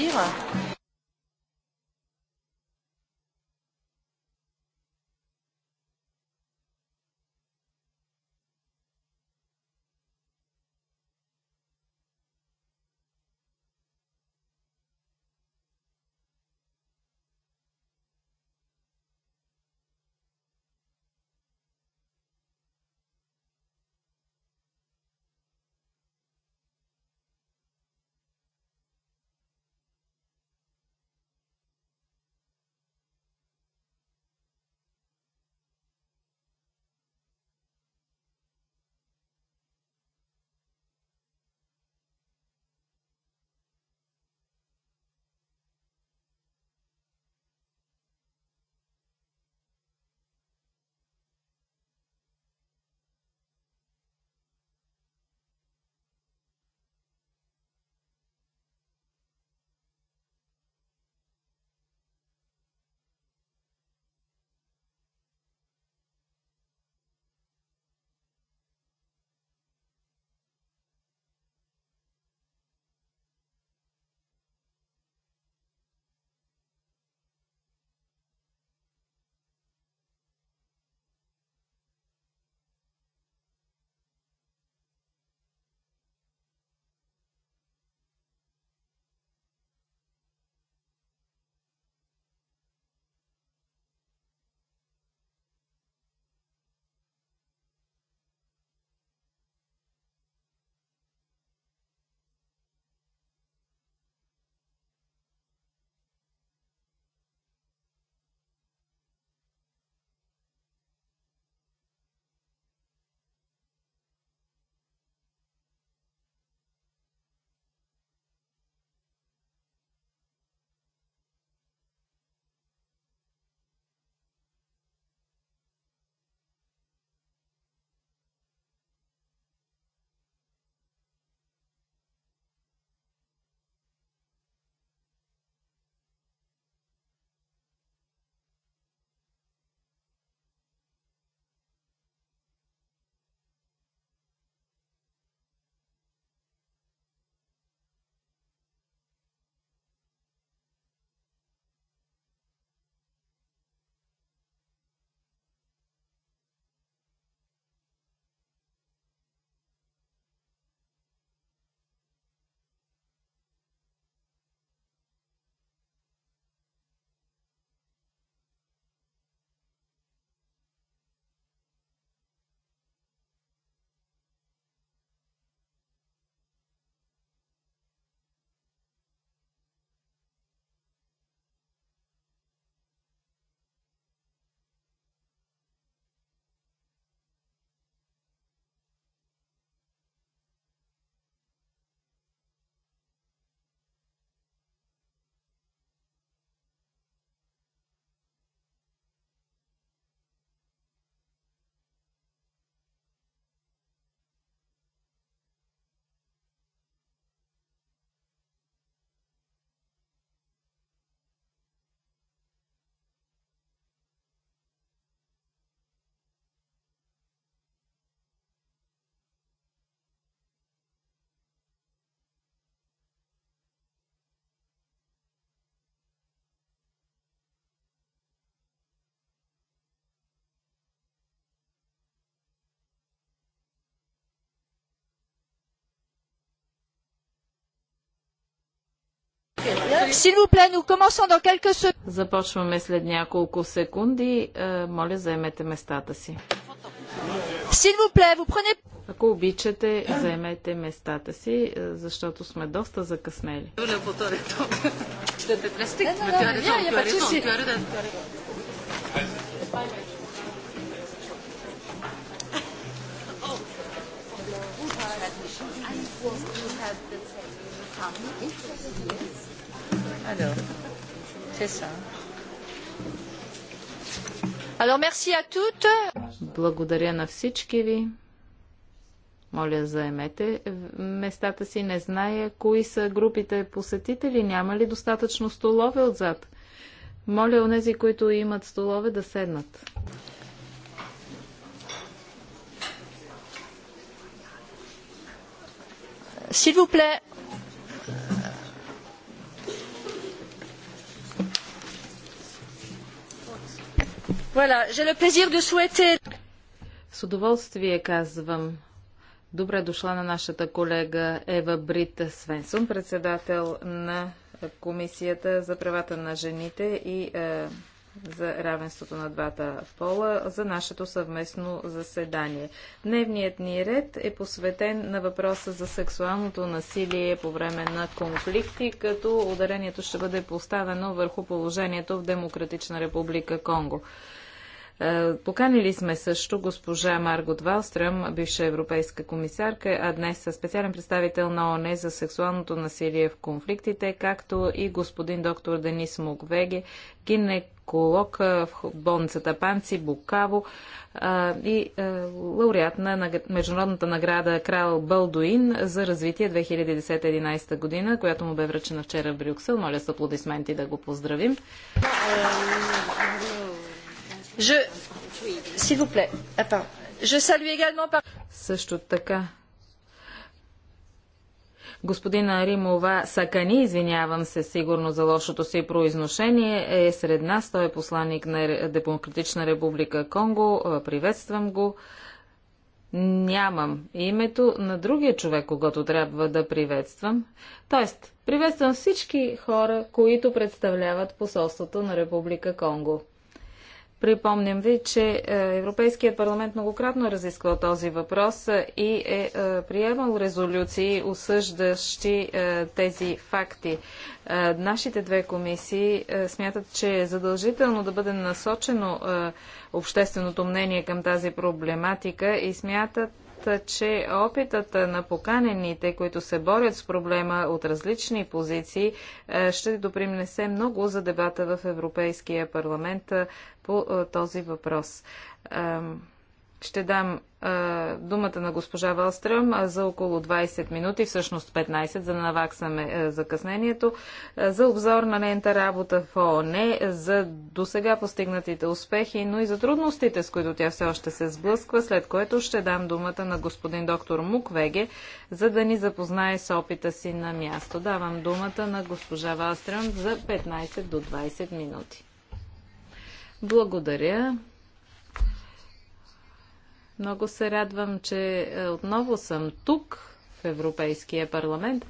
Започваме след няколко секунди. Моля, заемете местата си. Ако обичате, заемете местата си, защото сме доста закъснели. Yes. Alors, c'est ça. Alors, merci à toutes. Благодаря на всички ви. Моля, заемете местата си. Не зная кои са групите посетители. Няма ли достатъчно столове отзад? Моля, онези, които имат столове, да седнат. S'il vous plaît. Voilà, j'ai le plaisir de souhaiter... С удоволствие казвам добре дошла на нашата колега Ева Брита Свенсон, председател на Комисията за правата на жените и е, за равенството на двата пола за нашето съвместно заседание. Дневният ни ред е посветен на въпроса за сексуалното насилие по време на конфликти, като ударението ще бъде поставено върху положението в Демократична република Конго. Е, поканили сме също госпожа Маргот Валстръм, бивша европейска комисарка, а днес специален представител на ОНЕ за сексуалното насилие в конфликтите, както и господин доктор Денис Муквеге, гинеколог е, в болницата Панци, Букаво е, и лауреат на Международната награда Крал Бълдуин за развитие 2010-2011 година, която му бе връчена вчера в Брюксел. Моля с аплодисменти да го поздравим. Ah, Също така. Господина Римова Сакани, извинявам се сигурно за лошото си произношение, е сред нас. Той е посланник на Демократична република Конго. Приветствам го. Нямам името на другия човек, когато трябва да приветствам. Тоест, приветствам всички хора, които представляват посолството на Република Конго. Припомням ви, че е, Европейският парламент многократно е разисквал този въпрос е, и е, е приемал резолюции, осъждащи тези факти. Нашите две комисии смятат, че е задължително да бъде насочено общественото мнение към тази проблематика и смятат, че опитът на поканените, които се борят с проблема от различни позиции, е, ще допринесе много за дебата в Европейския парламент е, по е, този въпрос. Ще дам думата на госпожа Валстрем за около 20 минути, всъщност 15, за да наваксаме е, закъснението, за обзор на нейната работа в ООН, е, за досега постигнатите успехи, но и за трудностите, с които тя все още се сблъсква, след което ще дам думата на господин доктор Муквеге, за да ни запознае с опита си на място. Давам думата на госпожа Валстрем за 15 до 20 минути. Благодаря. Много се радвам, че е, отново съм тук в Европейския парламент,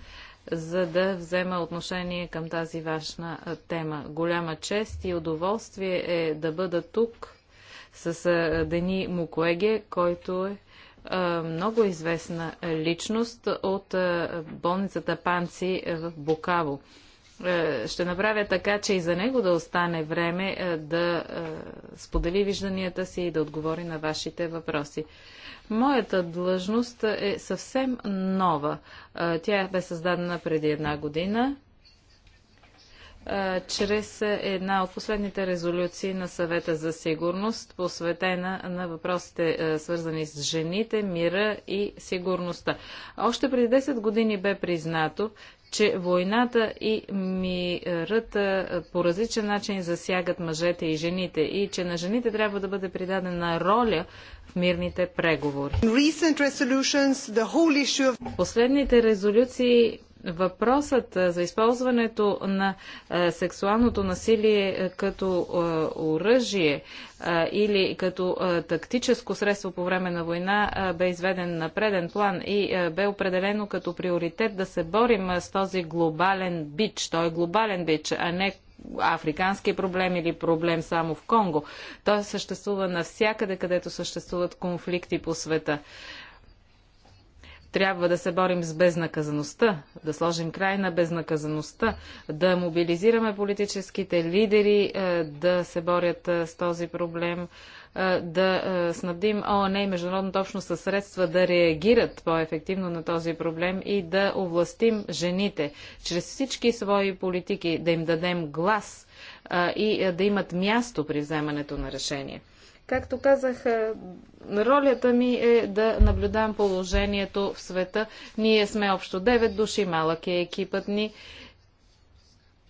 за да взема отношение към тази важна е, тема. Голяма чест и удоволствие е да бъда тук с е, Дени Мукуеге, който е много известна личност от болницата Панци в Букаво. Е, ще направя така, че и за него да остане време е, да е, сподели вижданията си и да отговори на вашите въпроси. Моята длъжност е съвсем нова. Тя бе създадена преди една година чрез една от последните резолюции на съвета за сигурност, посветена на въпросите свързани с жените, мира и сигурността. Още преди 10 години бе признато, че войната и мирът по различен начин засягат мъжете и жените и че на жените трябва да бъде придадена роля в мирните преговори. Последните резолюции Въпросът за използването на сексуалното насилие като оръжие или като тактическо средство по време на война бе изведен на преден план и бе определено като приоритет да се борим с този глобален бич. Той е глобален бич, а не африкански проблем или проблем само в Конго. Той съществува навсякъде, където съществуват конфликти по света. Трябва да се борим с безнаказаността, да сложим край на безнаказаността, да мобилизираме политическите лидери, е, да се борят е, с този проблем, е, да снабдим ООН и международната общност със средства да реагират по-ефективно на този проблем и да овластим жените чрез всички свои политики, да им дадем глас и да имат място при вземането на решения. Както казах, е, ролята ми е да наблюдавам положението в света. Ние сме общо 9 души, малък е екипът ни.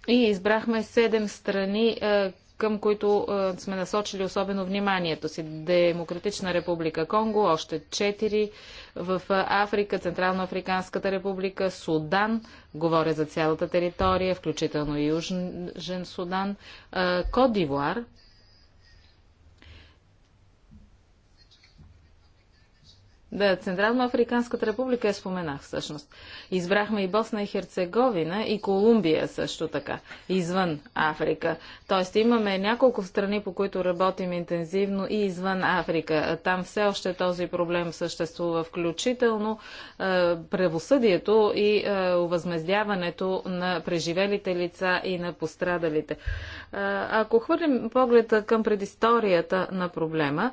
И избрахме 7 страни, е, към които е, сме насочили особено вниманието си. Демократична република Конго, още 4 в Африка, Централно-Африканската република, Судан, говоря за цялата територия, включително и Южен Судан, Кодивуар, Да, Централно Африканската република е споменах всъщност. Избрахме и Босна и Херцеговина и Колумбия също така, извън Африка. Тоест имаме няколко страни, по които работим интензивно и извън Африка. Там все още този проблем съществува, включително е, правосъдието и е, възмездяването на преживелите лица и на пострадалите. Е, ако хвърлим поглед към предисторията на проблема,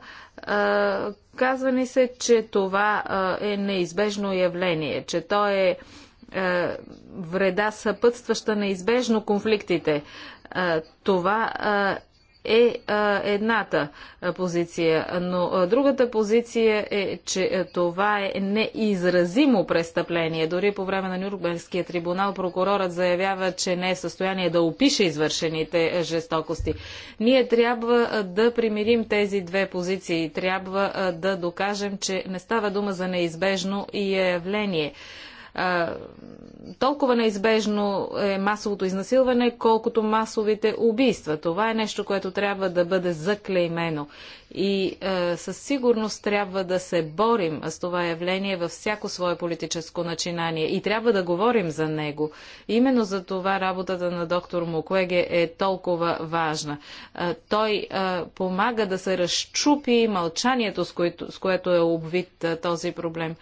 е, казва ни се, че това това е неизбежно явление, че то е вреда съпътстваща неизбежно конфликтите. Това е едната позиция, но другата позиция е, че това е неизразимо престъпление. Дори по време на Нюрнбергския трибунал прокурорът заявява, че не е в състояние да опише извършените жестокости. Ние трябва да примирим тези две позиции. Трябва да докажем, че не става дума за неизбежно явление толкова неизбежно е масовото изнасилване, колкото масовите убийства. Това е нещо, което трябва да бъде заклеймено и е, със сигурност трябва да се борим с това явление във всяко свое политическо начинание и трябва да говорим за него. Именно за това работата на доктор Мукуеге е толкова важна. Е, той е, помага да се разчупи мълчанието, с което, с което е обвит този проблем.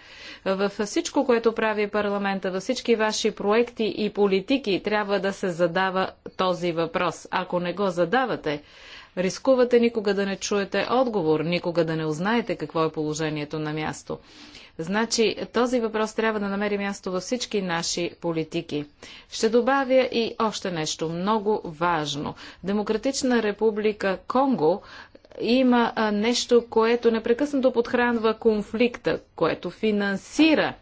Във всичко, което прави парламента, във всички ваши проекти и политики трябва да се задава този въпрос. Ако не го задавате, рискувате никога да не чуете отговор, никога да не узнаете какво е положението на място. Значи този въпрос трябва да намери място във всички наши политики. Ще добавя и още нещо много важно. Демократична република Конго има нещо, което непрекъснато подхранва конфликта, което финансира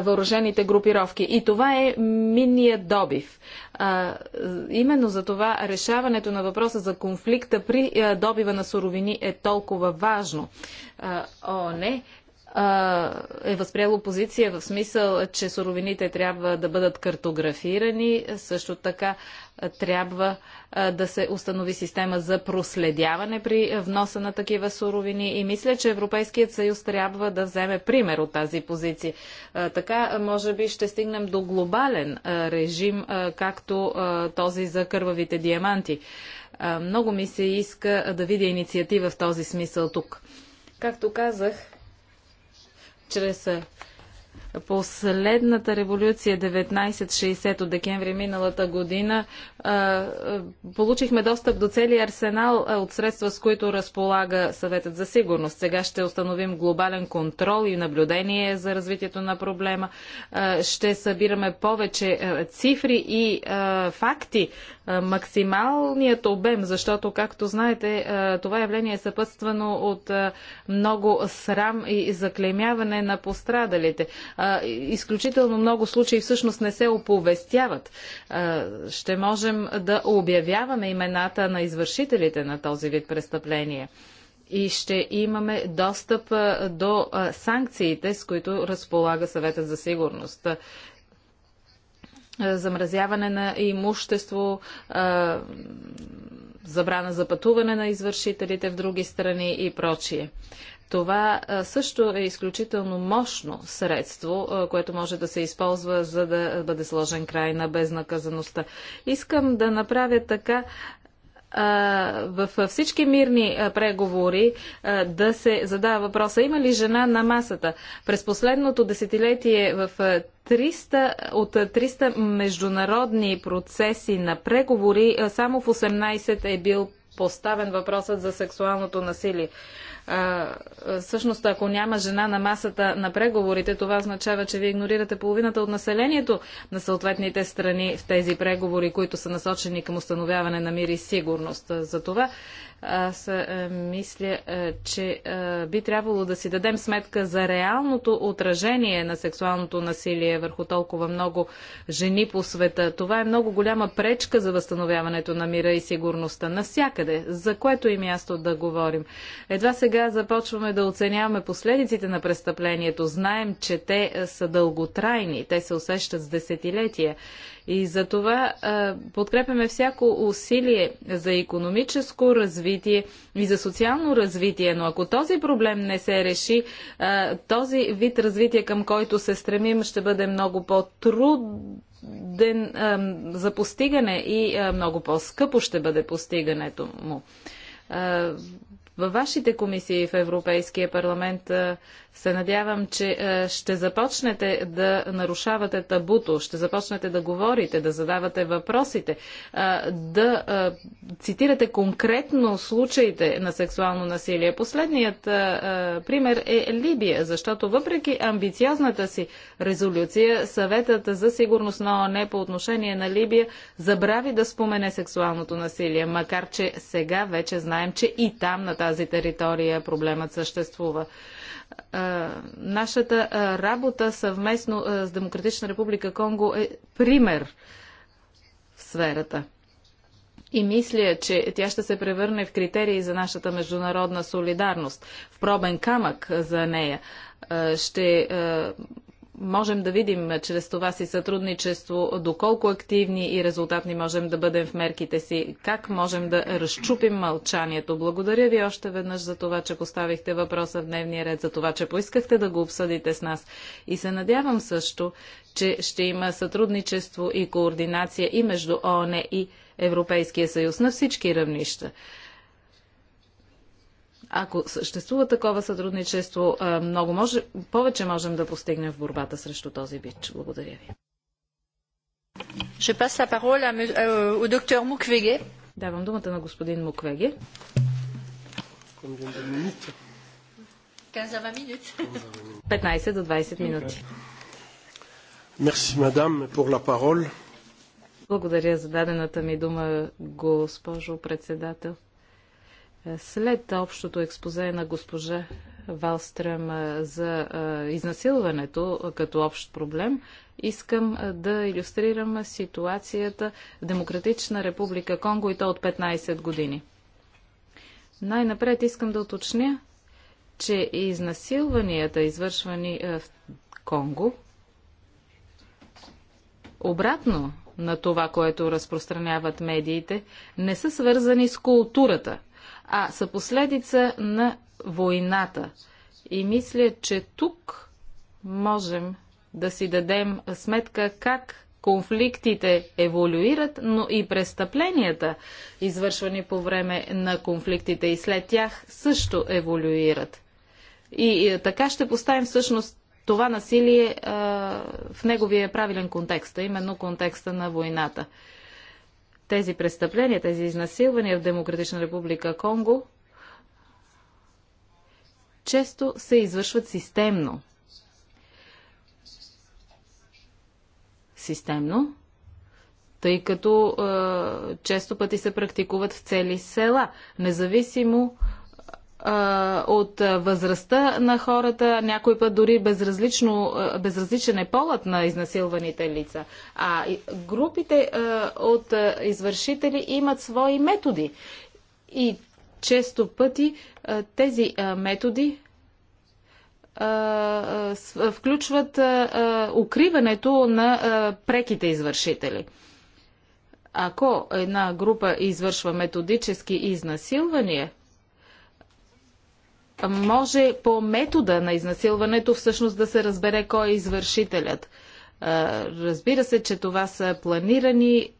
въоръжените групировки. И това е миния добив. А, именно за това решаването на въпроса за конфликта при добива на суровини е толкова важно. ООН е възприело позиция в смисъл, че суровините трябва да бъдат картографирани, също така трябва да се установи система за проследяване при вноса на такива суровини и мисля, че Европейският съюз трябва да вземе пример от тази позиция. Така, може би, ще стигнем до глобален режим, както този за кървавите диаманти. Много ми се иска да видя инициатива в този смисъл тук. Както казах, чрез последната революция 1960 от декември миналата година получихме достъп до целия арсенал от средства, с които разполага съветът за сигурност. Сега ще установим глобален контрол и наблюдение за развитието на проблема. Ще събираме повече цифри и факти максималният обем, защото, както знаете, това явление е съпътствано от много срам и заклемяване на пострадалите. Изключително много случаи всъщност не се оповестяват. Ще можем да обявяваме имената на извършителите на този вид престъпление и ще имаме достъп до санкциите, с които разполага съветът за сигурност замразяване на имущество, забрана за пътуване на извършителите в други страни и прочие. Това също е изключително мощно средство, което може да се използва, за да бъде сложен край на безнаказаността. Искам да направя така, в всички мирни преговори да се задава въпроса има ли жена на масата. През последното десетилетие в 300, от 300 международни процеси на преговори само в 18 е бил поставен въпросът за сексуалното насилие всъщност, ако няма жена на масата на преговорите, това означава, че вие игнорирате половината от населението на съответните страни в тези преговори, които са насочени към установяване на мир и сигурност. За това аз а, е, мисля, а, е, че а, е, би трябвало да си дадем сметка за реалното отражение на сексуалното насилие върху толкова много жени по света. Това е много голяма пречка за възстановяването на мира и сигурността навсякъде, за което и място да говорим. Едва сега започваме да оценяваме последиците на престъплението. Знаем, че те са дълготрайни, те се усещат с десетилетия. И за това а, подкрепяме всяко усилие за економическо развитие и за социално развитие. Но ако този проблем не се реши, а, този вид развитие, към който се стремим, ще бъде много по-труден а, за постигане и много по-скъпо ще бъде постигането му във вашите комисии в Европейския парламент се надявам, че ще започнете да нарушавате табуто, ще започнете да говорите, да задавате въпросите, да цитирате конкретно случаите на сексуално насилие. Последният пример е Либия, защото въпреки амбициозната си резолюция, съветът за сигурност на ОНЕ по отношение на Либия забрави да спомене сексуалното насилие, макар че сега вече знаем, че и там на тази територия проблемът съществува. Нашата работа съвместно с Демократична република Конго е пример в сферата. И мисля, че тя ще се превърне в критерии за нашата международна солидарност, в пробен камък за нея. Ще можем да видим чрез това си сътрудничество доколко активни и резултатни можем да бъдем в мерките си, как можем да разчупим мълчанието. Благодаря ви още веднъж за това, че поставихте въпроса в дневния ред, за това, че поискахте да го обсъдите с нас. И се надявам също, че ще има сътрудничество и координация и между ООН и Европейския съюз на всички равнища. Ако съществува такова сътрудничество, много може, повече можем да постигнем в борбата срещу този бич. Благодаря ви. Je passe la parole à, euh, au docteur Mukwege. Давам думата на господин Муквеге. Combien 15 до 20 минути. Merci, madame, pour la parole. Благодаря за дадената ми дума, госпожо председател. След общото експозе на госпожа Валстрем за изнасилването като общ проблем, искам да иллюстрирам ситуацията в Демократична република Конго и то от 15 години. Най-напред искам да уточня, че изнасилванията, извършвани в Конго, обратно на това, което разпространяват медиите, не са свързани с културата – а са последица на войната. И мисля, че тук можем да си дадем сметка как конфликтите еволюират, но и престъпленията, извършвани по време на конфликтите и след тях, също еволюират. И, е, така ще поставим всъщност това насилие а, в неговия правилен контекст, а именно контекста на войната тези престъпления, тези изнасилвания в Демократична република Конго често се извършват системно. Системно, тъй като е, често пъти се практикуват в цели села, независимо от възрастта на хората, някой път дори безразлично, безразличен е полът на изнасилваните лица. А групите от извършители имат свои методи. И често пъти тези методи включват укриването на преките извършители ако една група извършва методически изнасилвания, може по метода на изнасилването всъщност да се разбере кой е извършителят. Разбира се, че това са планирани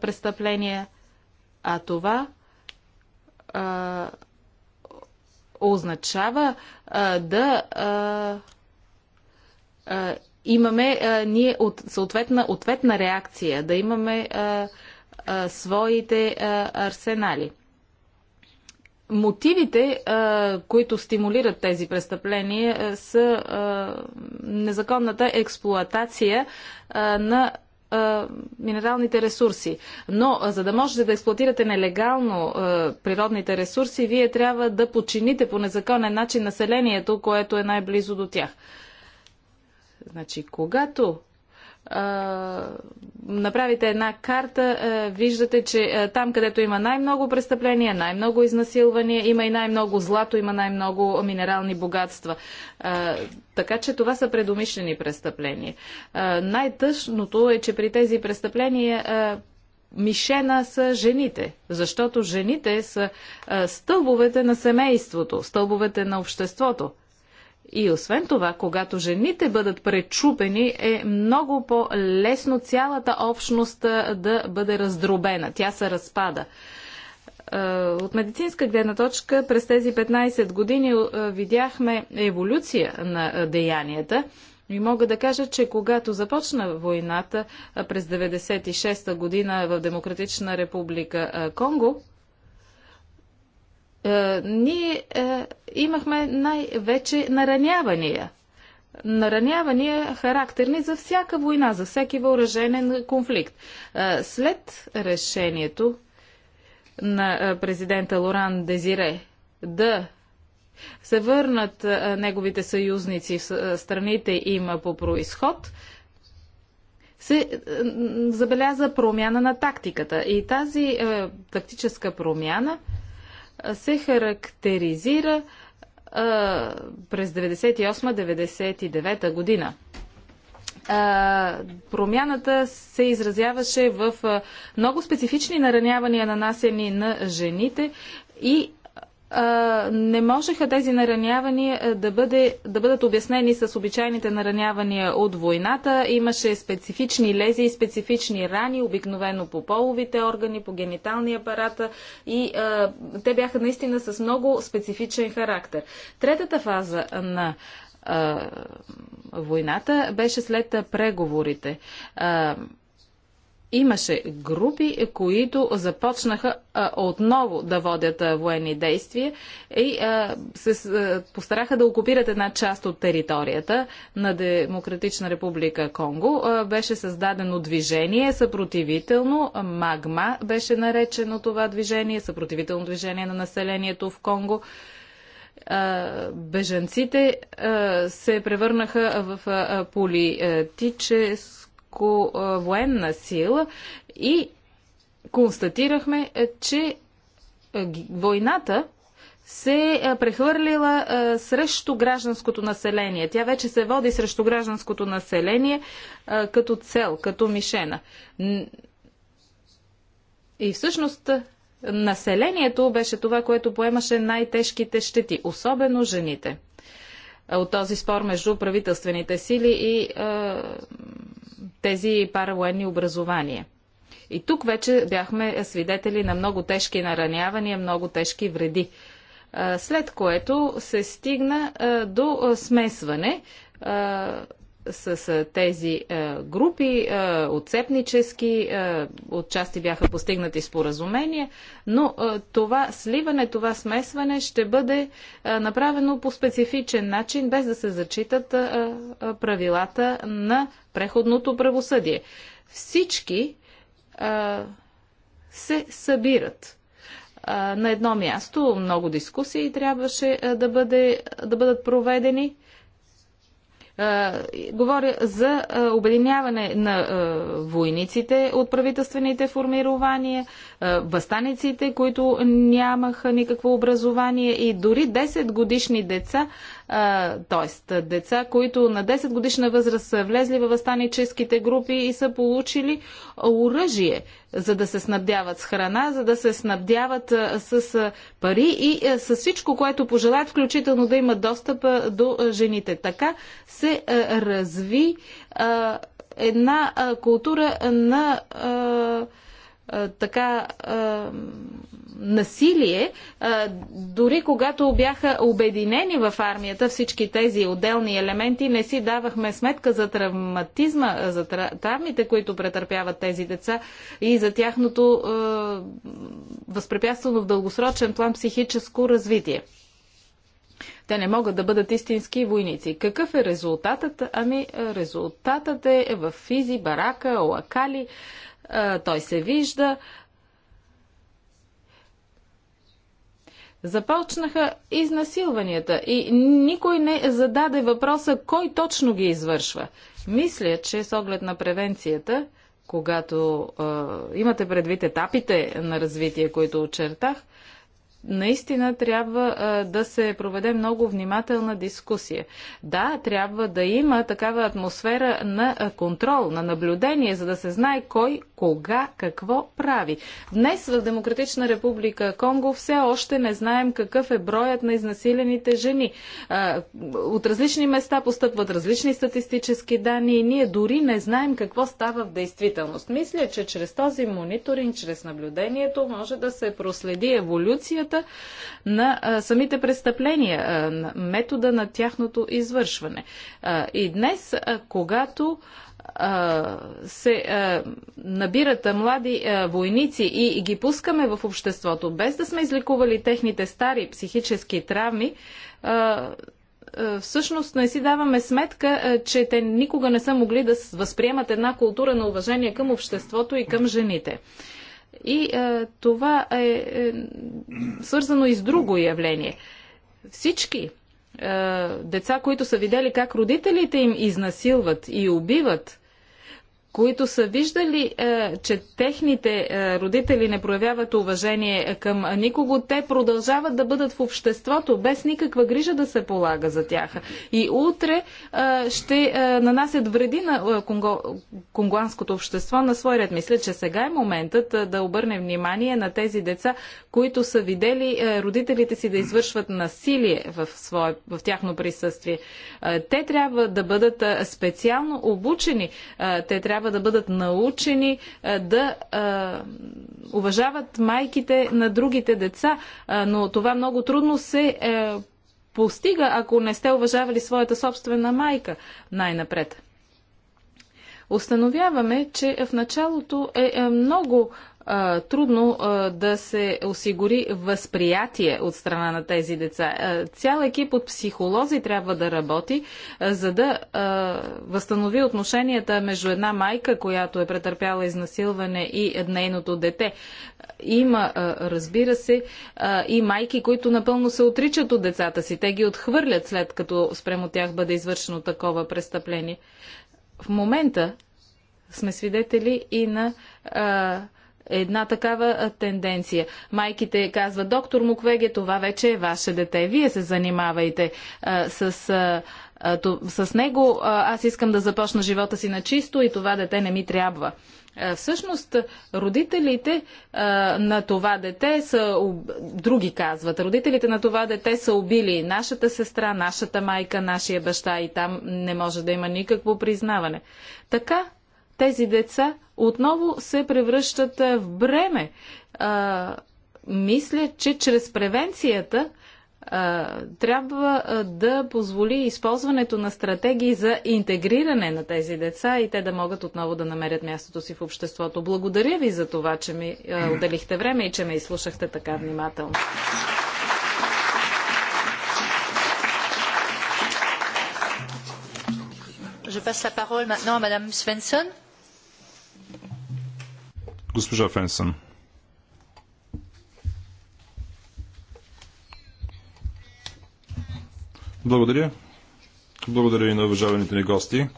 престъпления, а това означава да имаме ние от, съответна ответна реакция, да имаме своите арсенали. Мотивите, които стимулират тези престъпления, са незаконната експлоатация на минералните ресурси. Но за да можете да експлуатирате нелегално природните ресурси, вие трябва да подчините по незаконен начин населението, което е най-близо до тях. Значи, когато направите една карта, виждате, че там, където има най-много престъпления, най-много изнасилвания, има и най-много злато, има най-много минерални богатства. Така че това са предумишлени престъпления. Най-тъжното е, че при тези престъпления мишена са жените, защото жените са стълбовете на семейството, стълбовете на обществото. И освен това, когато жените бъдат пречупени, е много по-лесно цялата общност да бъде раздробена. Тя се разпада. От медицинска гледна точка през тези 15 години видяхме еволюция на деянията. И мога да кажа, че когато започна войната през 96-та година в Демократична република Конго, е, ние е, имахме най-вече наранявания. Наранявания характерни за всяка война, за всеки въоръженен конфликт. Е, след решението на президента Лоран Дезире да се върнат неговите съюзници в страните им по происход, се забеляза промяна на тактиката. И тази е, тактическа промяна се характеризира а, през 98-99 година. А, промяната се изразяваше в а, много специфични наранявания, нанасени на жените и не можеха тези наранявания да, бъде, да бъдат обяснени с обичайните наранявания от войната. Имаше специфични лези и специфични рани, обикновено по половите органи, по гениталния апарата, и а, те бяха наистина с много специфичен характер. Третата фаза на а, войната беше след преговорите. А, имаше групи, които започнаха а, отново да водят а, военни действия и а, се а, постараха да окупират една част от територията на Демократична република Конго. А, беше създадено движение съпротивително, магма беше наречено това движение, съпротивително движение на населението в Конго бежанците се превърнаха в политическо ко, военна сила и констатирахме, че войната се е прехвърлила срещу гражданското население. Тя вече се води срещу гражданското население като цел, като мишена. И всъщност населението беше това, което поемаше най-тежките щети, особено жените. От този спор между правителствените сили и тези паравоенни образования. И тук вече бяхме свидетели на много тежки наранявания, много тежки вреди. След което се стигна до смесване с тези групи, отцепнически, отчасти бяха постигнати споразумения, но това сливане, това смесване ще бъде направено по специфичен начин, без да се зачитат правилата на преходното правосъдие. Всички се събират на едно място. Много дискусии трябваше да, бъде, да бъдат проведени. Говоря за обединяване на войниците от правителствените формирования, възстаниците, които нямаха никакво образование и дори 10 годишни деца т.е. деца, които на 10 годишна възраст са влезли във възстаническите групи и са получили оръжие, за да се снабдяват с храна, за да се снабдяват с пари и с всичко, което пожелаят, включително да имат достъп до жените. Така се разви една култура на така насилие, дори когато бяха обединени в армията всички тези отделни елементи, не си давахме сметка за травматизма, за травмите, които претърпяват тези деца и за тяхното възпрепятствано в дългосрочен план психическо развитие. Те не могат да бъдат истински войници. Какъв е резултатът? Ами резултатът е в Физи, Барака, Оакали, той се вижда. Започнаха изнасилванията и никой не зададе въпроса кой точно ги извършва. Мисля, че с оглед на превенцията, когато е, имате предвид етапите на развитие, които очертах, наистина трябва да се проведе много внимателна дискусия. Да, трябва да има такава атмосфера на контрол, на наблюдение, за да се знае кой, кога, какво прави. Днес в Демократична република Конго все още не знаем какъв е броят на изнасилените жени. от различни места постъпват различни статистически данни и ние дори не знаем какво става в действителност. Мисля, че чрез този мониторинг, чрез наблюдението може да се проследи еволюцията структурата на а, самите престъпления, а, на метода на тяхното извършване. А, и днес, а, когато се а, набират млади а, войници и, и ги пускаме в обществото, без да сме излекували техните стари психически травми, всъщност не си даваме сметка, че те никога не са могли да възприемат една култура на уважение към обществото и към жените. И е, това е, е свързано и с друго явление. Всички е, деца, които са видели как родителите им изнасилват и убиват, които са виждали, е, че техните е, родители не проявяват уважение към никого, те продължават да бъдат в обществото, без никаква грижа да се полага за тях. И утре е, ще нанасят вреди на конго... конгуанското общество на свой ред. Мисля, че сега е моментът да обърне внимание на тези деца, които са видели родителите си да извършват насилие в, свое, в тяхно присъствие. Те трябва да бъдат специално обучени. Те трябва трябва да бъдат научени да уважават майките на другите деца, но това много трудно се е, постига, ако не сте уважавали своята собствена майка най-напред. Установяваме, че в началото е, е много а, трудно а, да се осигури възприятие от страна на тези деца. А, цял екип от психолози трябва да работи, а, за да а, възстанови отношенията между една майка, която е претърпяла изнасилване и нейното дете. Има, а, разбира се, а, и майки, които напълно се отричат от децата си. Те ги отхвърлят след като спрямо тях бъде извършено такова престъпление. В момента сме свидетели и на а, една такава тенденция. Майките казват, доктор Муквеге, това вече е ваше дете. Вие се занимавайте а, с. А, с него аз искам да започна живота си на чисто и това дете не ми трябва. Всъщност, родителите на това дете са, други казват, родителите на това дете са убили нашата сестра, нашата майка, нашия баща и там не може да има никакво признаване. Така тези деца отново се превръщат е, в бреме. А, мисля, че чрез превенцията а, трябва да позволи използването на стратегии за интегриране на тези деца и те да могат отново да намерят мястото си в обществото. Благодаря ви за това, че ми а, отделихте време и че ме изслушахте така внимателно. Je passe la parole maintenant à Madame Svensson. Госпожа Фенсън. Благодаря. Благодаря и на уважаваните ни гости.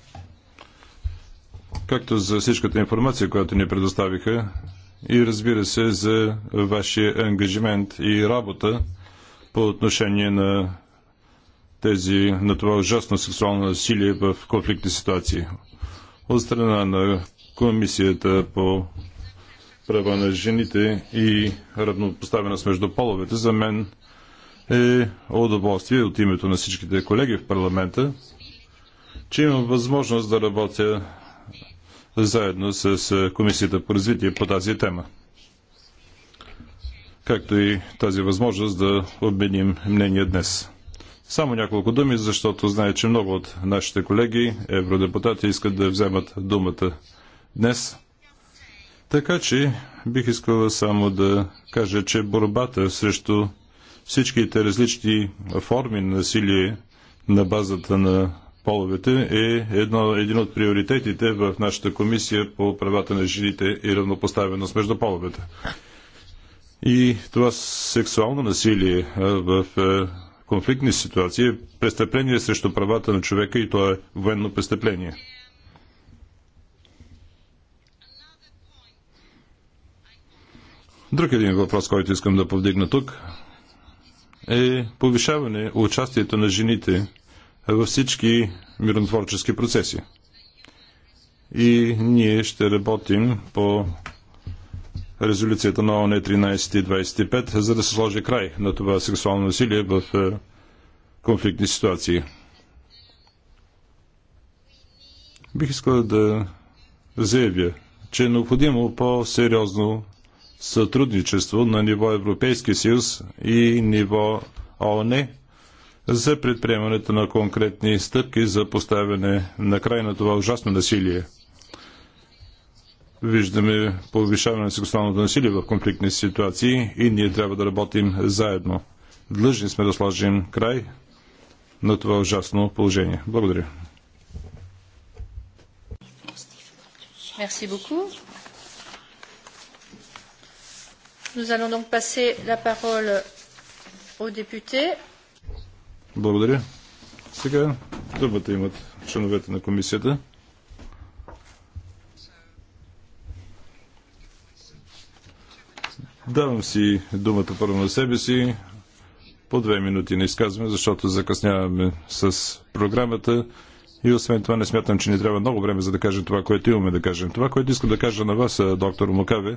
Както за всичката информация, която ни предоставиха и разбира се за вашия ангажимент и работа по отношение на тези, на това ужасно сексуално насилие в конфликтни ситуации. От страна на Комисията по права на жените и равнопоставеност между половете за мен е удоволствие от името на всичките колеги в парламента, че имам възможност да работя заедно с Комисията по развитие по тази тема. Както и тази възможност да обменим мнение днес. Само няколко думи, защото знае, че много от нашите колеги, евродепутати, искат да вземат думата днес – така че бих искала само да кажа, че борбата срещу всичките различни форми на насилие на базата на половете е едно, един от приоритетите в нашата комисия по правата на жените и равнопоставеност между половете. И това сексуално насилие в е, конфликтни ситуации е престъпление срещу правата на човека и то е военно престъпление. Друг един въпрос, който искам да повдигна тук е повишаване участието на жените във всички миротворчески процеси. И ние ще работим по резолюцията на ОНЕ 1325, за да се сложи край на това сексуално насилие в е, конфликтни ситуации. Бих искал да заявя, че е необходимо по-сериозно сътрудничество на ниво Европейски съюз и ниво ООН за предприемането на конкретни стъпки за поставяне на край на това ужасно насилие. Виждаме повишаване на сексуалното насилие в конфликтни ситуации и ние трябва да работим заедно. Длъжни сме да сложим край на това ужасно положение. Благодаря. Merci beaucoup. Nous allons donc passer la parole aux députés. Благодаря. Сега думата имат членовете на комисията. Давам си думата първо на себе си. По две минути не изказваме, защото закъсняваме с програмата. И освен това не смятам, че ни трябва много време за да кажем това, което имаме да кажем. Това, което искам да кажа на вас, е, доктор Мукаве,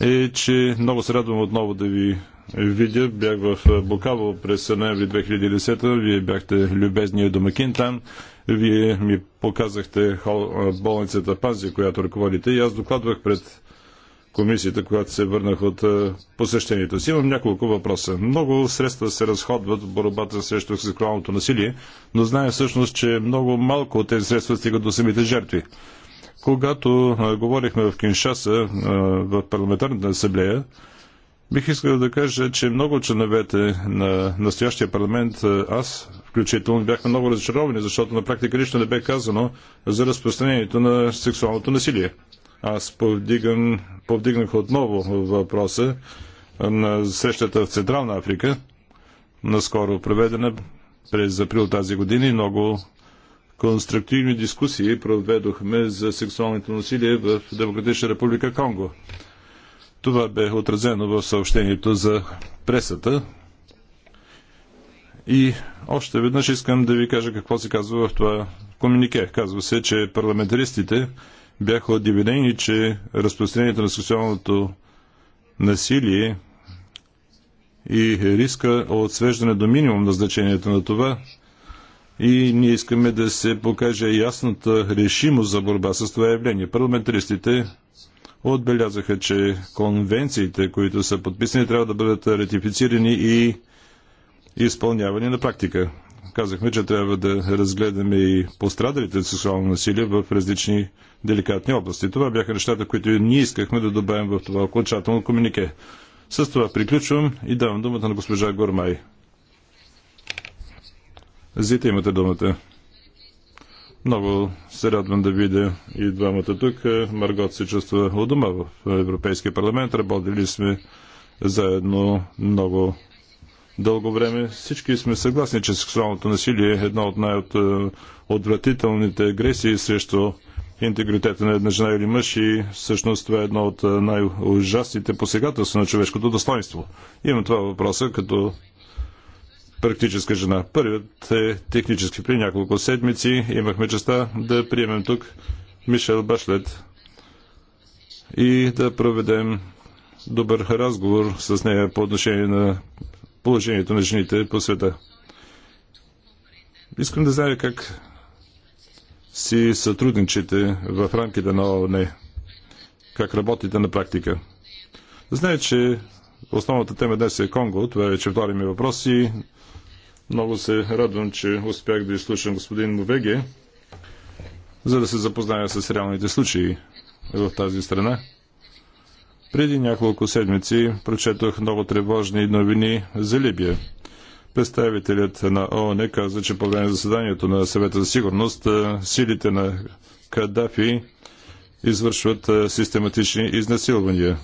е, че много се радвам отново да ви видя. Бях в е, Букаво през ноември 2010. Вие бяхте любезния домакин там. Вие ми показахте е, болницата Пази, която ръководите. И аз докладвах пред комисията, когато се върнах от е, посещението си. Имам няколко въпроса. Много средства се разходват в борбата срещу сексуалното насилие, но знаем всъщност, че много малко от тези средства стигат до самите жертви. Когато говорихме в Киншаса, в парламентарната асамблея, бих искал да кажа, че много членовете на настоящия парламент, аз включително, бяхме много разочаровани, защото на практика нищо не бе казано за разпространението на сексуалното насилие. Аз повдигам, повдигнах отново въпроса на срещата в Централна Африка, наскоро проведена през април тази година и много конструктивни дискусии проведохме за сексуалното насилие в Демократична република Конго. Това бе отразено в съобщението за пресата. И още веднъж искам да ви кажа какво се казва в това комунике. Казва се, че парламентаристите бяха удивени, че разпространението на сексуалното насилие и риска от свеждане до минимум на значението на това и ние искаме да се покаже ясната решимост за борба с това явление. Парламентаристите отбелязаха, че конвенциите, които са подписани, трябва да бъдат ратифицирани и изпълнявани на практика. Казахме, че трябва да разгледаме и пострадалите от сексуално насилие в различни деликатни области. Това бяха нещата, които ние искахме да добавим в това окончателно комунике. С това приключвам и давам думата на госпожа Гормай. Зите имате думата. Много се радвам да видя и двамата тук. Маргот се чувства у дома в Европейския парламент. Работили сме заедно много дълго време. Всички сме съгласни, че сексуалното насилие е една от най-отвратителните е, агресии срещу интегритета на една жена или мъж и всъщност това е едно от е, най-ужасните посегателства на човешкото достоинство. Имам това въпроса като практическа жена. Първият е технически. При няколко седмици имахме честа да приемем тук Мишел Башлет и да проведем добър разговор с нея по отношение на положението на жените по света. Искам да знае как си сътрудничите в рамките на ООН. Как работите на практика. Знае, че основната тема днес е Конго. Това е вече втори ми въпрос и много се радвам, че успях да изслушам господин Мовеге, за да се запозная с реалните случаи в тази страна. Преди няколко седмици прочетох много тревожни новини за Либия. Представителят на ООН каза, че по време на заседанието на съвета за сигурност силите на Кадафи извършват систематични изнасилвания.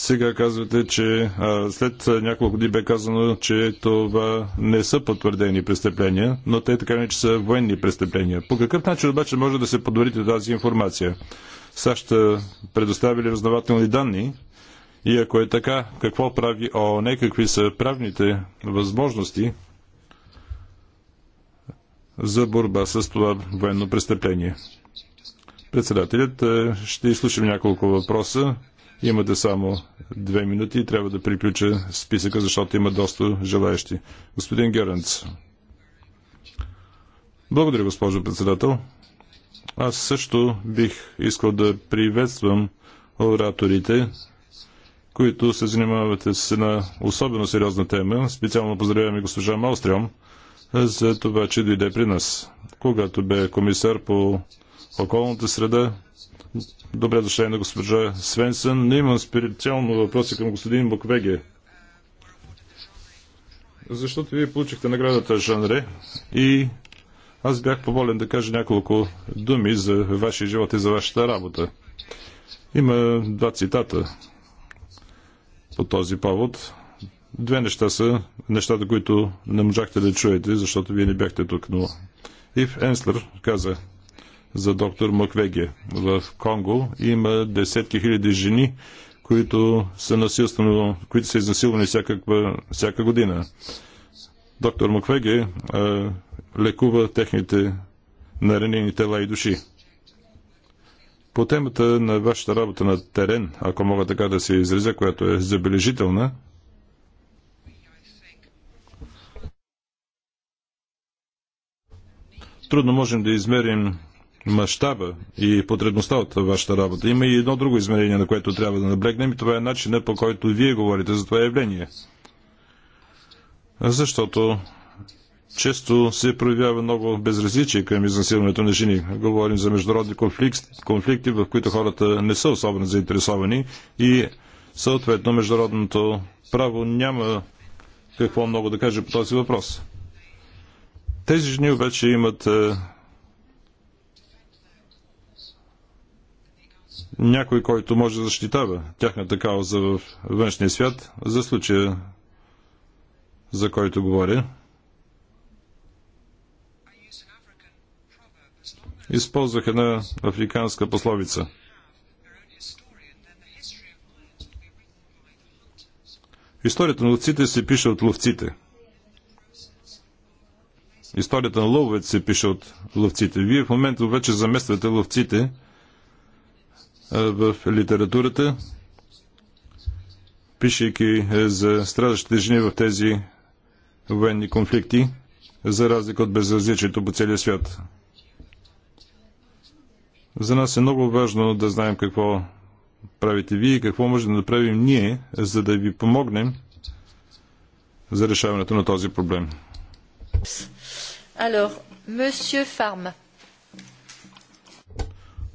Сега казвате, че а, след няколко дни бе казано, че това не са потвърдени престъпления, но те така не че са военни престъпления. По какъв начин обаче може да се подарите тази информация? САЩ предоставили разнователни данни и ако е така, какво прави не какви са правните възможности за борба с това военно престъпление? Председателят, ще изслушам няколко въпроса Имате само две минути и трябва да приключа списъка, защото има доста желаящи. Господин Геренц. Благодаря, госпожо председател. Аз също бих искал да приветствам ораторите, които се занимават с една особено сериозна тема. Специално поздравявам и госпожа Малстрем за това, че дойде при нас. Когато бе комисар по околната среда, Добре дошли на госпожа Свенсън. Не имам специално въпроси към господин Буквеге. Защото вие получихте наградата Жанре и аз бях поволен да кажа няколко думи за вашия живот и за вашата работа. Има два цитата по този повод. Две неща са нещата, които не можахте да чуете, защото вие не бяхте тук, но Ив Енслер каза, за доктор Маквеге. В Конго има десетки хиляди жени, които са, насилствено, които са изнасилвани всякаква, всяка година. Доктор Маквеге а, лекува техните наранени тела и души. По темата на вашата работа на терен, ако мога така да се изразя, която е забележителна, трудно можем да измерим мащаба и потребността от вашата работа. Има и едно друго измерение, на което трябва да наблегнем и това е начинът по който вие говорите за това явление. Защото често се проявява много безразличие към изнасилването на жени. Говорим за международни конфликти, конфликти в които хората не са особено заинтересовани и съответно международното право няма какво много да каже по този въпрос. Тези жени обаче имат е, някой, който може да защитава тяхната кауза в външния свят, за случая, за който говоря. Използвах една африканска пословица. Историята на ловците се пише от ловците. Историята на ловец се пише от ловците. Вие в момента вече замествате ловците – в литературата, пишейки е, за страдащите жени в тези военни конфликти, за разлика от безразличието по целия свят. За нас е много важно да знаем какво правите вие и какво можем да направим ние, за да ви помогнем за решаването на този проблем. Alors,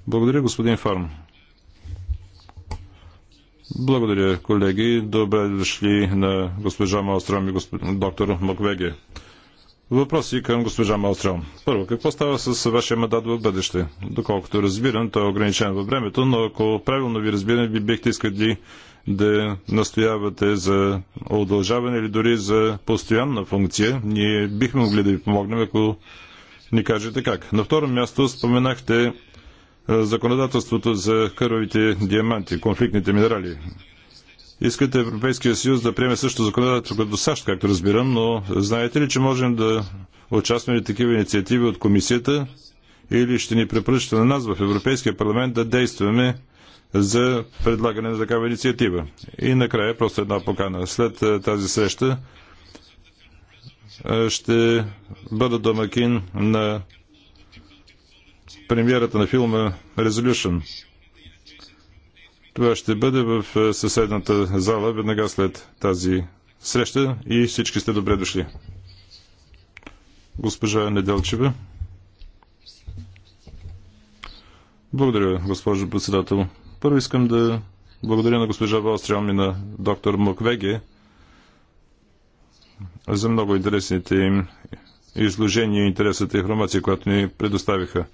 Благодаря, господин Фарм. Благодаря, колеги. Добре дошли на госпожа Малстром и доктор Маквеге. Въпроси към госпожа Малстром. Първо, какво става с вашия мандат в бъдеще? Доколкото разбирам, той е ограничен във времето, но ако правилно ви разбирам, ви бихте искали да настоявате за удължаване или дори за постоянна функция. Ние бихме могли да ви помогнем, ако ни кажете как. На второ място споменахте законодателството за кървавите диаманти, конфликтните минерали. Искате Европейския съюз да приеме също законодателство като САЩ, както разбирам, но знаете ли, че можем да участваме в такива инициативи от комисията или ще ни препоръчате на нас в Европейския парламент да действаме за предлагане на такава инициатива. И накрая, просто една покана. След тази среща ще бъда домакин на премиерата на филма Resolution. Това ще бъде в е, съседната зала веднага след тази среща и всички сте добре дошли. Госпожа Неделчева. Благодаря, госпожо председател. Първо искам да благодаря на госпожа Валстрелм и на доктор Муквеге за много интересните им изложения и интересната информация, която ни предоставиха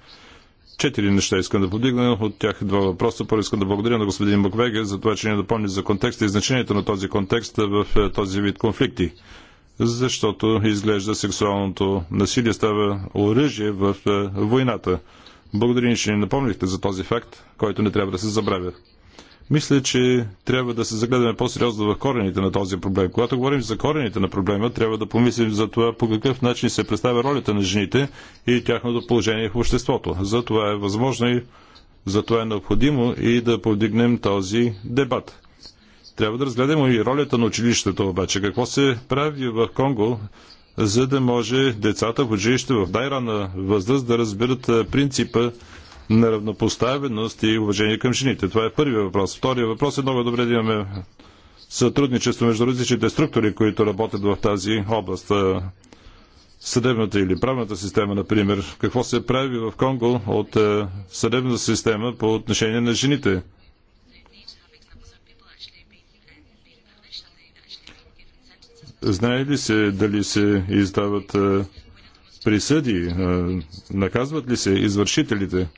четири неща искам да подигна. От тях два въпроса. Първо искам да благодаря на господин Баквеге за това, че ни допълни за контекста и значението на този контекст в е, този вид конфликти. Защото изглежда сексуалното насилие става оръжие в е, войната. Благодаря, че ни напомнихте за този факт, който не трябва да се забравя. Мисля, че трябва да се загледаме по-сериозно в корените на този проблем. Когато говорим за корените на проблема, трябва да помислим за това по какъв начин се представя ролята на жените и тяхното положение в обществото. За това е възможно и за това е необходимо и да повдигнем този дебат. Трябва да разгледаме и ролята на училището обаче. Какво се прави в Конго, за да може децата в училище в най-рана възраст да разбират принципа на равнопоставеност и уважение към жените. Това е първият въпрос. Втория въпрос е много добре да имаме сътрудничество между различните структури, които работят в тази област. Съдебната или правната система, например. Какво се прави в Конго от съдебната система по отношение на жените? Знае ли се дали се издават присъди? Наказват ли се извършителите?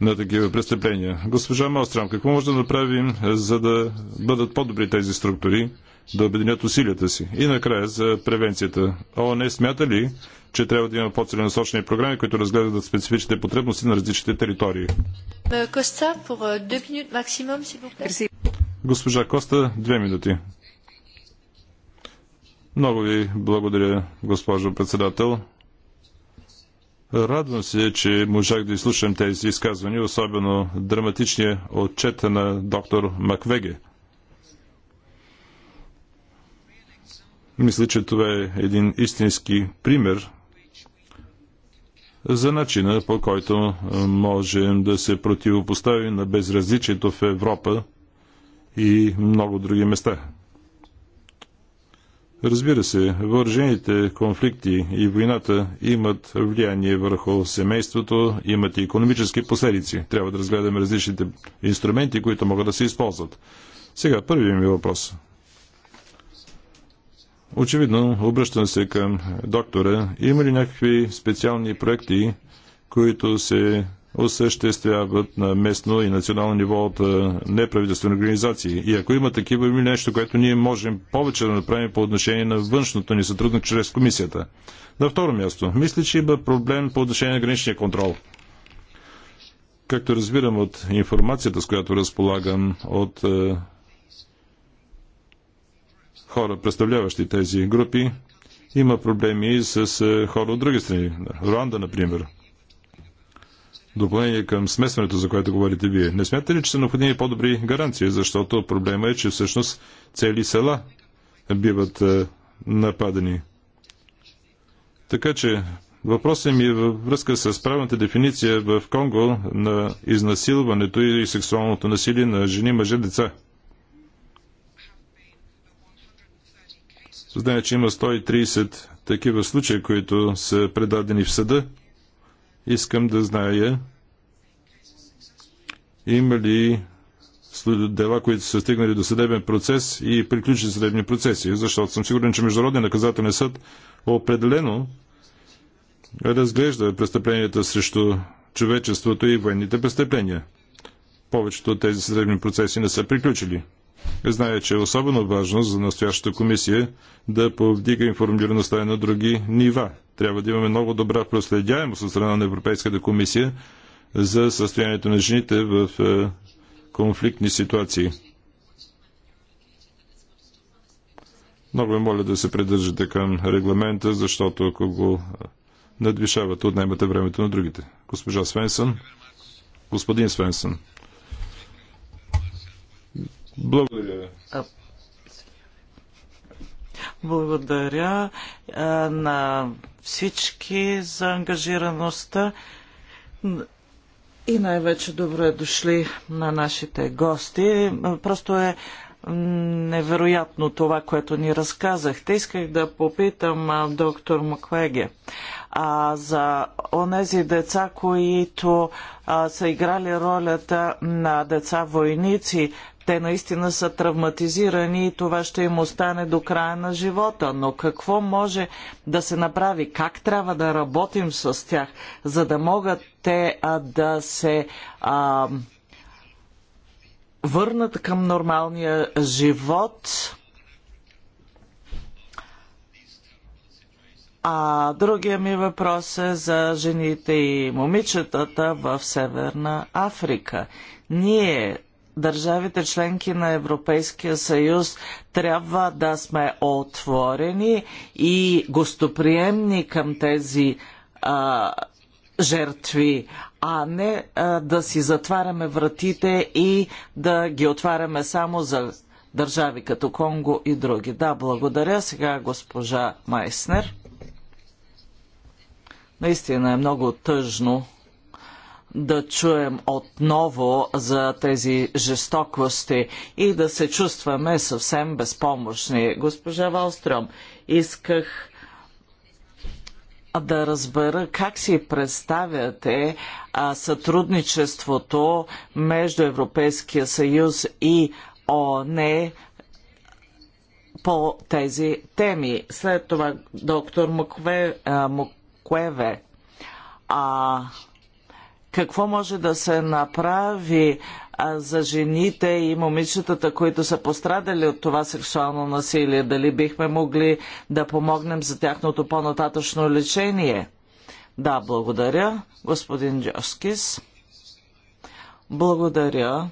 на такива престъпления. Госпожа Малстрам, какво може да направим, за да бъдат по-добри тези структури, да обединят усилията си? И накрая за превенцията. О, не смята ли, че трябва да има по-целенасочени програми, които разгледат специфичните потребности на различните територии? Э, э, Госпожа Коста, две минути. Много ви благодаря, госпожо председател. Радвам се, че можах да изслушам тези изказвания, особено драматичния отчет на доктор Маквеге. Мисля, че това е един истински пример за начина по който можем да се противопоставим на безразличието в Европа и много други места. Разбира се, въоръжените конфликти и войната имат влияние върху семейството, имат и економически последици. Трябва да разгледаме различните инструменти, които могат да се използват. Сега, първият ми въпрос. Очевидно, обръщам се към доктора. Има ли някакви специални проекти, които се осъществяват на местно и национално ниво от е, неправителствени организации. И ако има такива, има нещо, което ние можем повече да направим по отношение на външното ни сътрудник чрез комисията. На второ място, мисля, че има проблем по отношение на граничния контрол. Както разбирам от информацията, с която разполагам от е, хора, представляващи тези групи, има проблеми с е, хора от други страни. Руанда, например допълнение към смесването, за което говорите вие. Не смятате ли, че са необходими по-добри гаранции, защото проблема е, че всъщност цели села биват е, нападани? Така че въпросът ми е във връзка с правната дефиниция в Конго на изнасилването и сексуалното насилие на жени, мъже, деца. Знае, че има 130 такива случаи, които са предадени в съда Искам да зная има ли дела, които са стигнали до съдебен процес и приключени съдебни процеси, защото съм сигурен, че Международния наказателен съд определено разглежда престъпленията срещу човечеството и военните престъпления. Повечето от тези съдебни процеси не са приключили. Знае, че е особено важно за настоящата комисия да повдига информираността на други нива. Трябва да имаме много добра проследяемост от страна на Европейската комисия за състоянието на жените в е, конфликтни ситуации. Много ви моля да се придържате към регламента, защото ако го надвишавате, отнемате времето на другите. Госпожа Свенсън. Господин Свенсън. Благодаря. Благодаря на всички за ангажираността и най-вече добре дошли на нашите гости. Просто е невероятно това, което ни разказахте. Исках да попитам доктор Маквеге а, за онези деца, които а, са играли ролята на деца войници. Те наистина са травматизирани и това ще им остане до края на живота. Но какво може да се направи? Как трябва да работим с тях, за да могат те а, да се. А, върнат към нормалния живот. А другия ми въпрос е за жените и момичетата в Северна Африка. Ние държавите членки на Европейския съюз трябва да сме отворени и гостоприемни към тези а, жертви, а не а, да си затваряме вратите и да ги отваряме само за държави като Конго и други. Да, благодаря. Сега госпожа Майснер. Наистина е много тъжно да чуем отново за тези жестокости и да се чувстваме съвсем безпомощни. Госпожа Валстром, исках да разбера как си представяте а, сътрудничеството между Европейския съюз и ООН по тези теми. След това доктор Мукве, а, Мукве А, какво може да се направи за жените и момичетата, които са пострадали от това сексуално насилие? Дали бихме могли да помогнем за тяхното по-нататъчно лечение? Да, благодаря, господин Джоскис. Благодаря.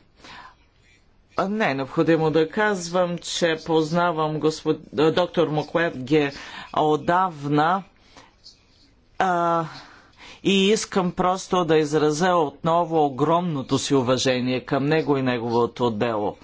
Не е необходимо да казвам, че познавам господ... доктор Мукведге отдавна. А, и искам просто да изразя отново огромното си уважение към него и неговото дело.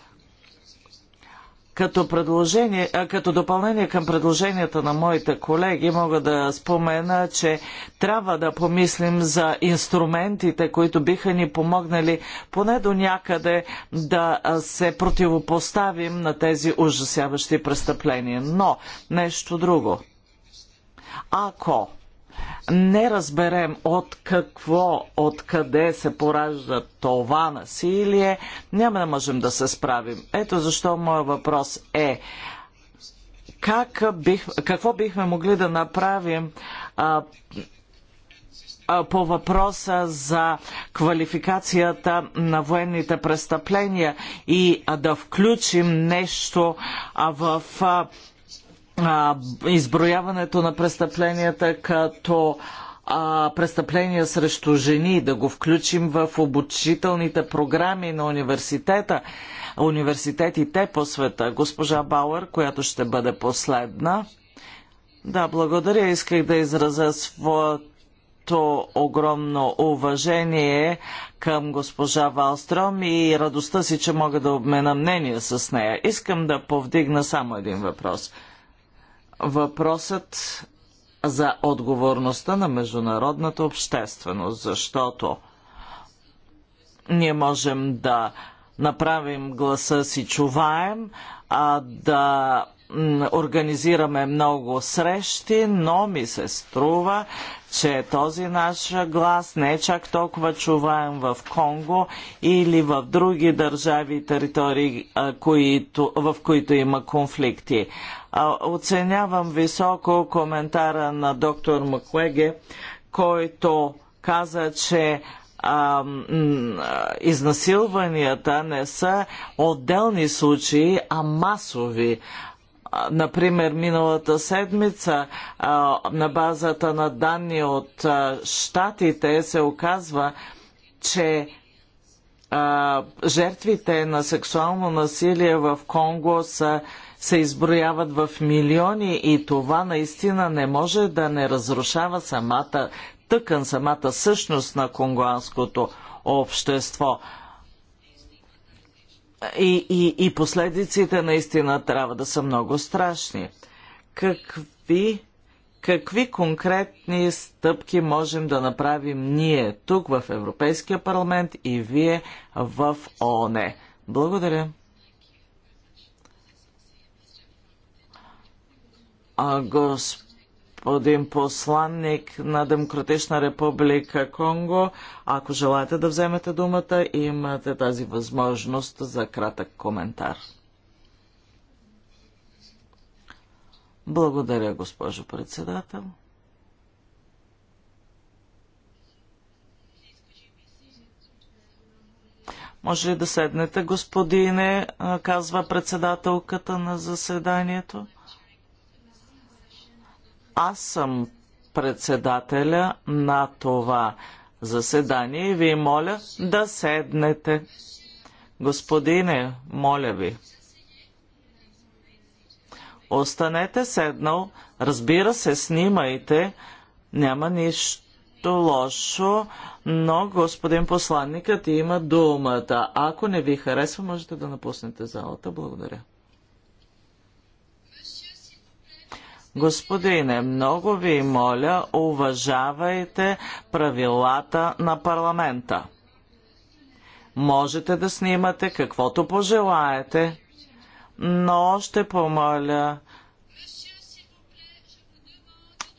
Като, предложение, а, като допълнение към предложенията на моите колеги мога да спомена, че трябва да помислим за инструментите, които биха ни помогнали поне до някъде да се противопоставим на тези ужасяващи престъпления. Но нещо друго. Ако не разберем от какво, от къде се поражда това насилие, няма да можем да се справим. Ето защо моят въпрос е как бих, какво бихме могли да направим а, а, по въпроса за квалификацията на военните престъпления и а, да включим нещо а, в. А, а, изброяването на престъпленията като а, престъпления срещу жени, да го включим в обучителните програми на университета, университетите по света. Госпожа Бауер, която ще бъде последна. Да, благодаря. Исках да изразя своето огромно уважение към госпожа Валстром и радостта си, че мога да обмена мнение с нея. Искам да повдигна само един въпрос – въпросът за отговорността на международната общественост, защото ние можем да направим гласа си чуваем, а да организираме много срещи, но ми се струва, че този наш глас не е чак толкова чуваем в Конго или в други държави и територии, които, в които има конфликти. Оценявам високо коментара на доктор Макуеге, който каза, че а, изнасилванията не са отделни случаи, а масови. Например, миналата седмица а, на базата на данни от а, щатите се оказва, че а, жертвите на сексуално насилие в Конго са се изброяват в милиони и това наистина не може да не разрушава самата тъкан, самата същност на конгуанското общество. И, и, и последиците наистина трябва да са много страшни. Какви, какви конкретни стъпки можем да направим ние тук в Европейския парламент и вие в ООН? Благодаря. господин посланник на Демократична република Конго. Ако желаете да вземете думата, имате тази възможност за кратък коментар. Благодаря, госпожо председател. Може ли да седнете, господине, казва председателката на заседанието? Аз съм председателя на това заседание и ви моля да седнете. Господине, моля ви. Останете седнал, разбира се, снимайте, няма нищо лошо, но господин посланникът има думата. Ако не ви харесва, можете да напуснете залата. Благодаря. Господине, много ви моля, уважавайте правилата на парламента. Можете да снимате каквото пожелаете, но ще помоля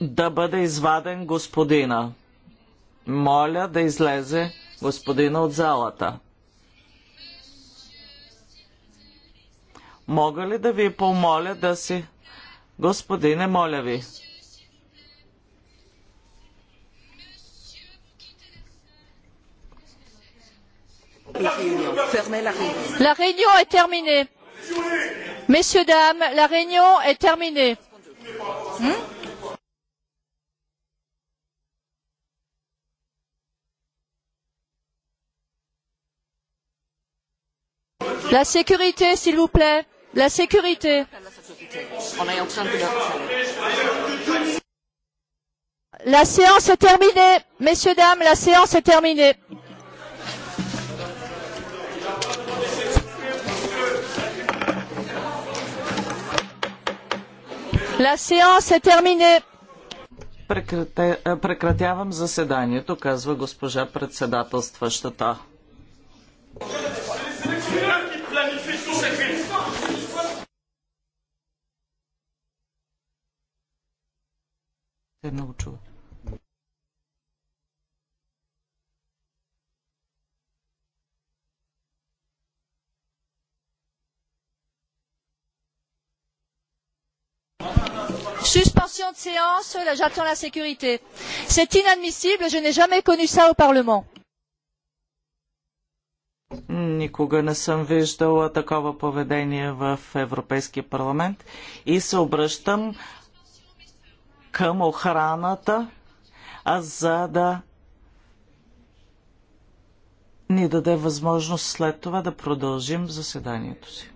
да бъде изваден господина. Моля да излезе господина от залата. Мога ли да ви помоля да си Господине, моля ви. La réunion est terminée. Messieurs, dames, la réunion est terminée. Hmm La sécurité, s'il vous plaît. La sécurité. Ona yoksan bile La séance est terminée. Messieurs, dames, la séance est terminée. La séance est terminée. Прекратявам заседанието, казва госпожа председателстващата. се научила. Suspension de séance, j'attends la sécurité. C'est inadmissible, je n'ai jamais connu ça au Parlement. Никога не съм виждала такова поведение в Европейския парламент и се обръщам към охраната, а за да ни даде възможност след това да продължим заседанието си.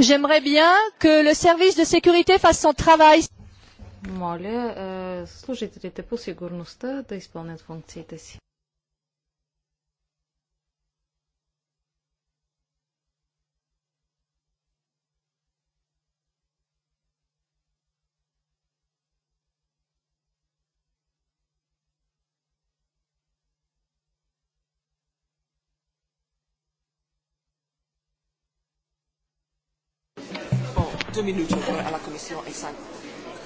J'aimerais bien que le service de sécurité fasse son travail. Моля, служителите по сигурността да изпълнят функциите си. deux minutes à la Commission et cinq.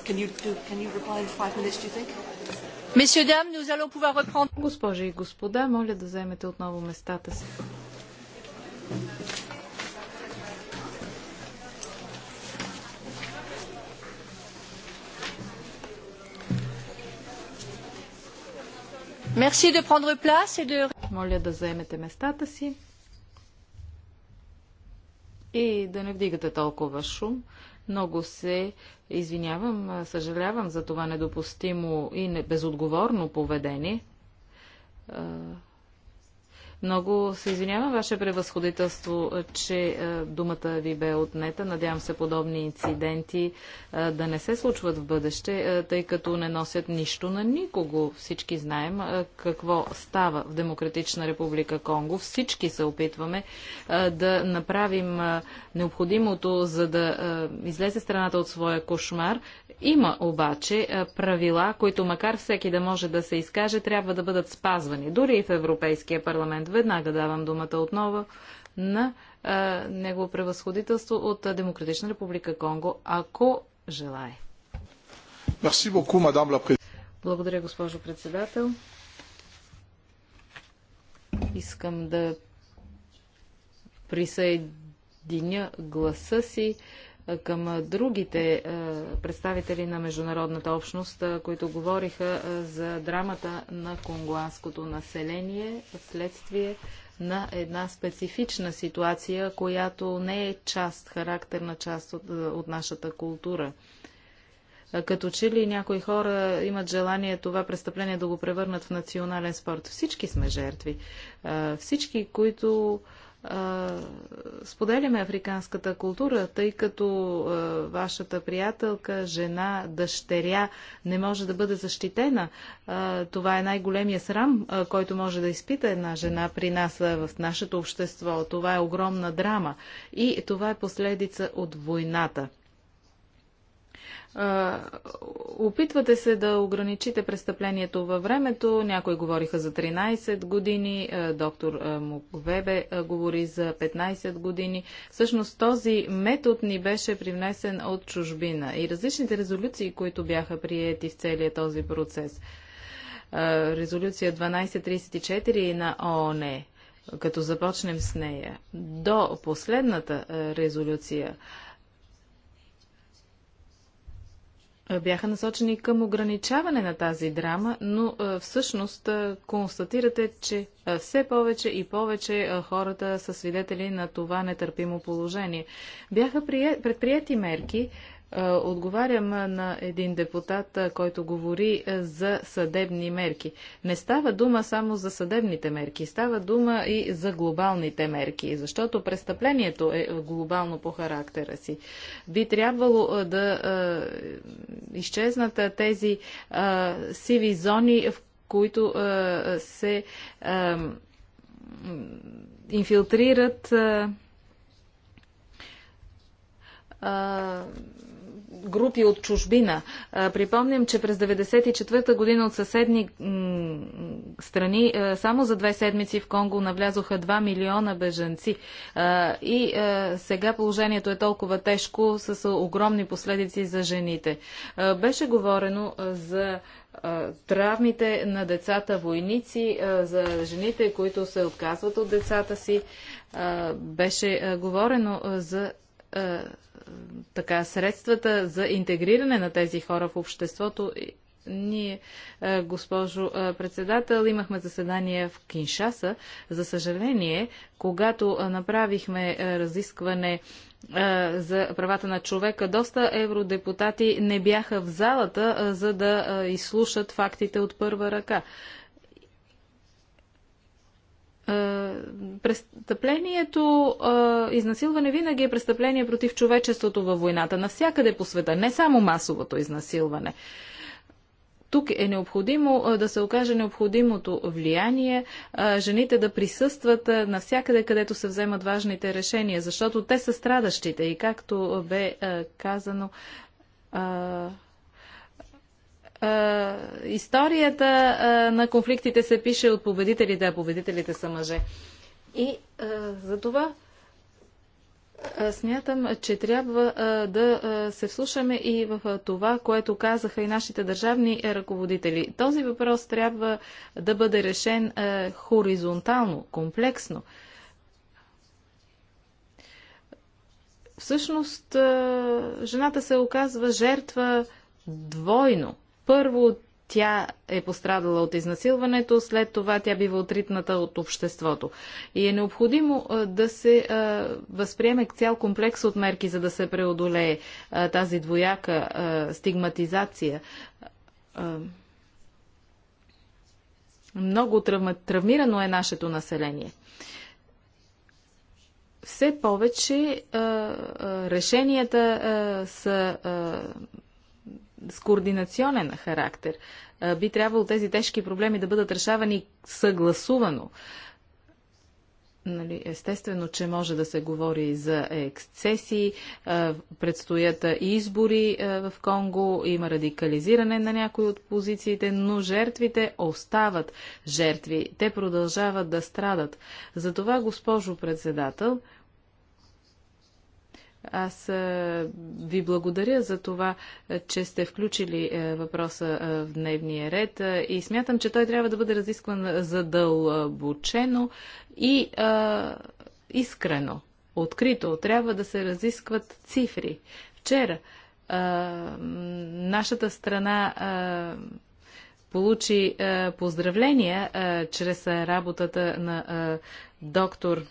Can you, do, can you reply in five minutes, do you think? Messieurs, dames, nous allons pouvoir reprendre. Госпожи и господа, моля да заемете отново местата си. Merci de prendre place et de... Моля да заемете местата си. И да не вдигате толкова шум. Много се извинявам, съжалявам за това недопустимо и безотговорно поведение. Много се извинявам, Ваше превъзходителство, е, че е, думата ви бе отнета. Надявам се подобни инциденти е, да не се случват в бъдеще, тъй като не носят нищо на никого. Всички знаем какво става в Демократична република Конго. Всички се опитваме да направим необходимото, за да излезе страната от своя кошмар. Има обаче правила, които макар всеки да може да се изкаже, трябва да бъдат спазвани. Дори и в Европейския парламент момент. Веднага давам думата отново на а, Негово превъзходителство от Демократична република Конго, ако желае. Благодаря, госпожо председател. Искам да присъединя гласа си към другите представители на международната общност, които говориха за драмата на конгуанското население вследствие на една специфична ситуация, която не е част, характерна част от, от нашата култура. Като че ли някои хора имат желание това престъпление да го превърнат в национален спорт. Всички сме жертви. Всички, които споделяме африканската култура, тъй като а, вашата приятелка, жена, дъщеря не може да бъде защитена. А, това е най-големия срам, а, който може да изпита една жена при нас в нашето общество. Това е огромна драма и това е последица от войната. Опитвате се да ограничите престъплението във времето. Някои говориха за 13 години, доктор Муквебе говори за 15 години. Всъщност този метод ни беше привнесен от чужбина и различните резолюции, които бяха приети в целия този процес. Резолюция 1234 на ООН, като започнем с нея, до последната резолюция – бяха насочени към ограничаване на тази драма, но всъщност констатирате, че все повече и повече хората са свидетели на това нетърпимо положение. Бяха предприяти мерки е, отговарям на един депутат, който говори за съдебни мерки. Не става дума само за съдебните мерки, става дума и за глобалните мерки, защото престъплението е глобално по характера си. Би трябвало да изчезнат тези сиви зони, в които се инфилтрират групи от чужбина. Припомням, че през 1994-та година от съседни страни само за две седмици в Конго навлязоха 2 милиона бежанци. И сега положението е толкова тежко с огромни последици за жените. Беше говорено за травмите на децата войници, за жените, които се отказват от децата си. Беше говорено за е, така, средствата за интегриране на тези хора в обществото. Ние, е, госпожо е, председател, имахме заседание в Киншаса. За съжаление, когато направихме разискване за правата на човека, доста евродепутати не бяха в залата, за да изслушат фактите от първа ръка. Е, престъплението е, изнасилване винаги е престъпление против човечеството във войната, навсякъде по света, не само масовото изнасилване. Тук е необходимо е, да се окаже необходимото влияние, жените да присъстват навсякъде, където се вземат важните решения, защото те са страдащите и както бе казано, историята на конфликтите се пише от победителите, а победителите са мъже. И за това смятам, че трябва да се вслушаме и в това, което казаха и нашите държавни ръководители. Този въпрос трябва да бъде решен хоризонтално, комплексно. Всъщност, жената се оказва жертва двойно – първо, тя е пострадала от изнасилването, след това тя бива отритната от обществото. И е необходимо да се възприеме цял комплекс от мерки, за да се преодолее тази двояка стигматизация. Много травмирано е нашето население все повече решенията са с координационен характер. Би трябвало тези тежки проблеми да бъдат решавани съгласувано. Нали, естествено, че може да се говори за ексцесии, предстоят избори в Конго, има радикализиране на някои от позициите, но жертвите остават жертви. Те продължават да страдат. Затова, госпожо председател, аз ви благодаря за това, че сте включили въпроса в дневния ред и смятам, че той трябва да бъде разискван задълбочено и а, искрено, открито. Трябва да се разискват цифри. Вчера а, нашата страна а, получи поздравления чрез работата на доктор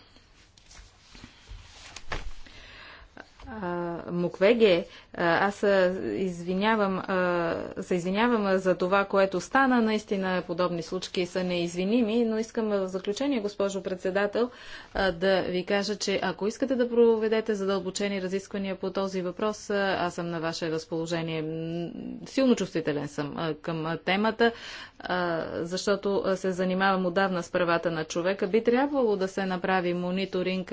Муквеге, аз извинявам, се извинявам за това, което стана. Наистина подобни случки са неизвиними, но искам в заключение, госпожо председател, да ви кажа, че ако искате да проведете задълбочени разисквания по този въпрос, аз съм на ваше разположение. Силно чувствителен съм към темата, защото се занимавам отдавна с правата на човека. Би трябвало да се направи мониторинг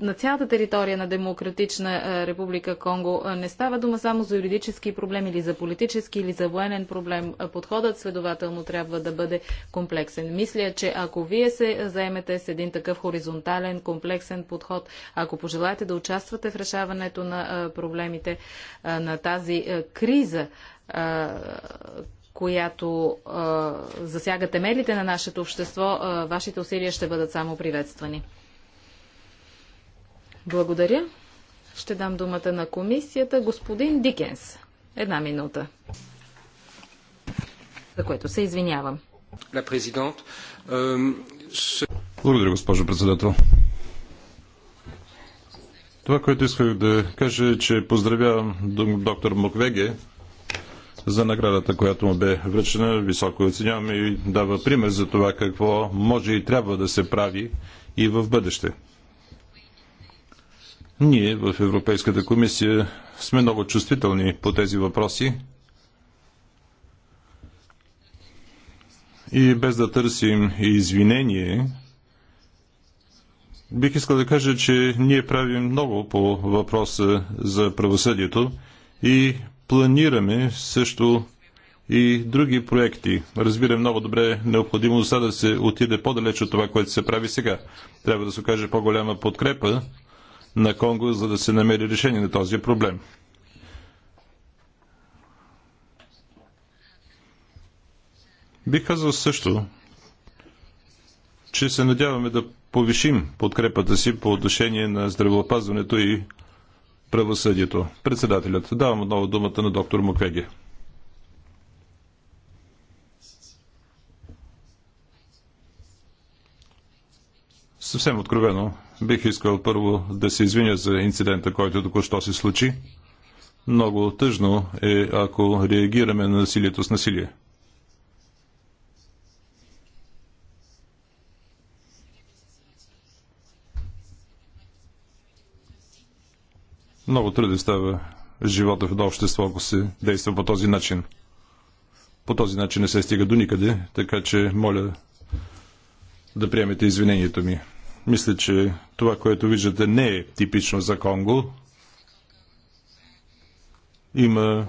на цялата територия на Демократична е, република Конго. Е, не става дума само за юридически проблем или за политически или за военен проблем. Е, подходът следователно трябва да бъде комплексен. Мисля, че ако вие се заемете с един такъв хоризонтален, комплексен подход, ако пожелаете да участвате в решаването на проблемите на тази криза, която а, засяга темелите на нашето общество, а, вашите усилия ще бъдат само приветствани. Благодаря. Ще дам думата на комисията. Господин Дикенс. Една минута. За което се извинявам. Euh, Благодаря, госпожо председател. Това, което исках да кажа е, че поздравявам доктор Моквеге за наградата, която му бе връчена. Високо оценявам и дава пример за това какво може и трябва да се прави и в бъдеще. Ние в Европейската комисия сме много чувствителни по тези въпроси и без да търсим извинение, бих искал да кажа, че ние правим много по въпроса за правосъдието и планираме също и други проекти. Разбира много добре необходимостта да се отиде по-далеч от това, което се прави сега. Трябва да се окаже по-голяма подкрепа на Конго, за да се намери решение на този проблем. Бих казал също, че се надяваме да повишим подкрепата си по отношение на здравеопазването и правосъдието. Председателят, давам отново думата на доктор Муквеге. Съвсем откровено Бих искал първо да се извиня за инцидента, който току-що се случи. Много тъжно е, ако реагираме на насилието с насилие. Много трудно става живота в едно общество, ако се действа по този начин. По този начин не се стига до никъде, така че моля да приемете извинението ми. Мисля, че това, което виждате, не е типично за Конго. Има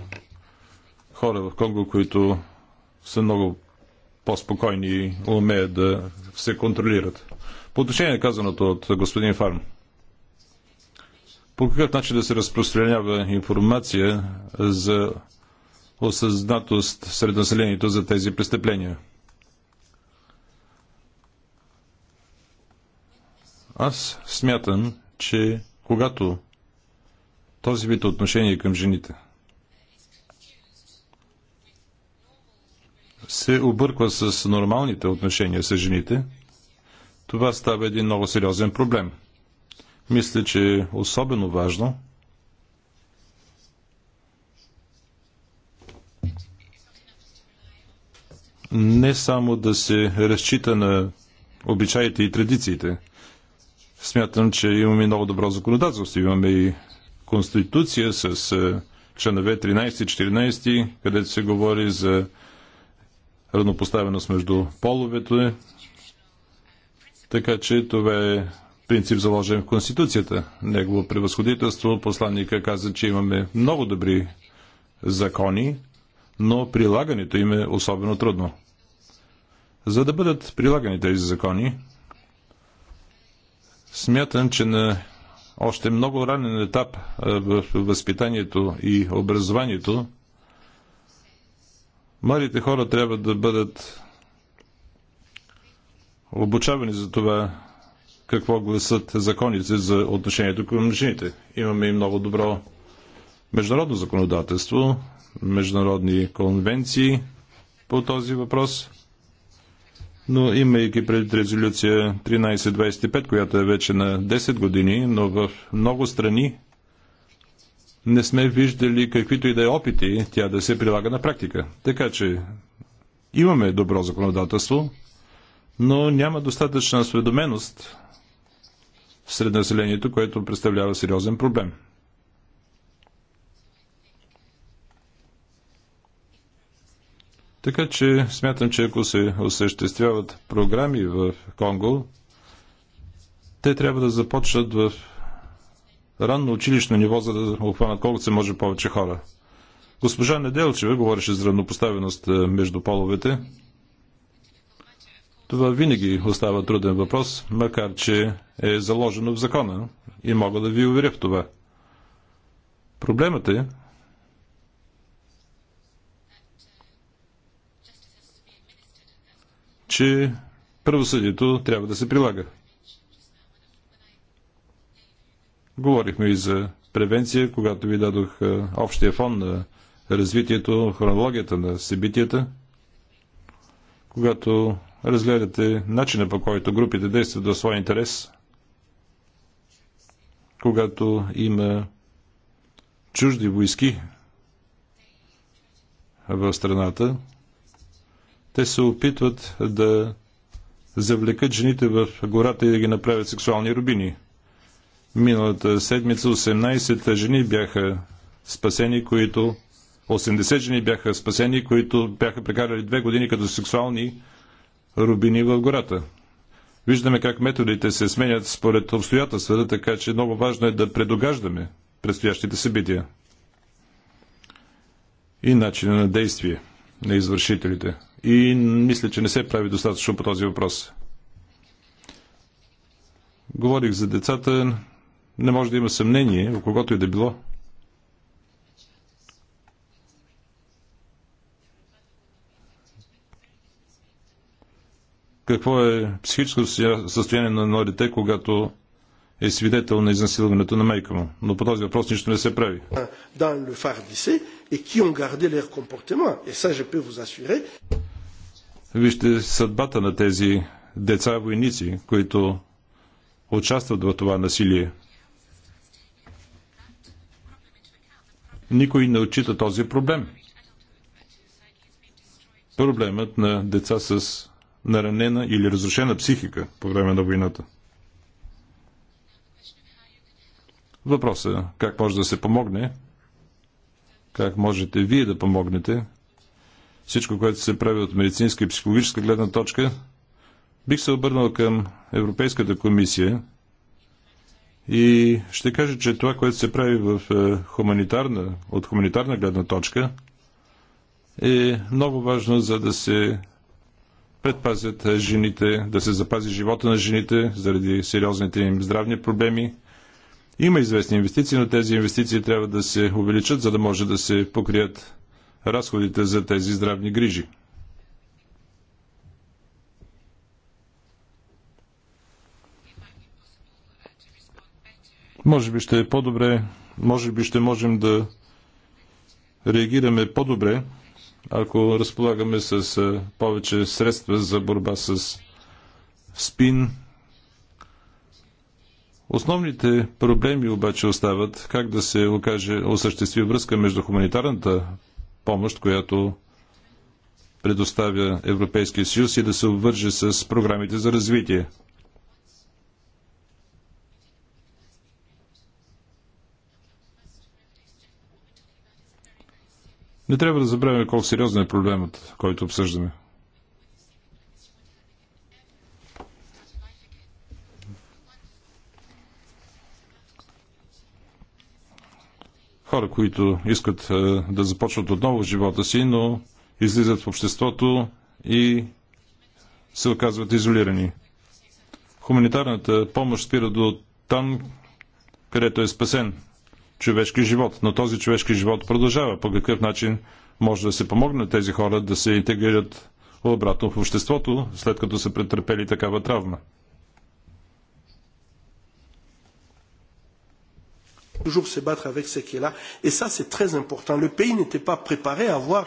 хора в Конго, които са много по-спокойни и умеят да се контролират. По отношение на казаното от господин Фарм, по какъв начин да се разпространява информация за осъзнатост сред населението за тези престъпления? Аз смятам, че когато този вид отношение към жените се обърква с нормалните отношения с жените, това става един много сериозен проблем. Мисля, че е особено важно не само да се разчита на обичаите и традициите – Смятам, че имаме много добро законодателство. Имаме и конституция с е, членове 13-14, където се говори за равнопоставеност между половете. Така че това е принцип заложен в Конституцията. Негово превъзходителство, посланника каза, че имаме много добри закони, но прилагането им е особено трудно. За да бъдат прилагани тези закони, Смятам, че на още много ранен етап е, в възпитанието и образованието младите хора трябва да бъдат обучавани за това какво гласат законите за отношението към жените. Имаме и много добро международно законодателство, международни конвенции по този въпрос но имайки пред резолюция 1325, която е вече на 10 години, но в много страни не сме виждали каквито и да е опити тя да се прилага на практика. Така че имаме добро законодателство, но няма достатъчна осведоменост сред населението, което представлява сериозен проблем. Така че смятам, че ако се осъществяват програми в Конго, те трябва да започнат в ранно училищно ниво, за да обхванат колкото се може повече хора. Госпожа Неделчева говореше за равнопоставеност е, между половете. Това винаги остава труден въпрос, макар че е заложено в закона и мога да ви уверя в това. Проблемът е, че правосъдието трябва да се прилага. Говорихме и за превенция, когато ви дадох общия фон на развитието, хронологията на събитията. Когато разгледате начина по който групите действат до своя интерес, когато има чужди войски в страната, те се опитват да завлекат жените в гората и да ги направят сексуални рубини. Миналата седмица 18 жени бяха спасени, които 80 жени бяха спасени, които бяха прекарали две години като сексуални рубини в гората. Виждаме как методите се сменят според обстоятелствата, така че много важно е да предогаждаме предстоящите събития и начина на действие на извършителите – и мисля, че не се прави достатъчно по този въпрос. Говорих за децата, не може да има съмнение, в когото и да било. Какво е психическо състояние на едно дете, когато е свидетел на изнасилването на майка му. Но по този въпрос нищо не се прави. Вижте съдбата на тези деца войници, които участват в това насилие. Никой не отчита този проблем. Проблемът на деца с наранена или разрушена психика по време на войната. Въпросът е как може да се помогне, как можете вие да помогнете всичко, което се прави от медицинска и психологическа гледна точка, бих се обърнал към Европейската комисия и ще кажа, че това, което се прави в е, хуманитарна, от хуманитарна гледна точка, е много важно, за да се предпазят жените, да се запази живота на жените заради сериозните им здравни проблеми. Има известни инвестиции, но тези инвестиции трябва да се увеличат, за да може да се покрият разходите за тези здравни грижи. Може би ще е по-добре, може би ще можем да реагираме по-добре, ако разполагаме с повече средства за борба с спин. Основните проблеми обаче остават как да се окаже осъществи връзка между хуманитарната помощ, която предоставя Европейския съюз и да се обвърже с програмите за развитие. Не трябва да забравяме колко сериозен е проблемът, който обсъждаме. Хора, които искат е, да започват отново живота си, но излизат в обществото и се оказват изолирани. Хуманитарната помощ спира до там, където е спасен човешки живот. Но този човешки живот продължава. По какъв начин може да се помогне тези хора да се интегрират обратно в обществото, след като са претърпели такава травма? toujours se battre avec ce qui est là. Et ça, c'est très important. Le pays n'était pas préparé à voir.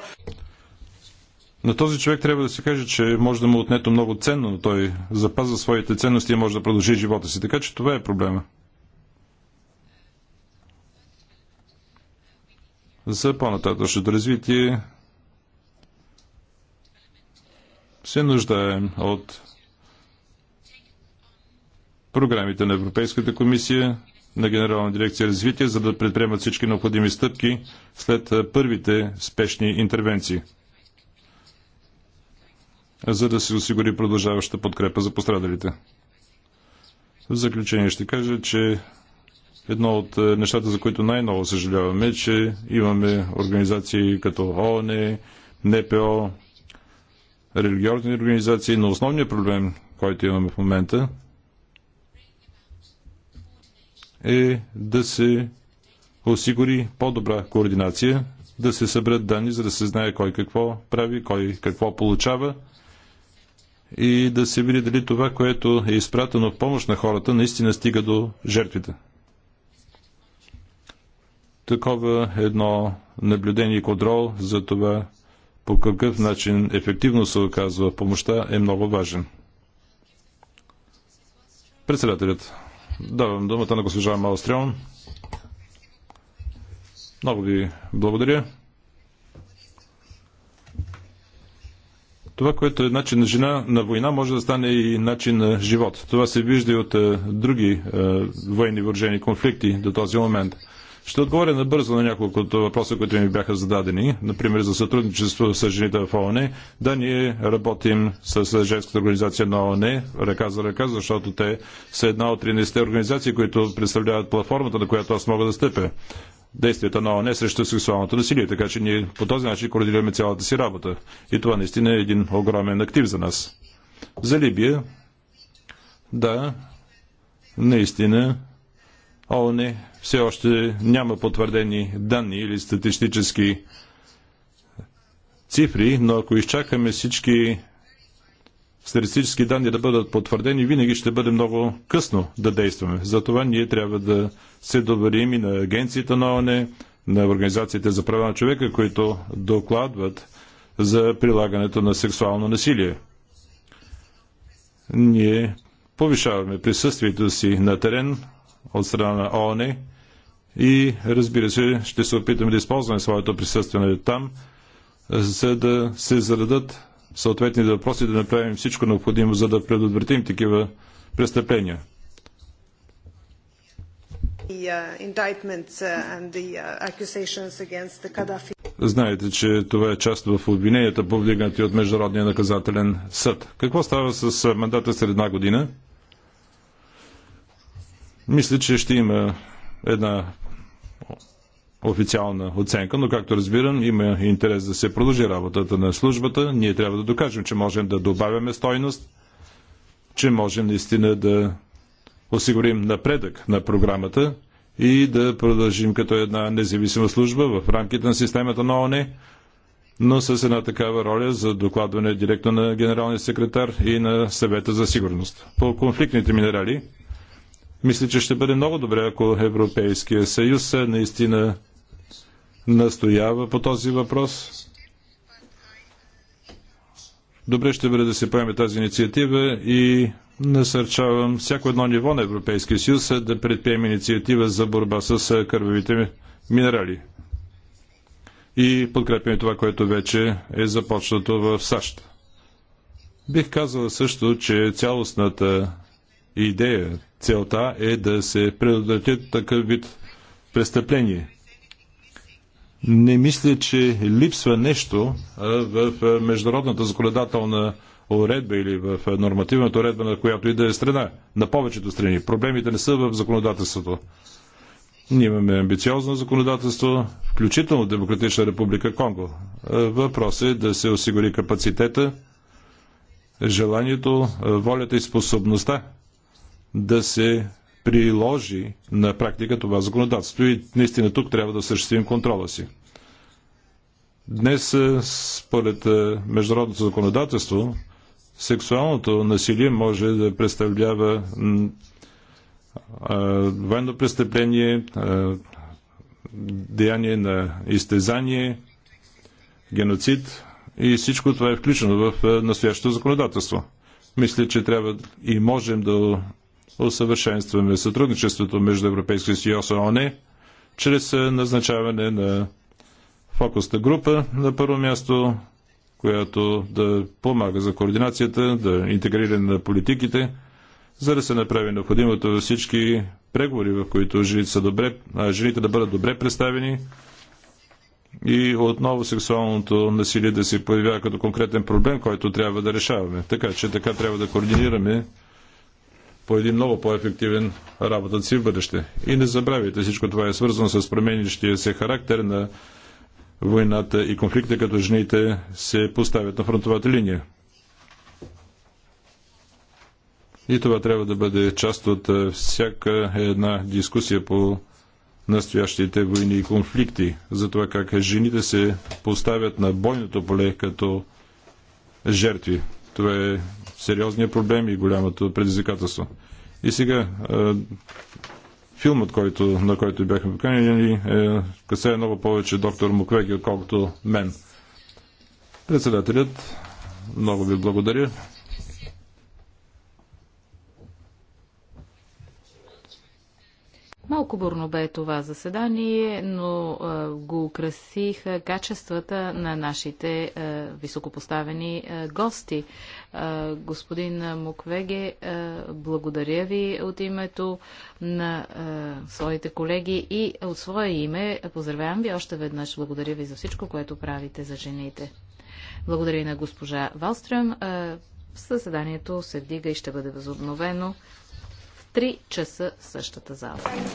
На този човек трябва да се каже, че може да му е отнето много ценно, но той запазва своите ценности и може да продължи живота си. Така че това е проблема. За по-нататъчното развитие се нуждаем от програмите на Европейската комисия, на Генерална дирекция развитие, за да предприемат всички необходими стъпки след първите спешни интервенции, за да се осигури продължаваща подкрепа за пострадалите. В заключение ще кажа, че едно от нещата, за които най-много съжаляваме, е, че имаме организации като ООН, НПО, религиозни организации, но основният проблем, който имаме в момента, е да се осигури по-добра координация, да се съберат данни, за да се знае кой какво прави, кой какво получава и да се види дали това, което е изпратено в помощ на хората, наистина стига до жертвите. Такова едно наблюдение и контрол за това по какъв начин ефективно се оказва помощта е много важен. Председателят Давам думата на госпожа Малстрион. Много ви благодаря. Това, което е начин на жена на война, може да стане и начин на живот. Това се вижда и от е, други е, военни въоръжени конфликти до този момент. Ще отговоря набързо на няколко от въпроса, които ми бяха зададени. Например, за сътрудничество с жените в ООН. Да, ние работим с женската организация на ООН ръка за ръка, защото те са една от 13 организации, които представляват платформата, на която аз мога да стъпя действията на ОНЕ срещу сексуалното насилие. Така че ние по този начин координираме цялата си работа. И това наистина е един огромен актив за нас. За Либия, да, наистина ООН е, все още няма потвърдени данни или статистически цифри, но ако изчакаме всички статистически данни да бъдат потвърдени, винаги ще бъде много късно да действаме. Затова ние трябва да се доверим и на агенцията на ОНЕ, на Организацията за права на човека, които докладват за прилагането на сексуално насилие. Ние повишаваме присъствието си на терен, от страна на ООН и разбира се, ще се опитаме да използваме своето присъствие там, за да се зададат съответните въпроси, да направим всичко необходимо, за да предотвратим такива престъпления. Uh, uh, uh, Знаете, че това е част в обвиненията, повдигнати от Международния наказателен съд. Какво става с мандата след една година? Мисля, че ще има една официална оценка, но както разбирам, има интерес да се продължи работата на службата. Ние трябва да докажем, че можем да добавяме стойност, че можем наистина да осигурим напредък на програмата и да продължим като една независима служба в рамките на системата на ОНЕ, но с една такава роля за докладване директно на генералния секретар и на съвета за сигурност. По конфликтните минерали мисля, че ще бъде много добре, ако Европейския съюз наистина настоява по този въпрос. Добре ще бъде да се поеме тази инициатива и насърчавам всяко едно ниво на Европейския съюз да предприеме инициатива за борба с кървавите минерали. И подкрепяме това, което вече е започнато в САЩ. Бих казал също, че цялостната идея. Целта е да се предотвратят такъв вид престъпление. Не мисля, че липсва нещо в международната законодателна уредба или в нормативната уредба, на която и да е страна, на повечето страни. Проблемите не са в законодателството. Ние имаме амбициозно законодателство, включително Демократична република Конго. Въпрос е да се осигури капацитета, желанието, волята и способността да се приложи на практика това законодателство и наистина тук трябва да съществим контрола си. Днес, е, според е, международното законодателство, сексуалното насилие може да представлява военно престъпление, деяние на изтезание, геноцид и всичко това е включено в е, настоящото законодателство. Мисля, че трябва и можем да усъвършенстваме сътрудничеството между Европейския съюз и ОНЕ чрез е, назначаване на фокусна група на първо място, която да помага за координацията, да интегриране на политиките, за да се направи необходимото във всички преговори, в които жените, са добре, а жените да бъдат добре представени и отново сексуалното насилие да се появява като конкретен проблем, който трябва да решаваме. Така че така трябва да координираме по един много по-ефективен работът си в бъдеще. И не забравяйте, всичко това е свързано с променящия се характер на войната и конфликта, като жените се поставят на фронтовата линия. И това трябва да бъде част от всяка една дискусия по настоящите войни и конфликти, за това как жените се поставят на бойното поле като жертви. Това е сериозния проблем и голямото предизвикателство. И сега филмът, който, на който бяхме поканени, е, касае много повече доктор Муквеги, отколкото мен. Председателят, много ви благодаря. Малко бурно бе това заседание, но а, го украсиха качествата на нашите а, високопоставени а, гости. Господин Муквеге, благодаря ви от името на своите колеги и от свое име поздравявам ви още веднъж. Благодаря ви за всичко, което правите за жените. Благодаря и на госпожа Валстрем. Съседанието се вдига и ще бъде възобновено в 3 часа същата зала.